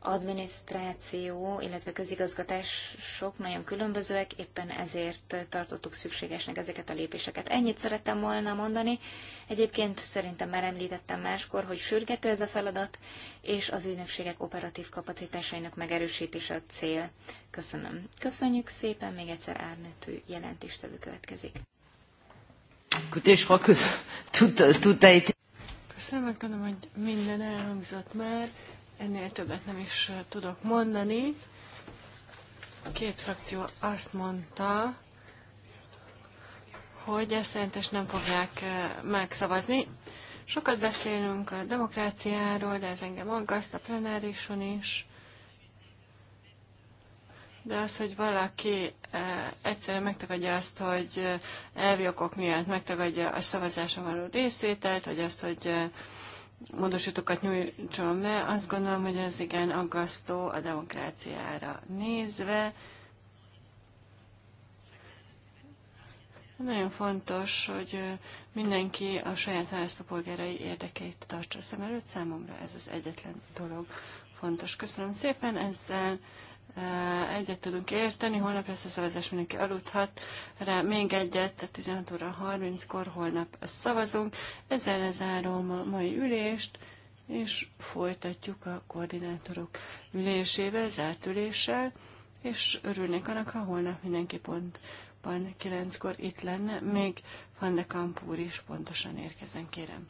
adminisztráció, illetve közigazgatások nagyon különbözőek, éppen ezért tartottuk szükségesnek ezeket a lépéseket. Ennyit szerettem volna mondani. Egyébként szerintem már említettem máskor, hogy sürgető ez a feladat, és az ügynökségek operatív kapacitásainak megerősítése a cél. Köszönöm. Köszönjük szépen, még egyszer árnőtű jelentéstevő következik. Écoutez, je crois que tout, Köszönöm, azt gondolom, hogy minden elhangzott már, ennél többet nem is tudok mondani. A két frakció azt mondta, hogy ezt jelentes nem fogják eh, megszavazni. Sokat beszélünk a demokráciáról, de ez engem aggaszt a plenárison is. De az, hogy valaki eh, egyszerűen megtagadja azt, hogy eh, elvi okok miatt megtagadja a szavazáson való részvételt, vagy azt, hogy eh, módosítókat nyújtson be, azt gondolom, hogy ez igen aggasztó a demokráciára nézve. Nagyon fontos, hogy mindenki a saját választópolgárai érdekeit tartsa szem előtt. Számomra ez az egyetlen dolog fontos. Köszönöm szépen, ezzel egyet tudunk érteni, holnap lesz a szavazás, mindenki aludhat rá, még egyet, tehát 16 óra 30-kor holnap szavazunk. Ezzel lezárom a mai ülést, és folytatjuk a koordinátorok ülésével, zárt üléssel, és örülnék annak, ha holnap mindenki pontban 9-kor itt lenne, még Van de Kampúr is pontosan érkezzen, kérem.